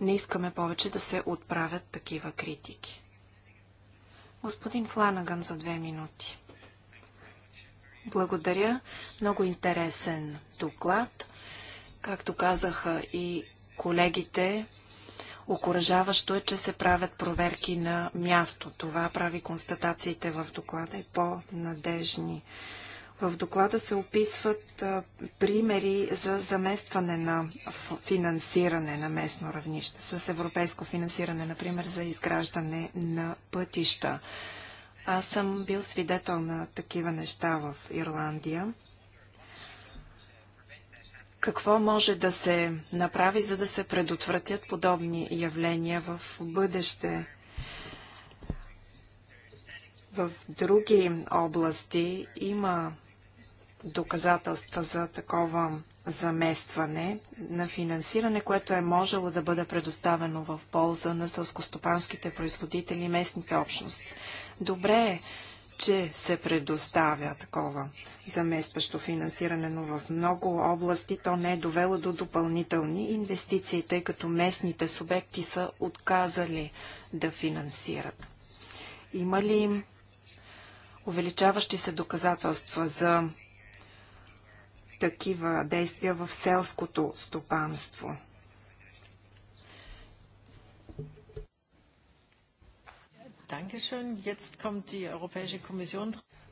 Не искаме повече да се отправят такива критики. Господин Фланаган за две минути. Благодаря. Много интересен доклад. Както казаха и колегите, Окоръжаващо е, че се правят проверки на място. Това прави констатациите в доклада и по-надежни. В доклада се описват примери за заместване на финансиране на местно равнище с европейско финансиране, например за изграждане на пътища. Аз съм бил свидетел на такива неща в Ирландия. Какво може да се направи, за да се предотвратят подобни явления в бъдеще? В други области има доказателства за такова заместване на финансиране, което е можело да бъде предоставено в полза на сълскостопанските производители и местните общности. Добре е, че се предоставя такова заместващо финансиране, но в много области то не е довело до допълнителни инвестиции, тъй като местните субекти са отказали да финансират. Има ли увеличаващи се доказателства за такива действия в селското стопанство?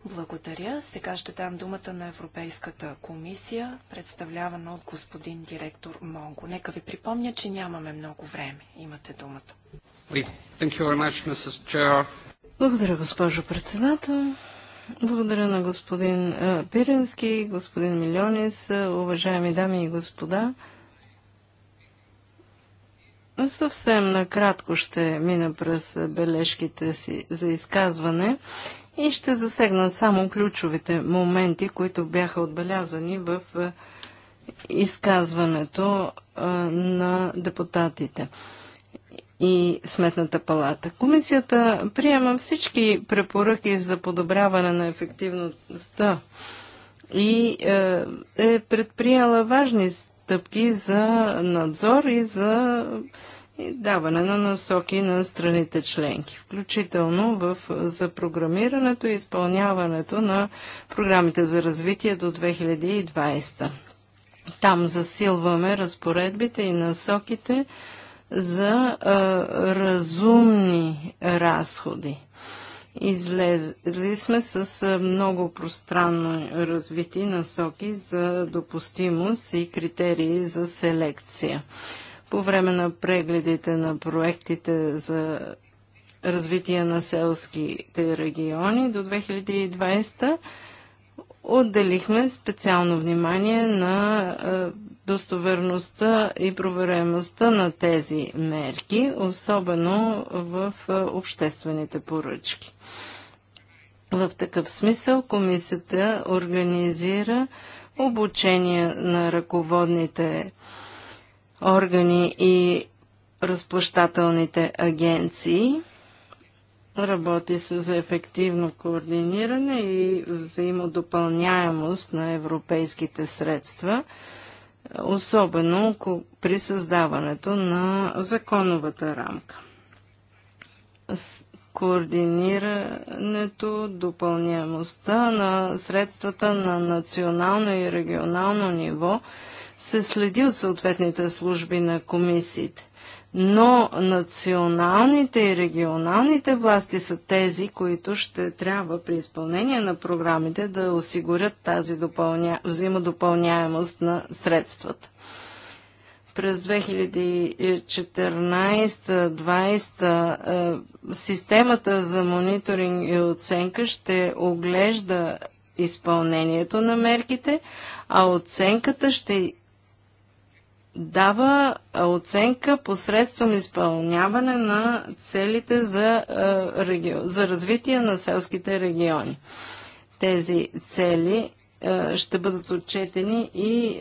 Благодаря. Сега ще дам думата на Европейската комисия, представлявана от господин директор Монго. Нека ви припомня, че нямаме много време. Имате думата. Благодаря, госпожо председател. Благодаря на господин Пиренски, господин Милионис, уважаеми дами и господа. Съвсем накратко ще мина през бележките си за изказване и ще засегна само ключовите моменти, които бяха отбелязани в е, изказването е, на депутатите и Сметната палата. Комисията приема всички препоръки за подобряване на ефективността и е, е предприела важни стъпки за надзор и за даване на насоки на страните членки, включително в, за програмирането и изпълняването на програмите за развитие до 2020. Там засилваме разпоредбите и насоките за а, разумни разходи. Излез, излезли сме с много пространно развити насоки за допустимост и критерии за селекция. По време на прегледите на проектите за развитие на селските региони до 2020 отделихме специално внимание на достоверността и проверемостта на тези мерки, особено в обществените поръчки. В такъв смисъл комисията организира обучение на ръководните органи и разплащателните агенции. Работи се за ефективно координиране и взаимодопълняемост на европейските средства, особено при създаването на законовата рамка координирането, допълняемостта на средствата на национално и регионално ниво се следи от съответните служби на комисиите. Но националните и регионалните власти са тези, които ще трябва при изпълнение на програмите да осигурят тази допълня... взаимодопълняемост на средствата през 2014-2020 е, системата за мониторинг и оценка ще оглежда изпълнението на мерките, а оценката ще дава оценка посредством изпълняване на целите за, е, за развитие на селските региони. Тези цели е, ще бъдат отчетени и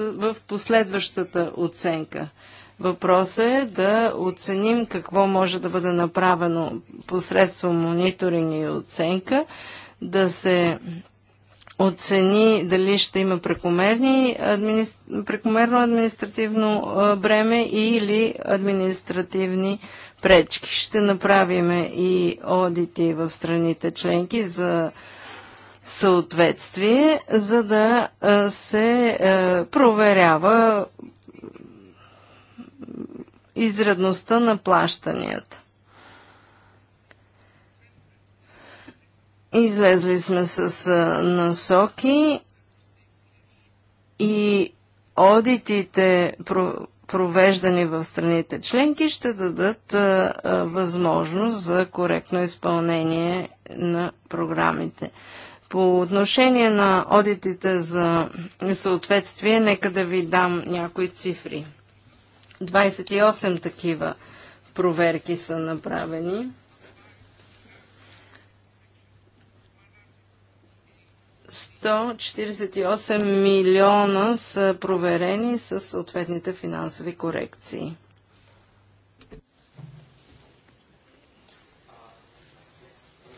в последващата оценка. Въпросът е да оценим какво може да бъде направено посредством мониторинг и оценка, да се оцени дали ще има прекомерни, администр... прекомерно административно бреме или административни пречки. Ще направим и одити в страните членки за съответствие, за да се проверява изредността на плащанията. Излезли сме с насоки и одитите, провеждани в страните членки, ще дадат възможност за коректно изпълнение на програмите. По отношение на одитите за съответствие, нека да ви дам някои цифри. 28 такива проверки са направени. 148 милиона са проверени с съответните финансови корекции.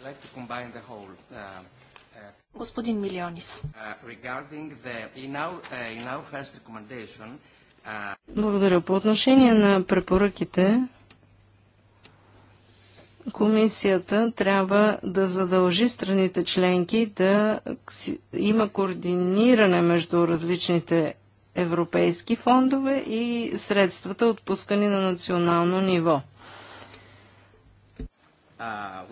Like Господин Милионис. Uh, uh, uh, Благодаря. По отношение на препоръките, комисията трябва да задължи страните членки да има координиране между различните европейски фондове и средствата отпускани на национално ниво. Uh,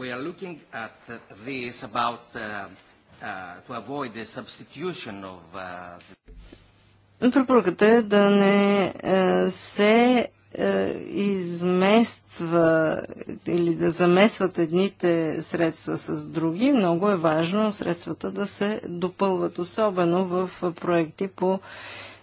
Uh, to avoid the substitution of uh, Препоръката е да не е, се е, измества или да замесват едните средства с други. Много е важно средствата да се допълват, особено в проекти по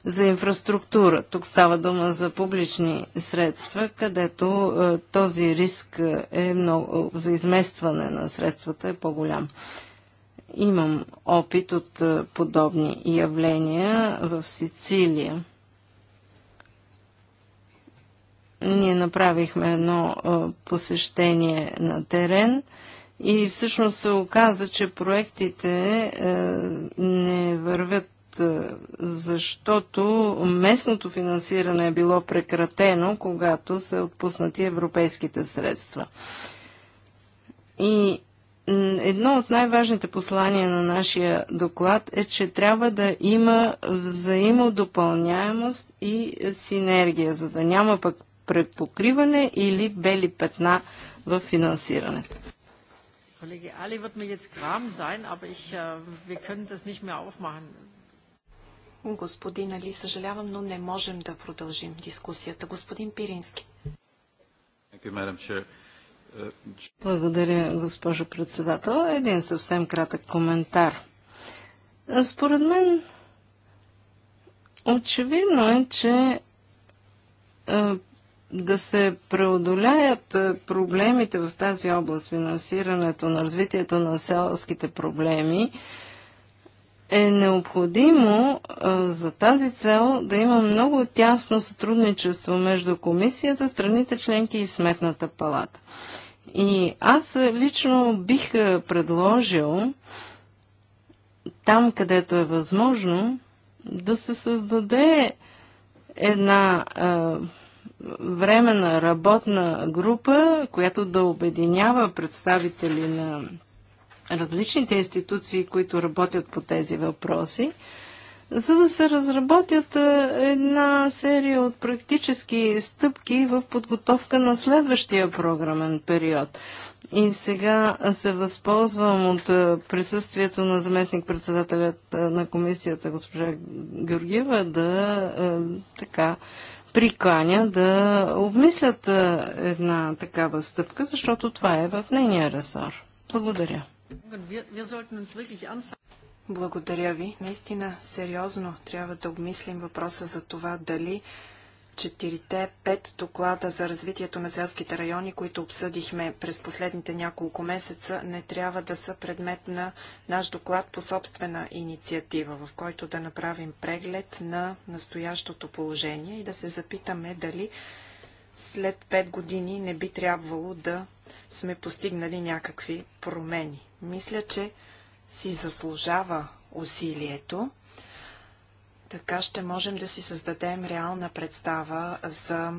за инфраструктура. Тук става дума за публични средства, където е, този риск е много, за изместване на средствата е по-голям. Имам опит от подобни явления в Сицилия. Ние направихме едно посещение на терен и всъщност се оказа, че проектите не вървят защото местното финансиране е било прекратено, когато са отпуснати европейските средства. И едно от най-важните послания на нашия доклад е, че трябва да има взаимодопълняемост и синергия, за да няма пък препокриване или бели петна в финансирането. Колеги, Али wird mir jetzt Gram sein, aber ich, äh, wir können das nicht mehr aufmachen. Господин Али, съжалявам, но не можем да продължим дискусията. Господин Пирински. Thank you, Madam Chair. Благодаря, госпожо председател. Един съвсем кратък коментар. Според мен, очевидно е, че да се преодоляят проблемите в тази област, финансирането на развитието на селските проблеми, е необходимо а, за тази цел да има много тясно сътрудничество между комисията, страните членки и сметната палата. И аз лично бих е, предложил там, където е възможно, да се създаде една а, е, времена работна група, която да обединява представители на различните институции, които работят по тези въпроси, за да се разработят една серия от практически стъпки в подготовка на следващия програмен период. И сега се възползвам от присъствието на заместник-председателят на комисията госпожа Георгиева да така приканя да обмислят една такава стъпка, защото това е в нейния ресор. Благодаря. Благодаря ви. Наистина, сериозно трябва да обмислим въпроса за това дали четирите, пет доклада за развитието на селските райони, които обсъдихме през последните няколко месеца, не трябва да са предмет на наш доклад по собствена инициатива, в който да направим преглед на настоящото положение и да се запитаме дали след пет години не би трябвало да сме постигнали някакви промени. Мисля, че си заслужава усилието. Така ще можем да си създадем реална представа за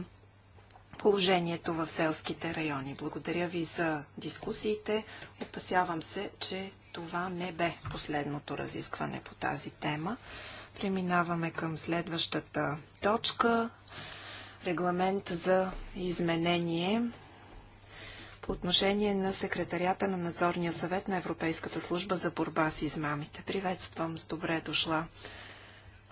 положението в селските райони. Благодаря ви за дискусиите. Опасявам се, че това не бе последното разискване по тази тема. Преминаваме към следващата точка. Регламент за изменение по отношение на секретарията на надзорния съвет на Европейската служба за борба с измамите. Приветствам с добре дошла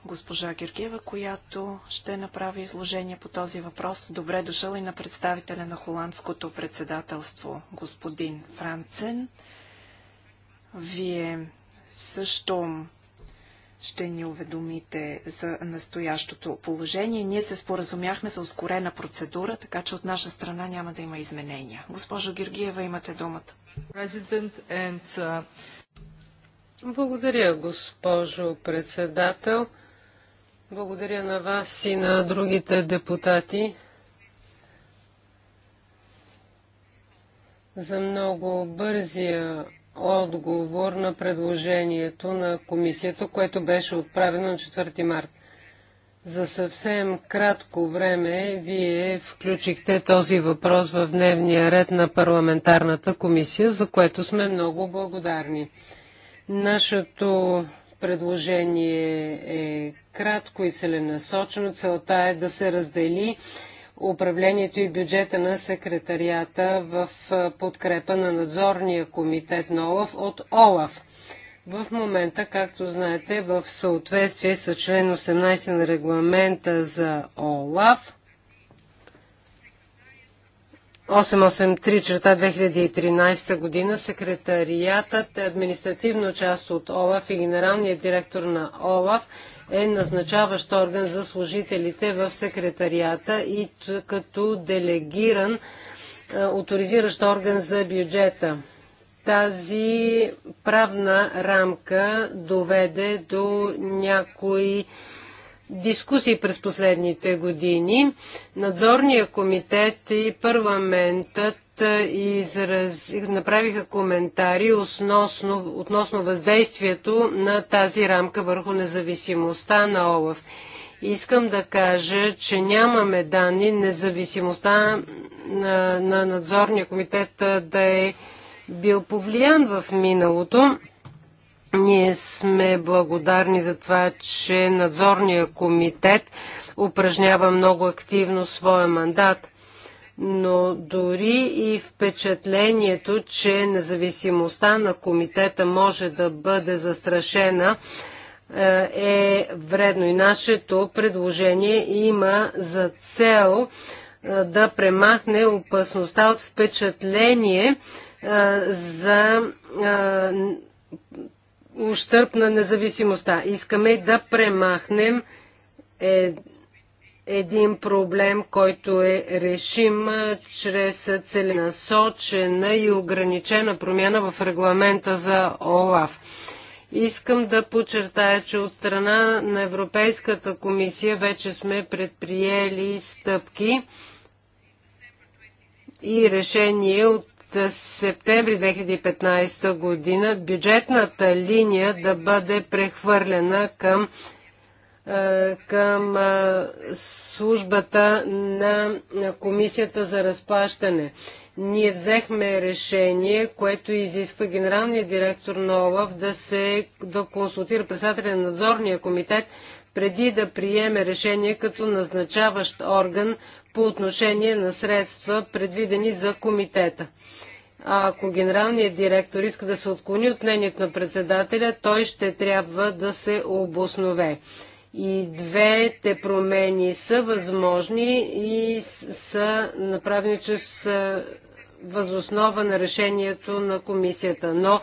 госпожа Георгиева, която ще направи изложение по този въпрос. Добре дошъл и на представителя на холандското председателство, господин Францен. Вие също ще ни уведомите за настоящото положение. Ние се споразумяхме за ускорена процедура, така че от наша страна няма да има изменения. Госпожо Георгиева, имате думата. Uh, Благодаря, госпожо председател. Благодаря на вас и на другите депутати за много бързия отговор на предложението на комисията, което беше отправено на 4 март. За съвсем кратко време вие включихте този въпрос в дневния ред на парламентарната комисия, за което сме много благодарни. Нашето предложение е кратко и целенасочено. Целта е да се раздели управлението и бюджета на секретарията в подкрепа на надзорния комитет на ОЛАФ от ОЛАФ. В момента, както знаете, в съответствие с член 18 на регламента за ОЛАФ, 883 черта 2013 година секретариятът е административно част от ОЛАФ и генералният директор на ОЛАФ е назначаващ орган за служителите в секретарията и като делегиран е, авторизиращ орган за бюджета. Тази правна рамка доведе до някои дискусии през последните години. Надзорния комитет и парламентът израз... направиха коментари относно, относно въздействието на тази рамка върху независимостта на ОЛАВ. Искам да кажа, че нямаме данни независимостта на, на надзорния комитет да е бил повлиян в миналото. Ние сме благодарни за това, че надзорния комитет упражнява много активно своя мандат – но дори и впечатлението, че независимостта на комитета може да бъде застрашена, е, е вредно. И нашето предложение има за цел е, да премахне опасността от впечатление е, за ущърп на независимостта. Искаме да премахнем е, един проблем, който е решим чрез целенасочена и ограничена промяна в регламента за ОЛАФ. Искам да подчертая, че от страна на Европейската комисия вече сме предприели стъпки и решение от септември 2015 година бюджетната линия да бъде прехвърлена към, е, към е, службата на Комисията за разплащане. Ние взехме решение, което изисква генералния директор на ОЛАВ да се да консултира председателя на надзорния комитет преди да приеме решение като назначаващ орган по отношение на средства, предвидени за комитета. А ако генералният директор иска да се отклони от мнението на председателя, той ще трябва да се обоснове. И двете промени са възможни и са направени чрез е, възоснова на решението на комисията. Но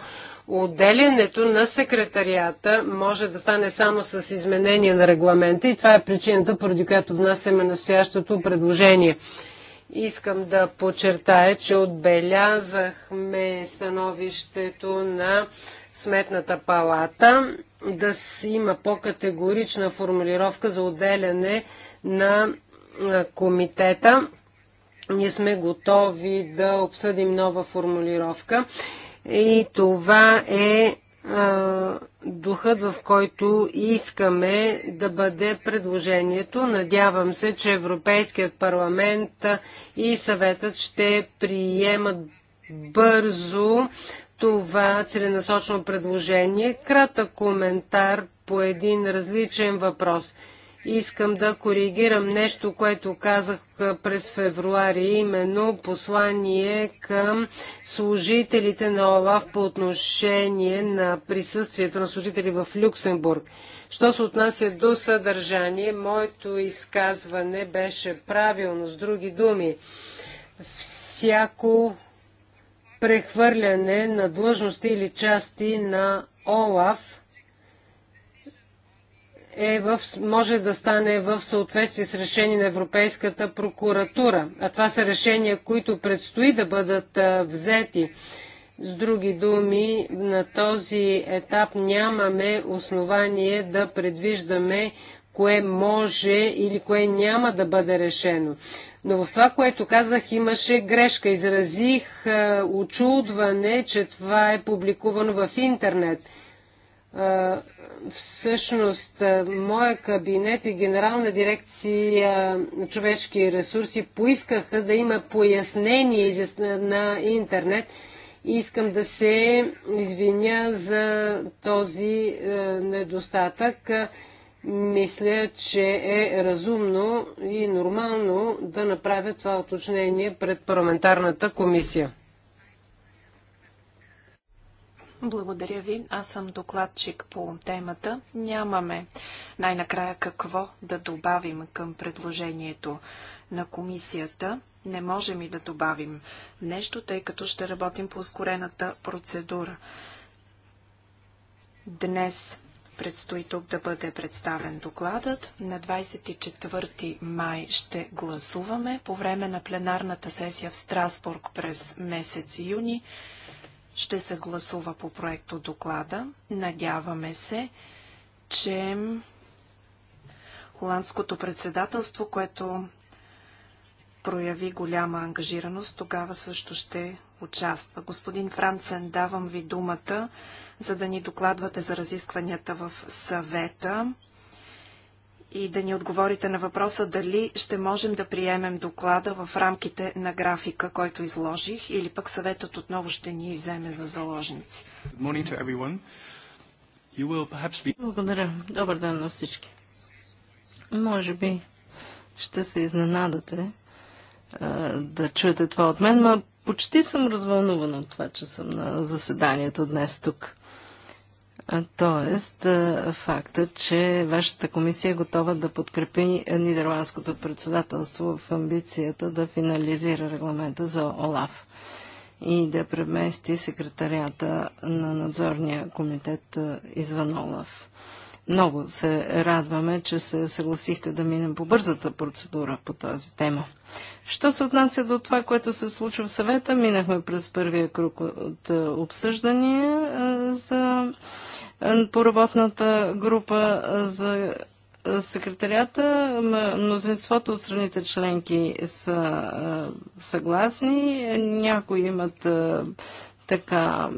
Отделянето на секретарията може да стане само с изменение на регламента и това е причината, поради която внасяме настоящото предложение. Искам да подчертая, че отбелязахме становището на Сметната палата да си има по-категорична формулировка за отделяне на комитета. Ние сме готови да обсъдим нова формулировка и това е духът, в който искаме да бъде предложението. Надявам се, че Европейският парламент и съветът ще приемат бързо това целенасочно предложение. Кратък коментар по един различен въпрос – Искам да коригирам нещо, което казах през февруари, именно послание към служителите на ОЛАВ по отношение на присъствието на служители в Люксембург. Що се отнася до съдържание, моето изказване беше правилно. С други думи, всяко прехвърляне на длъжности или части на ОЛАВ е в, може да стане в съответствие с решение на Европейската прокуратура. А това са решения, които предстои да бъдат а, взети. С други думи, на този етап нямаме основание да предвиждаме кое може или кое няма да бъде решено. Но в това, което казах, имаше грешка. Изразих очудване, че това е публикувано в интернет – всъщност моя кабинет и генерална дирекция на човешки ресурси поискаха да има пояснение на интернет. и Искам да се извиня за този недостатък. Мисля, че е разумно и нормално да направя това уточнение пред парламентарната комисия. Благодаря ви. Аз съм докладчик по темата. Нямаме най-накрая какво да добавим към предложението на комисията. Не можем и да добавим нещо, тъй като ще работим по ускорената процедура. Днес предстои тук да бъде представен докладът. На 24 май ще гласуваме. По време на пленарната сесия в Страсбург през месец юни ще се гласува по проекто доклада. Надяваме се, че холандското председателство, което прояви голяма ангажираност, тогава също ще участва. Господин Францен, давам ви думата, за да ни докладвате за разискванията в съвета и да ни отговорите на въпроса дали ще можем да приемем доклада в рамките на графика, който изложих, или пък съветът отново ще ни вземе за заложници. Благодаря. Добър ден на всички. Може би ще се изненадате да чуете това от мен, но почти съм развълнувана от това, че съм на заседанието днес тук. Тоест, факта, че вашата комисия е готова да подкрепи нидерландското председателство в амбицията да финализира регламента за ОЛАФ и да премести секретарията на надзорния комитет извън ОЛАФ. Много се радваме, че се съгласихте да минем по бързата процедура по тази тема. Що се отнася до това, което се случва в съвета, минахме през първия круг от обсъждания за по работната група за секретарията. Мнозинството от страните членки са съгласни. Някои имат така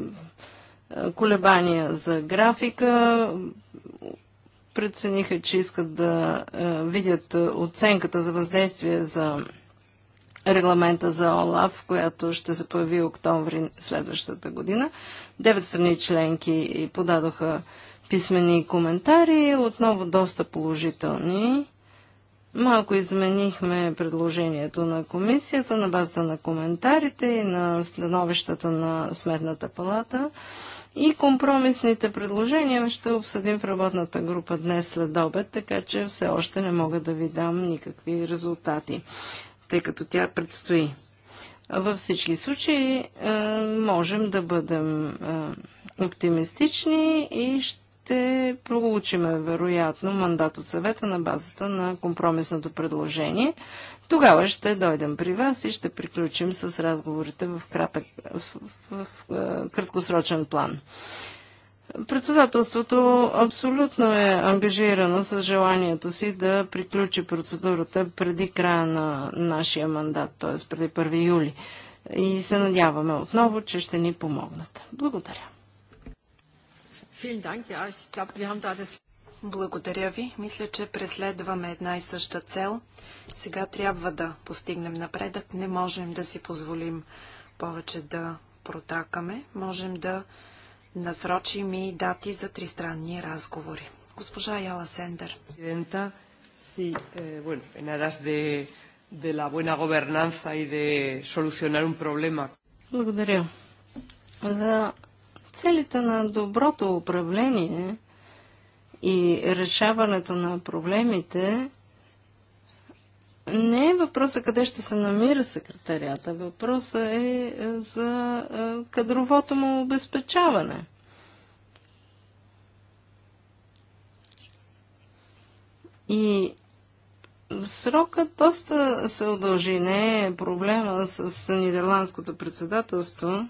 колебания за графика. Прецениха, че искат да видят оценката за въздействие за регламента за ОЛАВ, която ще се появи октомври следващата година. Девет страни членки подадоха писмени коментари, отново доста положителни. Малко изменихме предложението на комисията на базата на коментарите и на становищата на Сметната палата. И компромисните предложения ще обсъдим в работната група днес след обед, така че все още не мога да ви дам никакви резултати, тъй като тя предстои. Във всички случаи е, можем да бъдем е, оптимистични и ще проучиме вероятно мандат от съвета на базата на компромисното предложение. Тогава ще дойдем при вас и ще приключим с разговорите в, кратък, в, в, в е, краткосрочен план. Председателството абсолютно е ангажирано с желанието си да приключи процедурата преди края на нашия мандат, т.е. преди 1 юли. И се надяваме отново, че ще ни помогнат. Благодаря. Благодаря ви. Мисля, че преследваме една и съща цел. Сега трябва да постигнем напредък. Не можем да си позволим повече да протакаме. Можем да насрочи ми дати за тристранни разговори. Госпожа Яла Сендер. Е, en aras de, de la buena gobernanza y de solucionar un problema. Благодаря. За целите на доброто управление и решаването на проблемите, не е въпроса къде ще се намира секретарията. Въпросът е, е за е, кадровото му обезпечаване. И срокът доста се удължи. Не е проблема с нидерландското председателство.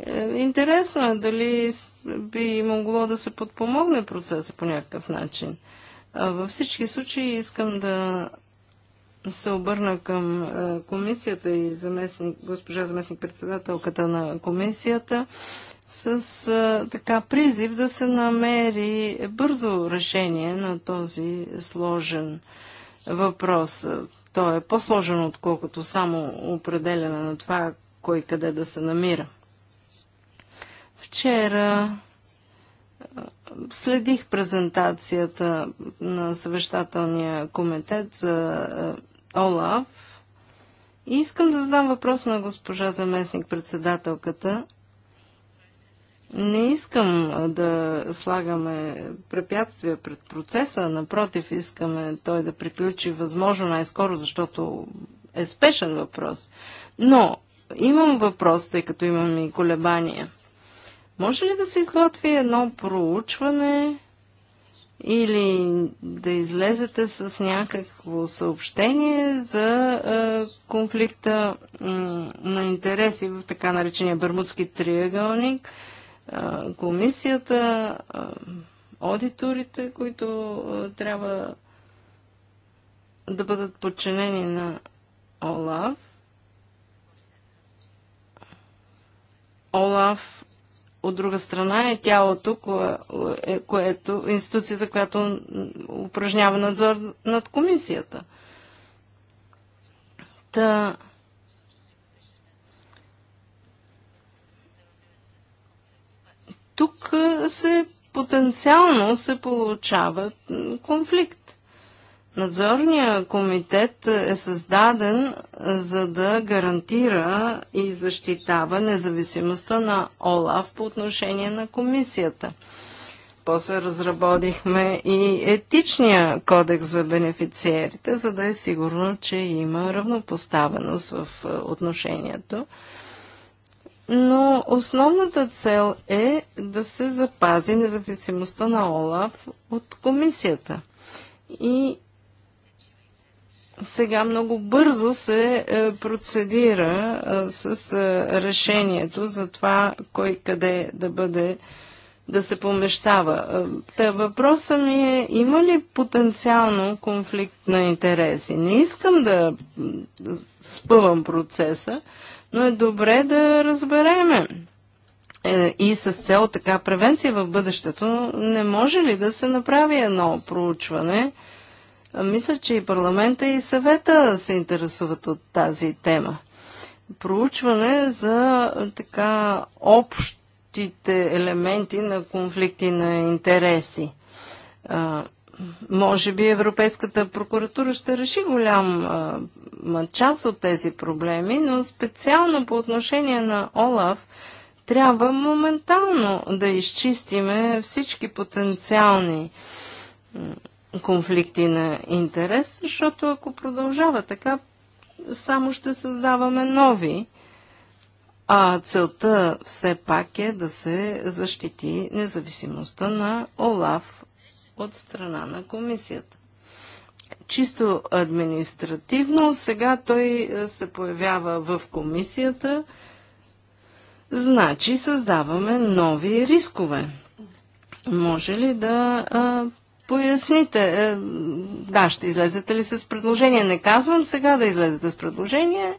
Е, интересно е дали би могло да се подпомогне процеса по някакъв начин. Във всички случаи искам да се обърна към е, комисията и заместник, госпожа заместник-председателката на комисията с е, така призив да се намери бързо решение на този сложен въпрос. Той е по-сложен, отколкото само определяне на това, кой къде да се намира. Вчера следих презентацията на съвещателния комитет за Олав и искам да задам въпрос на госпожа заместник председателката. Не искам да слагаме препятствия пред процеса, напротив, искаме той да приключи възможно най-скоро, защото е спешен въпрос. Но имам въпрос, тъй като имам и колебания – може ли да се изготви едно проучване или да излезете с някакво съобщение за е, конфликта на интереси в така наречения Бърмудски триъгълник, е, комисията, е, аудиторите, които трябва да бъдат подчинени на ОЛАВ. ОЛАВ от друга страна е тялото, кое, е, което, институцията, която упражнява надзор над комисията. Та... Тук се потенциално се получава конфликт. Надзорният комитет е създаден е, за да гарантира и защитава независимостта на ОЛАВ по отношение на комисията. После разработихме и етичния кодекс за бенефициерите, за да е сигурно, че има равнопоставеност в е, отношението. Но основната цел е да се запази независимостта на Олав от комисията. И сега много бързо се е, процедира е, с е, решението за това кой къде да бъде да се помещава. Та въпросът ми е, има ли потенциално конфликт на интереси? Не искам да спъвам процеса, но е добре да разбереме. И с цел така превенция в бъдещето, не може ли да се направи едно проучване – мисля, че и парламента и съвета се интересуват от тази тема. Проучване за така общите елементи на конфликти на интереси. А, може би Европейската прокуратура ще реши голям част от тези проблеми, но специално по отношение на ОЛАФ трябва моментално да изчистиме всички потенциални конфликти на интерес, защото ако продължава така, само ще създаваме нови. А целта все пак е да се защити независимостта на ОЛАВ от страна на комисията. Чисто административно, сега той е, се появява в комисията, значи създаваме нови рискове. Може ли да а, поясните. Е, да, ще излезете ли с предложение? Не казвам сега да излезете с предложение.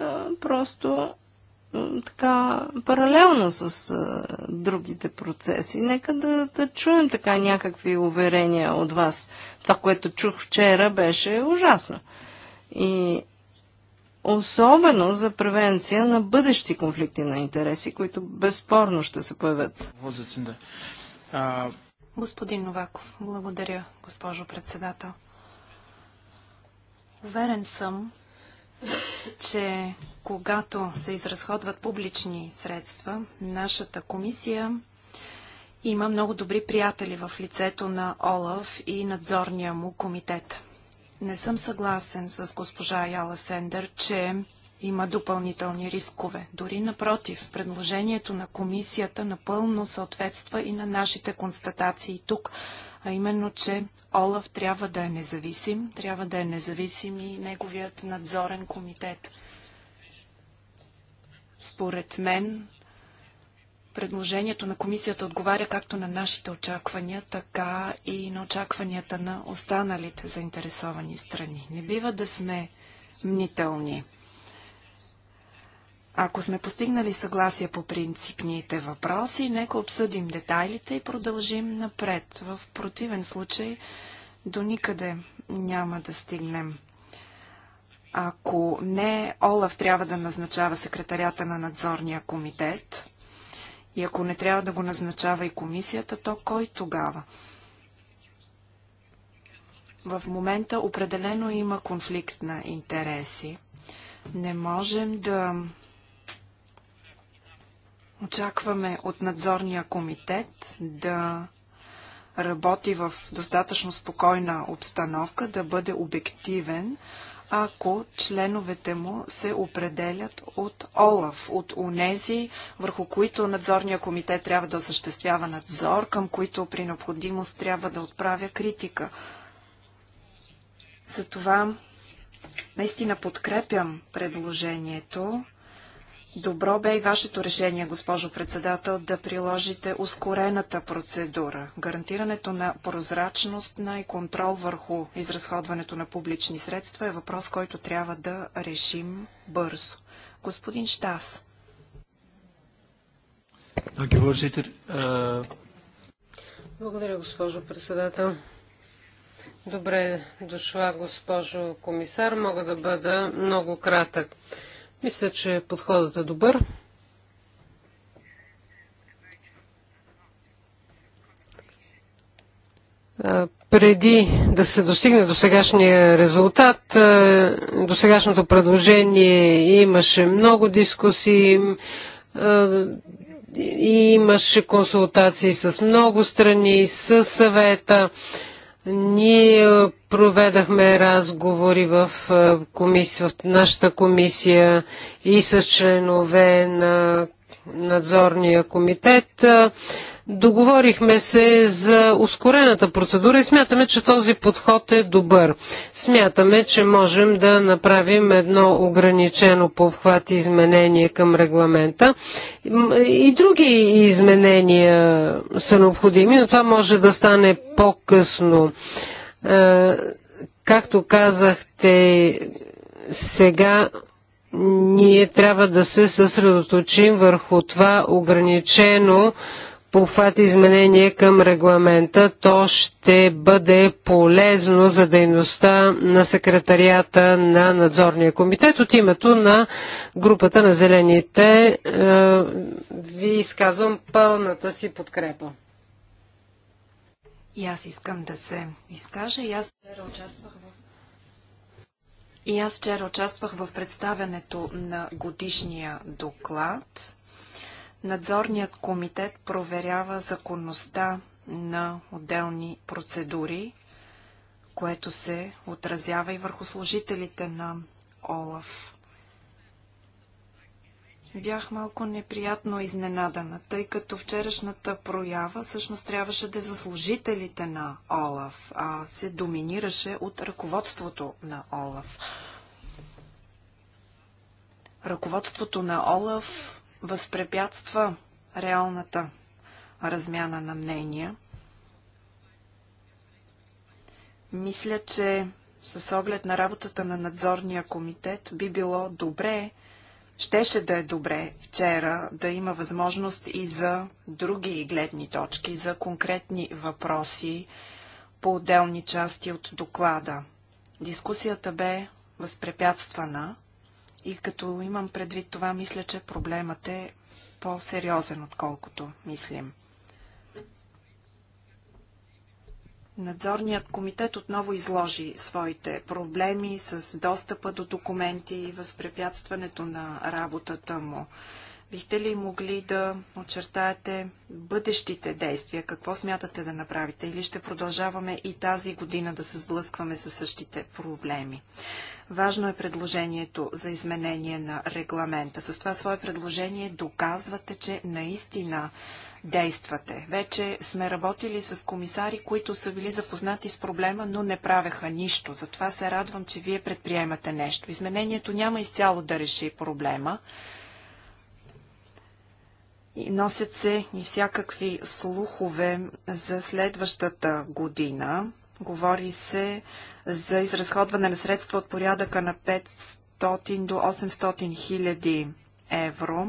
Е, просто е, така паралелно с а, другите процеси. Нека да, да чуем така някакви уверения от вас. Това, което чух вчера, беше ужасно. И особено за превенция на бъдещи конфликти на интереси, които безспорно ще се появят. Господин Новаков, благодаря, госпожо председател. Уверен съм, че когато се изразходват публични средства, нашата комисия има много добри приятели в лицето на Олаф и надзорния му комитет. Не съм съгласен с госпожа Яла Сендер, че има допълнителни рискове. Дори напротив, предложението на комисията напълно съответства и на нашите констатации тук, а именно, че Олаф трябва да е независим, трябва да е независим и неговият надзорен комитет. Според мен, предложението на комисията отговаря както на нашите очаквания, така и на очакванията на останалите заинтересовани страни. Не бива да сме мнителни. Ако сме постигнали съгласие по принципните въпроси, нека обсъдим детайлите и продължим напред. В противен случай до никъде няма да стигнем. Ако не, Олаф трябва да назначава секретарята на надзорния комитет. И ако не трябва да го назначава и комисията, то кой тогава? В момента определено има конфликт на интереси. Не можем да Очакваме от надзорния комитет да работи в достатъчно спокойна обстановка, да бъде обективен, ако членовете му се определят от ОЛАФ, от УНЕЗИ, върху които надзорния комитет трябва да осъществява надзор, към които при необходимост трябва да отправя критика. Затова наистина подкрепям предложението Добро бе и вашето решение, госпожо председател, да приложите ускорената процедура. Гарантирането на прозрачност на и контрол върху изразходването на публични средства е въпрос, който трябва да решим бързо. Господин Штас. Eh, Благодаря, госпожо председател. Добре дошла, госпожо комисар. Мога да бъда много кратък. Мисля, че подходът е добър. преди да се достигне до сегашния резултат, до сегашното предложение имаше много дискусии и имаше консултации с много страни, с съвета. Ние е, проведахме разговори в, е, комисия, в нашата комисия и с членове на надзорния комитет. Договорихме се за ускорената процедура и смятаме, че този подход е добър. Смятаме, че можем да направим едно ограничено по обхват изменение към регламента. И други изменения са необходими, но това може да стане по-късно. Е, както казахте, сега ние трябва да се съсредоточим върху това ограничено по фат изменение към регламента. То ще бъде полезно за дейността на секретарията на надзорния комитет. От името на групата на зелените е, ви изказвам пълната си подкрепа. И аз искам да се изкажа. И аз вчера участвах в и аз вчера участвах в представянето на годишния доклад Надзорният комитет проверява законността на отделни процедури, което се отразява и върху служителите на Олаф. Бях малко неприятно изненадана, тъй като вчерашната проява всъщност трябваше да е за служителите на Олаф, а се доминираше от ръководството на Олаф. Ръководството на Олаф възпрепятства реалната размяна на мнения. Мисля, че с оглед на работата на надзорния комитет би било добре, щеше да е добре вчера да има възможност и за други гледни точки, за конкретни въпроси по отделни части от доклада. Дискусията бе възпрепятствана. И като имам предвид това, мисля, че проблемът е по-сериозен, отколкото мислим. Надзорният комитет отново изложи своите проблеми с достъпа до документи и възпрепятстването на работата му. Бихте ли могли да очертаете бъдещите действия? Какво смятате да направите? Или ще продължаваме и тази година да се сблъскваме със същите проблеми? Важно е предложението за изменение на регламента. С това свое предложение доказвате, че наистина действате. Вече сме работили с комисари, които са били запознати с проблема, но не правеха нищо. Затова се радвам, че вие предприемате нещо. Изменението няма изцяло да реши проблема. И носят се и всякакви слухове за следващата година. Говори се за изразходване на средства от порядъка на 500 до 800 хиляди евро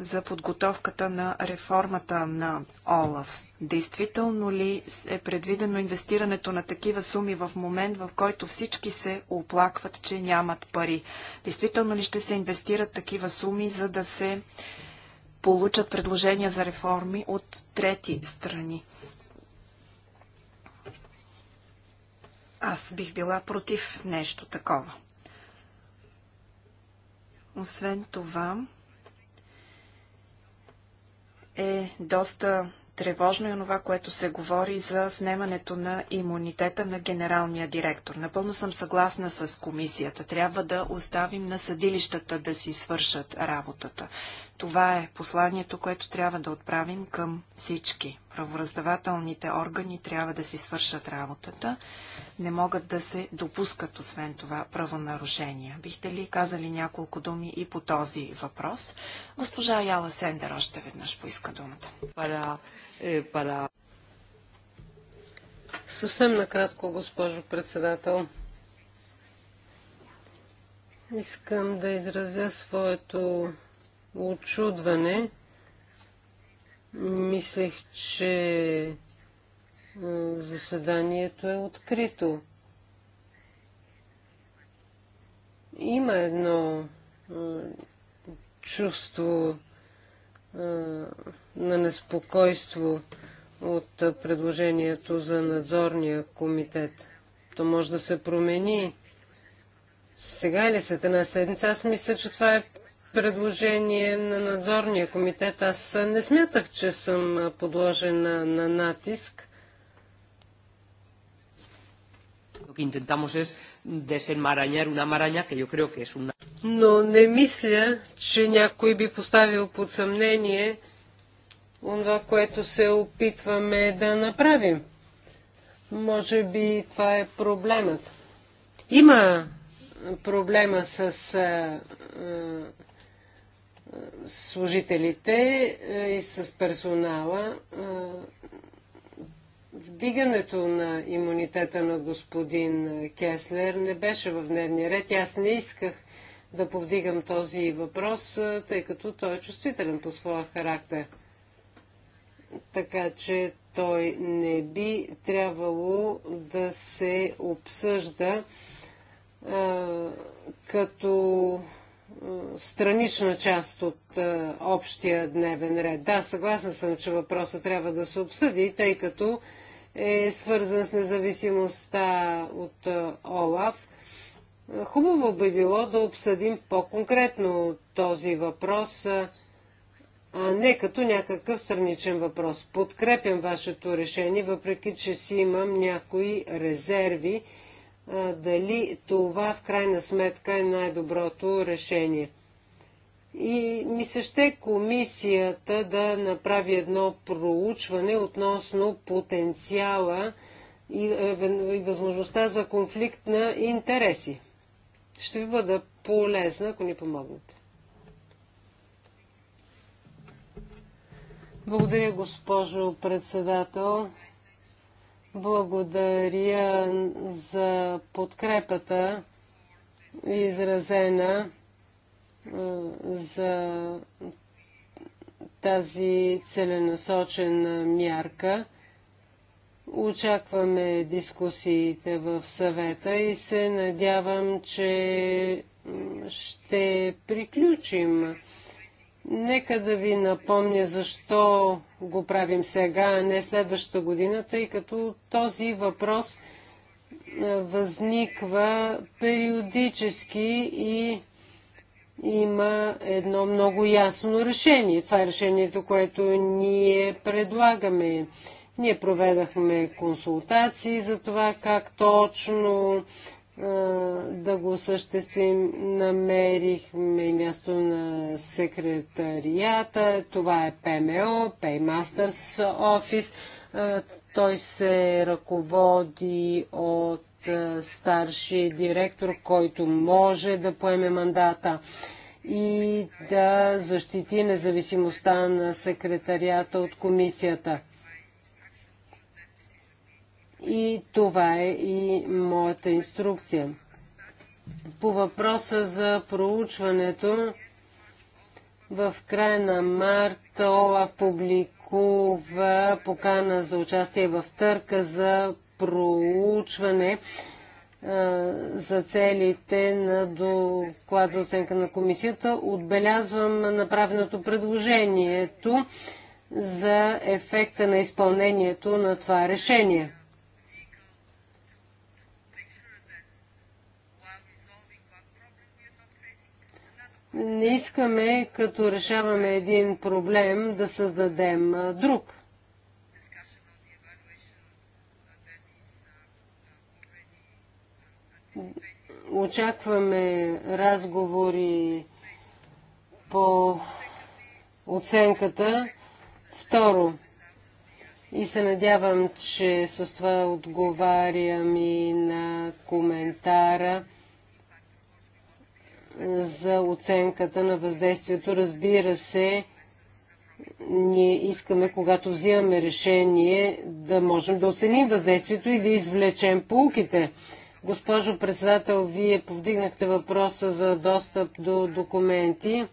за подготовката на реформата на ОЛАФ. Действително ли е предвидено инвестирането на такива суми в момент, в който всички се оплакват, че нямат пари? Действително ли ще се инвестират такива суми, за да се получат предложения за реформи от трети страни? Аз бих била против нещо такова. Освен това, е доста Тревожно е това, което се говори за снемането на имунитета на генералния директор. Напълно съм съгласна с комисията. Трябва да оставим на съдилищата да си свършат работата. Това е посланието, което трябва да отправим към всички. Правораздавателните органи трябва да си свършат работата. Не могат да се допускат, освен това, правонарушения. Бихте ли казали няколко думи и по този въпрос? Госпожа Яла Сендер още веднъж поиска думата. Пара, е, пара. Съвсем накратко, госпожо председател. Искам да изразя своето очудване. Мислех, че заседанието е открито. Има едно чувство на неспокойство от предложението за надзорния комитет. То може да се промени сега или е след една седмица. Аз мисля, че това е предложение на надзорния комитет. Аз не смятах, че съм подложена на натиск. Но не мисля, че някой би поставил под съмнение това, което се опитваме да направим. Може би това е проблемът. Има проблема с служителите е, и с персонала. Е, вдигането на имунитета на господин Кеслер не беше в дневния ред. Аз не исках да повдигам този въпрос, е, тъй като той е чувствителен по своя характер. Така че той не би трябвало да се обсъжда а, като странична част от а, е, общия дневен ред. Да, съгласна съм, че въпросът трябва да се обсъди, тъй като е свързан с независимостта от е, а, Хубаво би било да обсъдим по-конкретно този въпрос, е, а не като някакъв страничен въпрос. Подкрепям вашето решение, въпреки че си имам някои резерви дали това в крайна сметка е най-доброто решение. И ми се ще комисията да направи едно проучване относно потенциала и, е, и възможността за конфликт на интереси. Ще ви бъда полезна, ако ни помогнете. Благодаря, госпожо председател. Благодаря за подкрепата, изразена за тази целенасочена мярка. Очакваме дискусиите в съвета и се надявам, че ще приключим Нека да ви напомня защо го правим сега, а не следващата година, тъй като този въпрос е, възниква периодически и има едно много ясно решение. Това е решението, което ние предлагаме. Ние проведахме консултации за това как точно да го осъществим. Намерихме място на секретарията. Това е ПМО, Paymasters Office. Той се ръководи от старши директор, който може да поеме мандата и да защити независимостта на секретарията от комисията. И това е и моята инструкция. По въпроса за проучването, в края на март ОЛА публикува покана за участие в търка за проучване за целите на доклад за оценка на комисията. Отбелязвам направеното предложението за ефекта на изпълнението на това решение. Не искаме, като решаваме един проблем, да създадем друг. Очакваме разговори по оценката. Второ, и се надявам, че с това отговарям и на коментара за оценката на въздействието. Разбира се, ние искаме, когато взимаме решение, да можем да оценим въздействието и да извлечем полуките. Госпожо председател, вие повдигнахте въпроса за достъп до документи.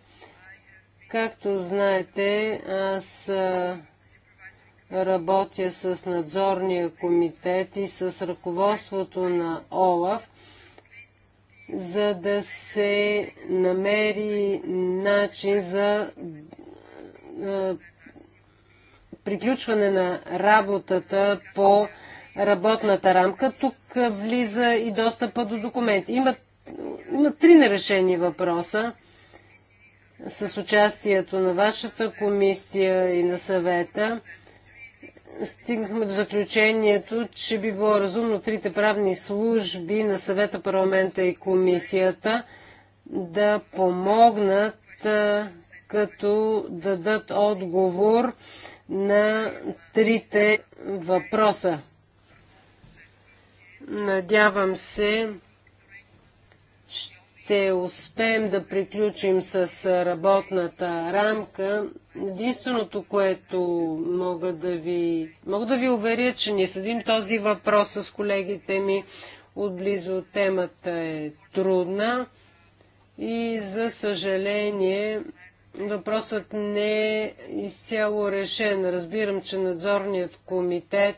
Както знаете, аз работя с надзорния комитет и с ръководството на ОЛАФ за да се намери начин за приключване на работата по работната рамка. Тук влиза и достъпа до документи. Има, има три нерешени въпроса с участието на вашата комисия и на съвета стигнахме до заключението, че би било разумно трите правни служби на съвета, парламента и комисията да помогнат като дадат отговор на трите въпроса. Надявам се, ще успеем да приключим с работната рамка. Единственото, което мога да ви, мога да ви уверя, че не следим този въпрос с колегите ми отблизо. Темата е трудна и за съжаление въпросът не е изцяло решен. Разбирам, че надзорният комитет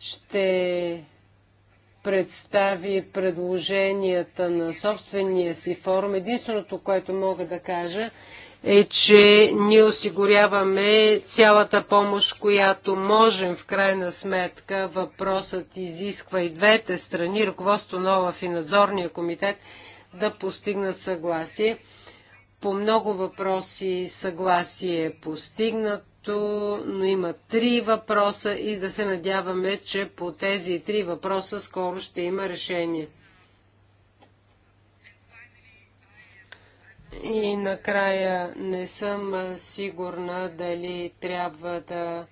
ще представи предложенията на собствения си форум. Единственото, което мога да кажа, е, че ние осигуряваме цялата помощ, която можем в крайна сметка. Въпросът изисква и двете страни, ръководство на ОЛАФ и надзорния комитет, да постигнат съгласие. По много въпроси съгласие е постигнат, но има три въпроса и да се надяваме, че по тези три въпроса скоро ще има решение. И накрая не съм сигурна дали трябва да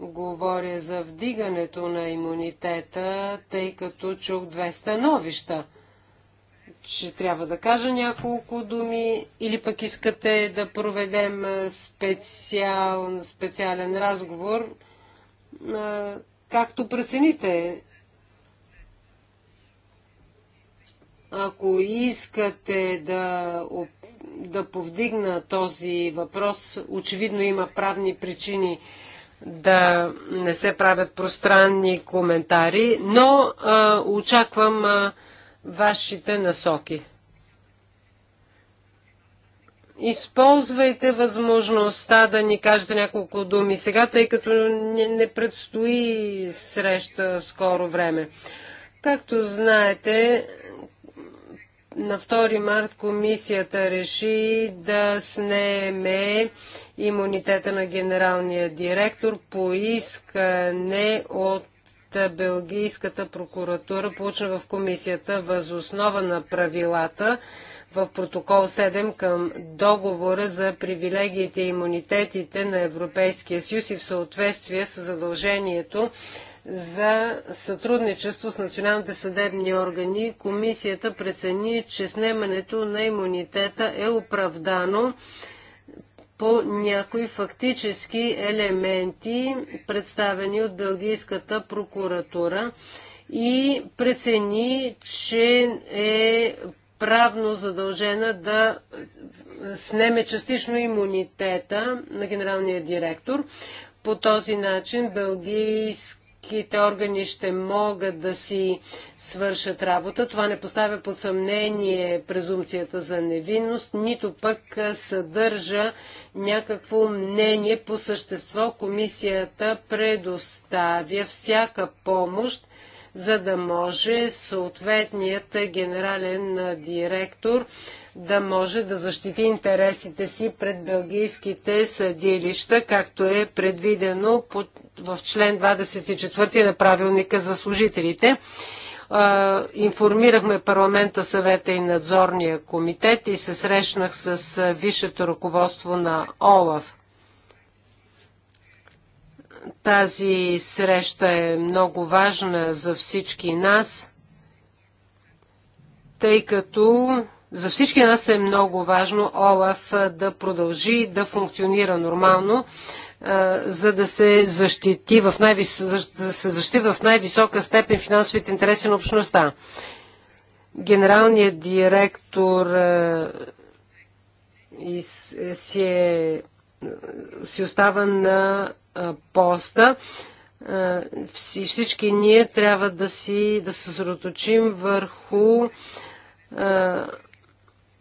говоря за вдигането на имунитета, тъй като чух две становища – ще трябва да кажа няколко думи или пък искате да проведем специал, специален разговор, както прецените. Ако искате да, да повдигна този въпрос, очевидно има правни причини да не се правят пространни коментари, но а, очаквам а, вашите насоки. Използвайте възможността да ни кажете няколко думи сега, тъй като не предстои среща в скоро време. Както знаете, на 2 март комисията реши да снеме имунитета на генералния директор по искане от е, Белгийската прокуратура получена в комисията възоснова на правилата в протокол 7 към договора за привилегиите и имунитетите на Европейския съюз и в съответствие с задължението за сътрудничество с националните съдебни органи, комисията прецени, че снемането на имунитета е оправдано по някои фактически елементи, представени от Белгийската прокуратура и прецени, че е правно задължена да снеме частично имунитета на генералния директор. По този начин Белгийска всичките органи ще могат да си свършат работа. Това не поставя под съмнение презумцията за невинност, нито пък съдържа някакво мнение по същество. Комисията предоставя всяка помощ, за да може съответният генерален директор да може да защити интересите си пред бългийските съдилища, както е предвидено по в член 24 на правилника за служителите. Информирахме парламента, съвета и надзорния комитет и се срещнах с висшето ръководство на ОЛАВ. Тази среща е много важна за всички нас, тъй като за всички нас е много важно ОЛАФ да продължи да функционира нормално за да се защити в, най-вис... да се защити в най-висока степен финансовите интереси на общността. Генералният директор си, е, си остава на поста. Всички ние трябва да, си, да се съсредоточим върху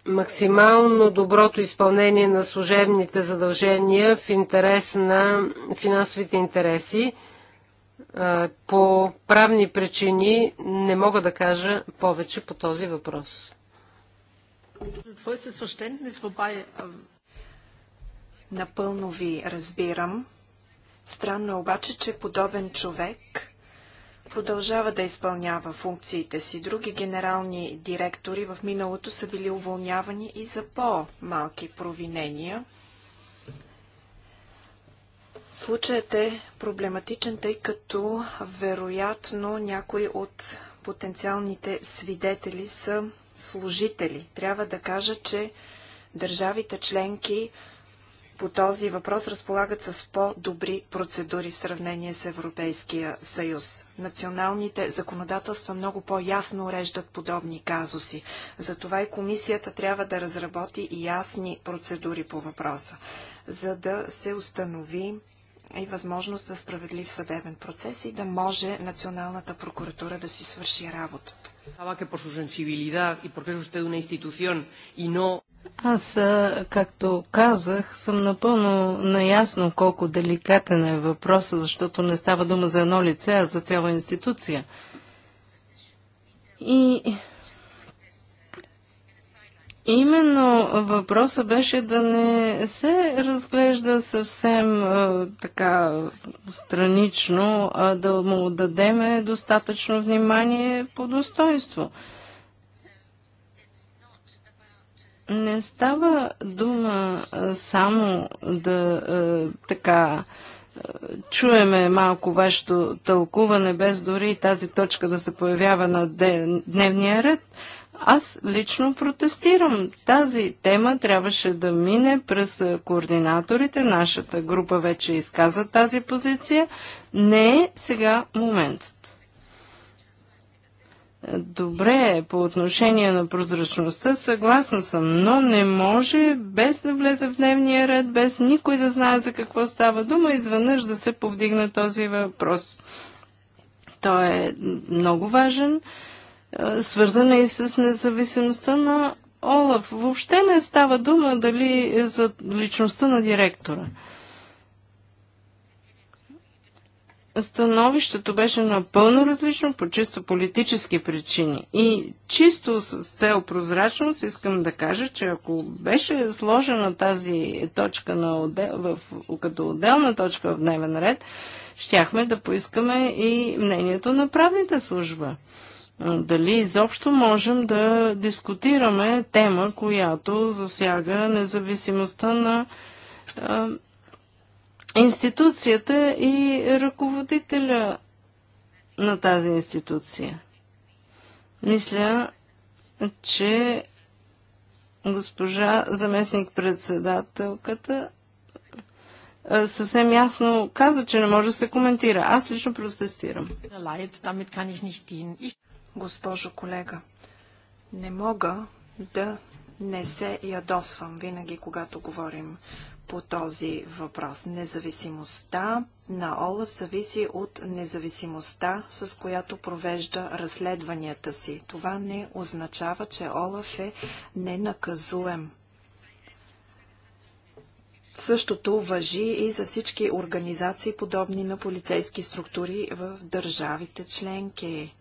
максимално доброто изпълнение на служебните задължения в интерес на финансовите интереси. По правни причини не мога да кажа повече по този въпрос. Напълно ви разбирам. Странно е обаче, че подобен човек продължава да изпълнява функциите си. Други генерални директори в миналото са били уволнявани и за по-малки провинения. Случаят е проблематичен, тъй като вероятно някои от потенциалните свидетели са служители. Трябва да кажа, че държавите членки по този въпрос разполагат с по-добри процедури в сравнение с Европейския съюз. Националните законодателства много по-ясно уреждат подобни казуси. Затова и комисията трябва да разработи ясни процедури по въпроса, за да се установи и възможност за справедлив съдебен процес и да може Националната прокуратура да си свърши работата. Аз, както казах, съм напълно наясно колко деликатен е въпросът, защото не става дума за едно лице, а за цяла институция. И Именно въпроса беше да не се разглежда съвсем така странично, а да му дадеме достатъчно внимание по достоинство. не става дума само да е, така чуеме малко вашето тълкуване, без дори тази точка да се появява на дневния ред. Аз лично протестирам. Тази тема трябваше да мине през координаторите. Нашата група вече изказа тази позиция. Не е сега моментът. Добре, по отношение на прозрачността съгласна съм, но не може без да влезе в дневния ред, без никой да знае за какво става дума, изведнъж да се повдигне този въпрос. Той е много важен, е, свързан е и с независимостта на Олаф. Въобще не става дума дали за личността на директора. становището беше напълно различно по чисто политически причини. И чисто с цел прозрачност искам да кажа, че ако беше сложена тази точка на отдел, в, като отделна точка в дневен ред, щяхме да поискаме и мнението на правните служба. Дали изобщо можем да дискутираме тема, която засяга независимостта на институцията и ръководителя на тази институция. Мисля, че госпожа заместник-председателката съвсем ясно каза, че не може да се коментира. Аз лично протестирам. Госпожо колега, не мога да не се ядосвам винаги, когато говорим по този въпрос. Независимостта на Олаф зависи от независимостта, с която провежда разследванията си. Това не означава, че Олаф е ненаказуем. Същото въжи и за всички организации, подобни на полицейски структури в държавите членки.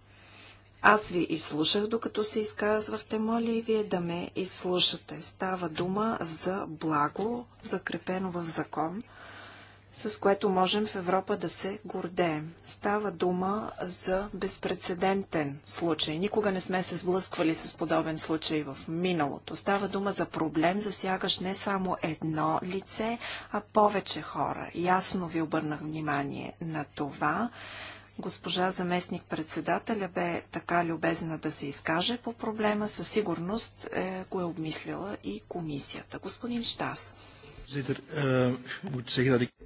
Аз ви изслушах, докато се изказвахте, моля и вие да ме изслушате. Става дума за благо, закрепено в закон, с което можем в Европа да се гордеем. Става дума за безпредседентен случай. Никога не сме се сблъсквали с подобен случай в миналото. Става дума за проблем, засягаш не само едно лице, а повече хора. Ясно ви обърнах внимание на това. Госпожа заместник председателя бе така любезна да се изкаже по проблема. Със сигурност е, го е обмислила и комисията. Господин Штас.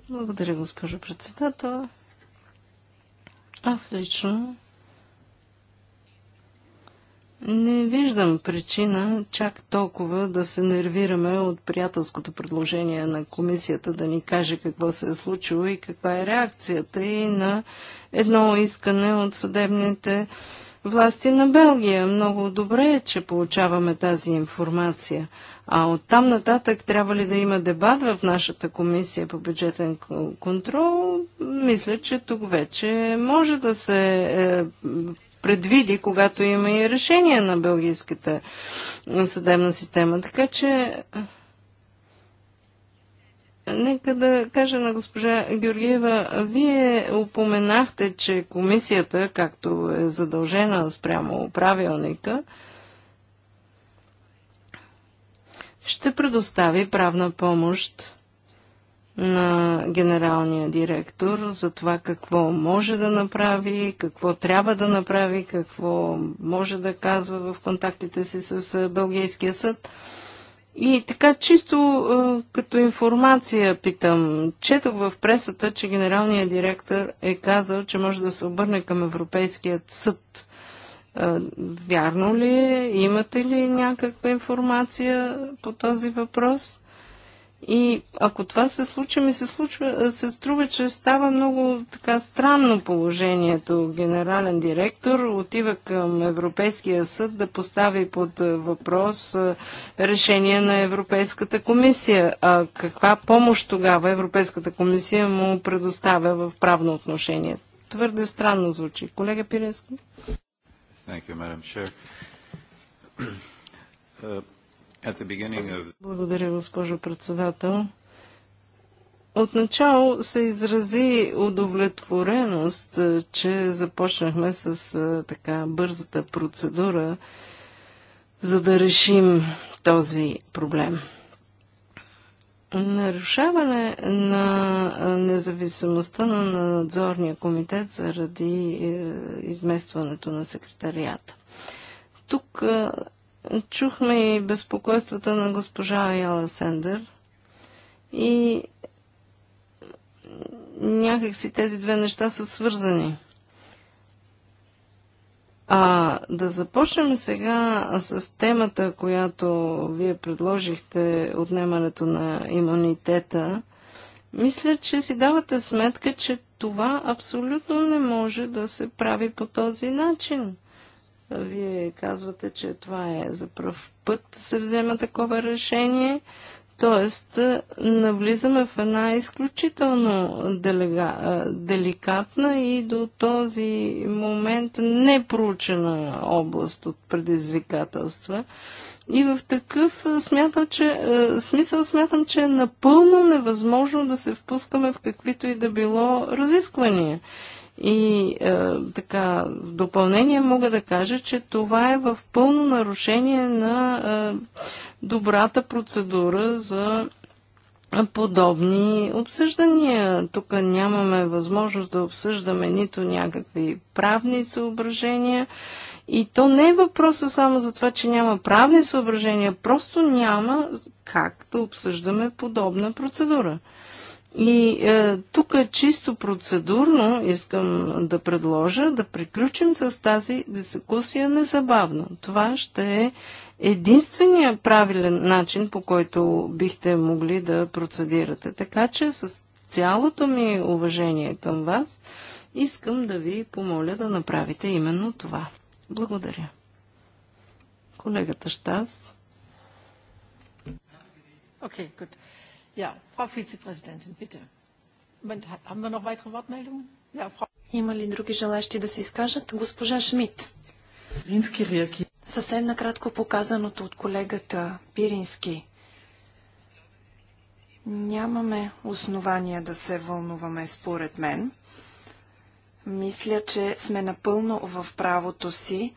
Благодаря, госпожа председател. Аз лично не виждам причина чак толкова да се нервираме от приятелското предложение на комисията да ни каже какво се е случило и каква е реакцията и на едно искане от съдебните власти на Белгия. Много добре е, че получаваме тази информация. А от там нататък трябва ли да има дебат в нашата комисия по бюджетен контрол? Мисля, че тук вече може да се е, предвиди, когато има и решение на бългийската съдебна система. Така че Нека да кажа на госпожа Георгиева, вие упоменахте, че комисията, както е задължена спрямо правилника, ще предостави правна помощ на генералния директор за това какво може да направи, какво трябва да направи, какво може да казва в контактите си с Белгийския съд. И така чисто като информация питам. Четох в пресата, че генералният директор е казал, че може да се обърне към Европейският съд. Вярно ли е? Имате ли някаква информация по този въпрос? И ако това се случи, ми се, случва, се струва, че става много така странно положението. Генерален директор отива към Европейския съд да постави под въпрос решение на Европейската комисия. А каква помощ тогава Европейската комисия му предоставя в правно отношение? Твърде странно звучи. Колега Пиренски? Thank you, Madam Chair. Uh... Благодаря, госпожо председател. Отначало се изрази удовлетвореност, е, че започнахме с е, така бързата процедура, за да решим този проблем. Нарушаване на е, независимостта на надзорния комитет заради изместването на секретарията. Тук Чухме и безпокойствата на госпожа Яла Сендер и някакси тези две неща са свързани. А да започнем сега с темата, която вие предложихте, отнемането на имунитета. Мисля, че си давате сметка, че това абсолютно не може да се прави по този начин. Вие казвате, че това е за пръв път да се взема такова решение. Тоест, е, навлизаме в една изключително делега, е, деликатна и до този момент непроучена област от предизвикателства. И в такъв е, смятам, че, смисъл смятам, че е напълно невъзможно да се впускаме в каквито и да било разисквания. И е, така, в допълнение мога да кажа, че това е в пълно нарушение на е, добрата процедура за подобни обсъждания. Тук нямаме възможност да обсъждаме нито някакви правни съображения. И то не е въпроса само за това, че няма правни съображения, просто няма как да обсъждаме подобна процедура. И е, тук чисто процедурно искам да предложа да приключим с тази дискусия незабавно. Това ще е единствения правилен начин, по който бихте могли да процедирате. Така че с цялото ми уважение към вас, искам да ви помоля да направите именно това. Благодаря. Колегата Штас. Окей, okay, good. Yeah. Frau Vizepräsidentin, bitte. Moment, Haben wir noch weitere Wortmeldungen? Ja, Frau. Има ли други желащи да се изкажат? Госпожа Шмидт. Рински реаги. Съвсем накратко показаното от колегата Пирински. Нямаме основания да се вълнуваме, според мен. Мисля, че сме напълно в правото си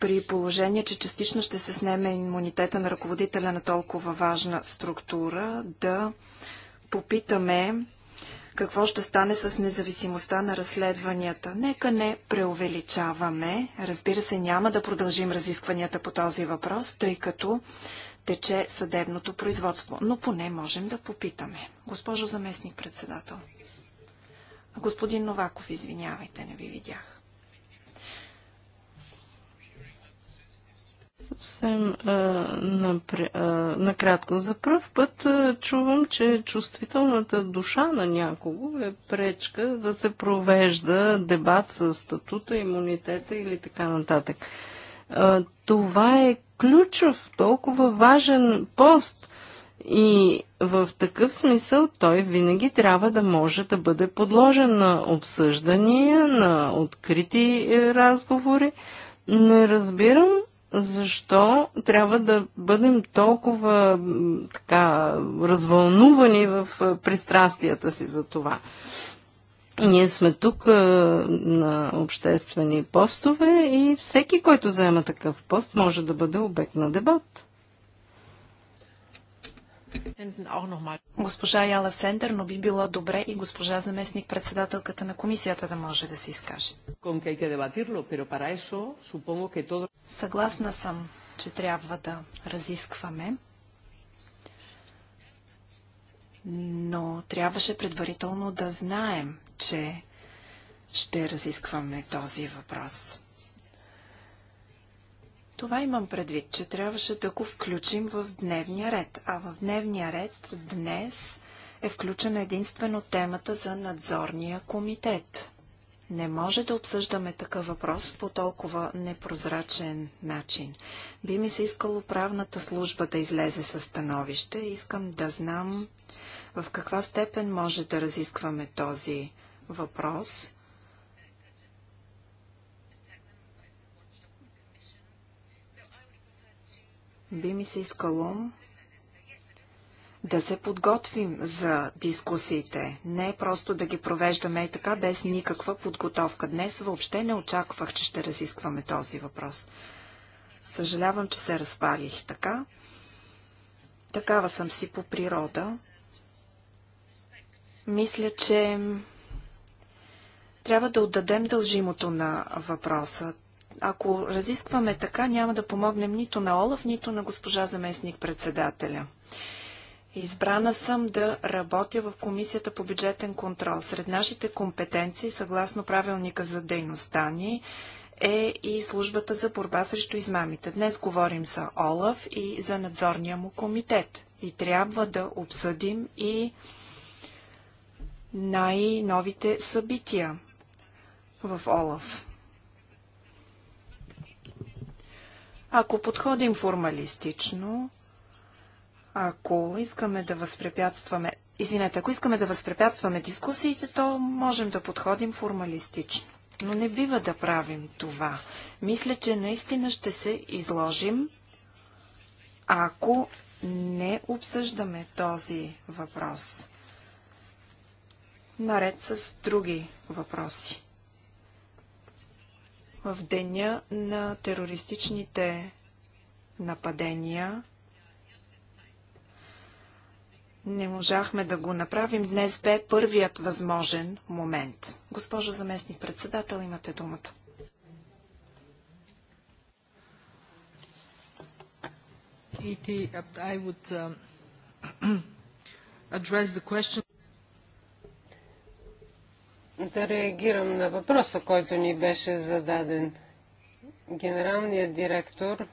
при положение, че частично ще се снеме имунитета на ръководителя на толкова важна структура, да попитаме какво ще стане с независимостта на разследванията. Нека не преувеличаваме. Разбира се, няма да продължим разискванията по този въпрос, тъй като тече съдебното производство. Но поне можем да попитаме. Госпожо заместник председател. Господин Новаков, извинявайте, не ви видях. Съвсем а, а, накратко. За първ път а, чувам, че чувствителната душа на някого е пречка да се провежда дебат за статута, имунитета или така нататък. А, това е ключов, толкова важен пост. И в такъв смисъл той винаги трябва да може да бъде подложен на обсъждания, на открити е, разговори. Не разбирам защо трябва да бъдем толкова така развълнувани в пристрастията си за това. Ние сме тук а, на обществени постове и всеки, който заема такъв пост, може да бъде обект на дебат. Госпожа Яла Сендер, но би било добре и госпожа заместник председателката на комисията да може да се изкаже. Съгласна съм, че трябва да разискваме, но трябваше предварително да знаем, че ще разискваме този въпрос. Това имам предвид, че трябваше да го включим в дневния ред, а в дневния ред днес е включена единствено темата за надзорния комитет. Не може да обсъждаме такъв въпрос по толкова непрозрачен начин. Би ми се искало правната служба да излезе със становище. Искам да знам в каква степен може да разискваме този въпрос би ми се искало да се подготвим за дискусиите. Не просто да ги провеждаме и така, без никаква подготовка. Днес въобще не очаквах, че ще разискваме този въпрос. Съжалявам, че се разпалих така. Такава съм си по природа. Мисля, че трябва да отдадем дължимото на въпросът. Ако разискваме така, няма да помогнем нито на Олаф, нито на госпожа заместник-председателя. Избрана съм да работя в Комисията по бюджетен контрол. Сред нашите компетенции, съгласно правилника за дейността ни, е и службата за борба срещу измамите. Днес говорим за ОЛАФ и за надзорния му комитет. И трябва да обсъдим и най-новите събития в ОЛАФ. Ако подходим формалистично, ако искаме да възпрепятстваме, извинете, ако искаме да възпрепятстваме дискусиите, то можем да подходим формалистично. Но не бива да правим това. Мисля, че наистина ще се изложим, ако не обсъждаме този въпрос. Наред с други въпроси. В деня на терористичните нападения не можахме да го направим. Днес бе първият възможен момент. Госпожо заместник председател, имате думата. Would, um, да реагирам на въпроса, който ни беше зададен. Генералният директор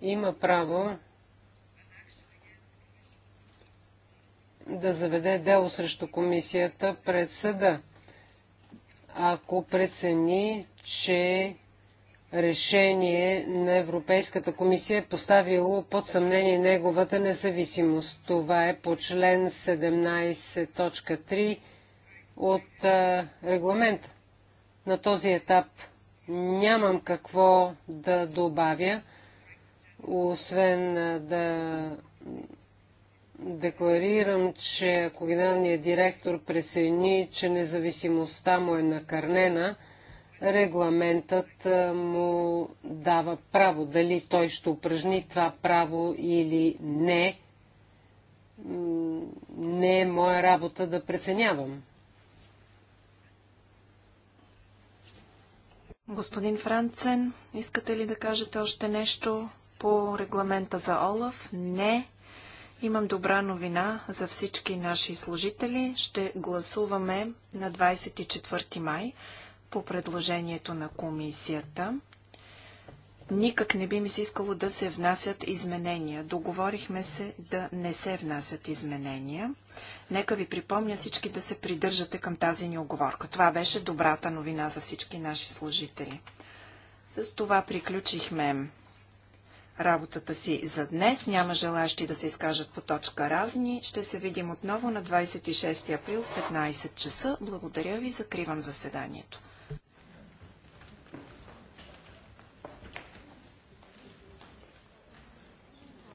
има право да заведе дело срещу комисията пред съда, ако прецени, че решение на Европейската комисия е поставило под съмнение неговата независимост. Това е по член 17.3 от регламента. На този етап нямам какво да добавя, освен да декларирам, че ако генералният директор прецени, че независимостта му е накърнена – регламентът му дава право. Дали той ще упражни това право или не, не е моя работа да преценявам. Господин Францен, искате ли да кажете още нещо по регламента за ОЛАФ? Не. Имам добра новина за всички наши служители. Ще гласуваме на 24 май по предложението на комисията. Никак не би ми се искало да се внасят изменения. Договорихме се да не се внасят изменения. Нека ви припомня всички да се придържате към тази ни оговорка. Това беше добрата новина за всички наши служители. С това приключихме работата си за днес. Няма желащи да се изкажат по точка разни. Ще се видим отново на 26 април в 15 часа. Благодаря ви. Закривам заседанието.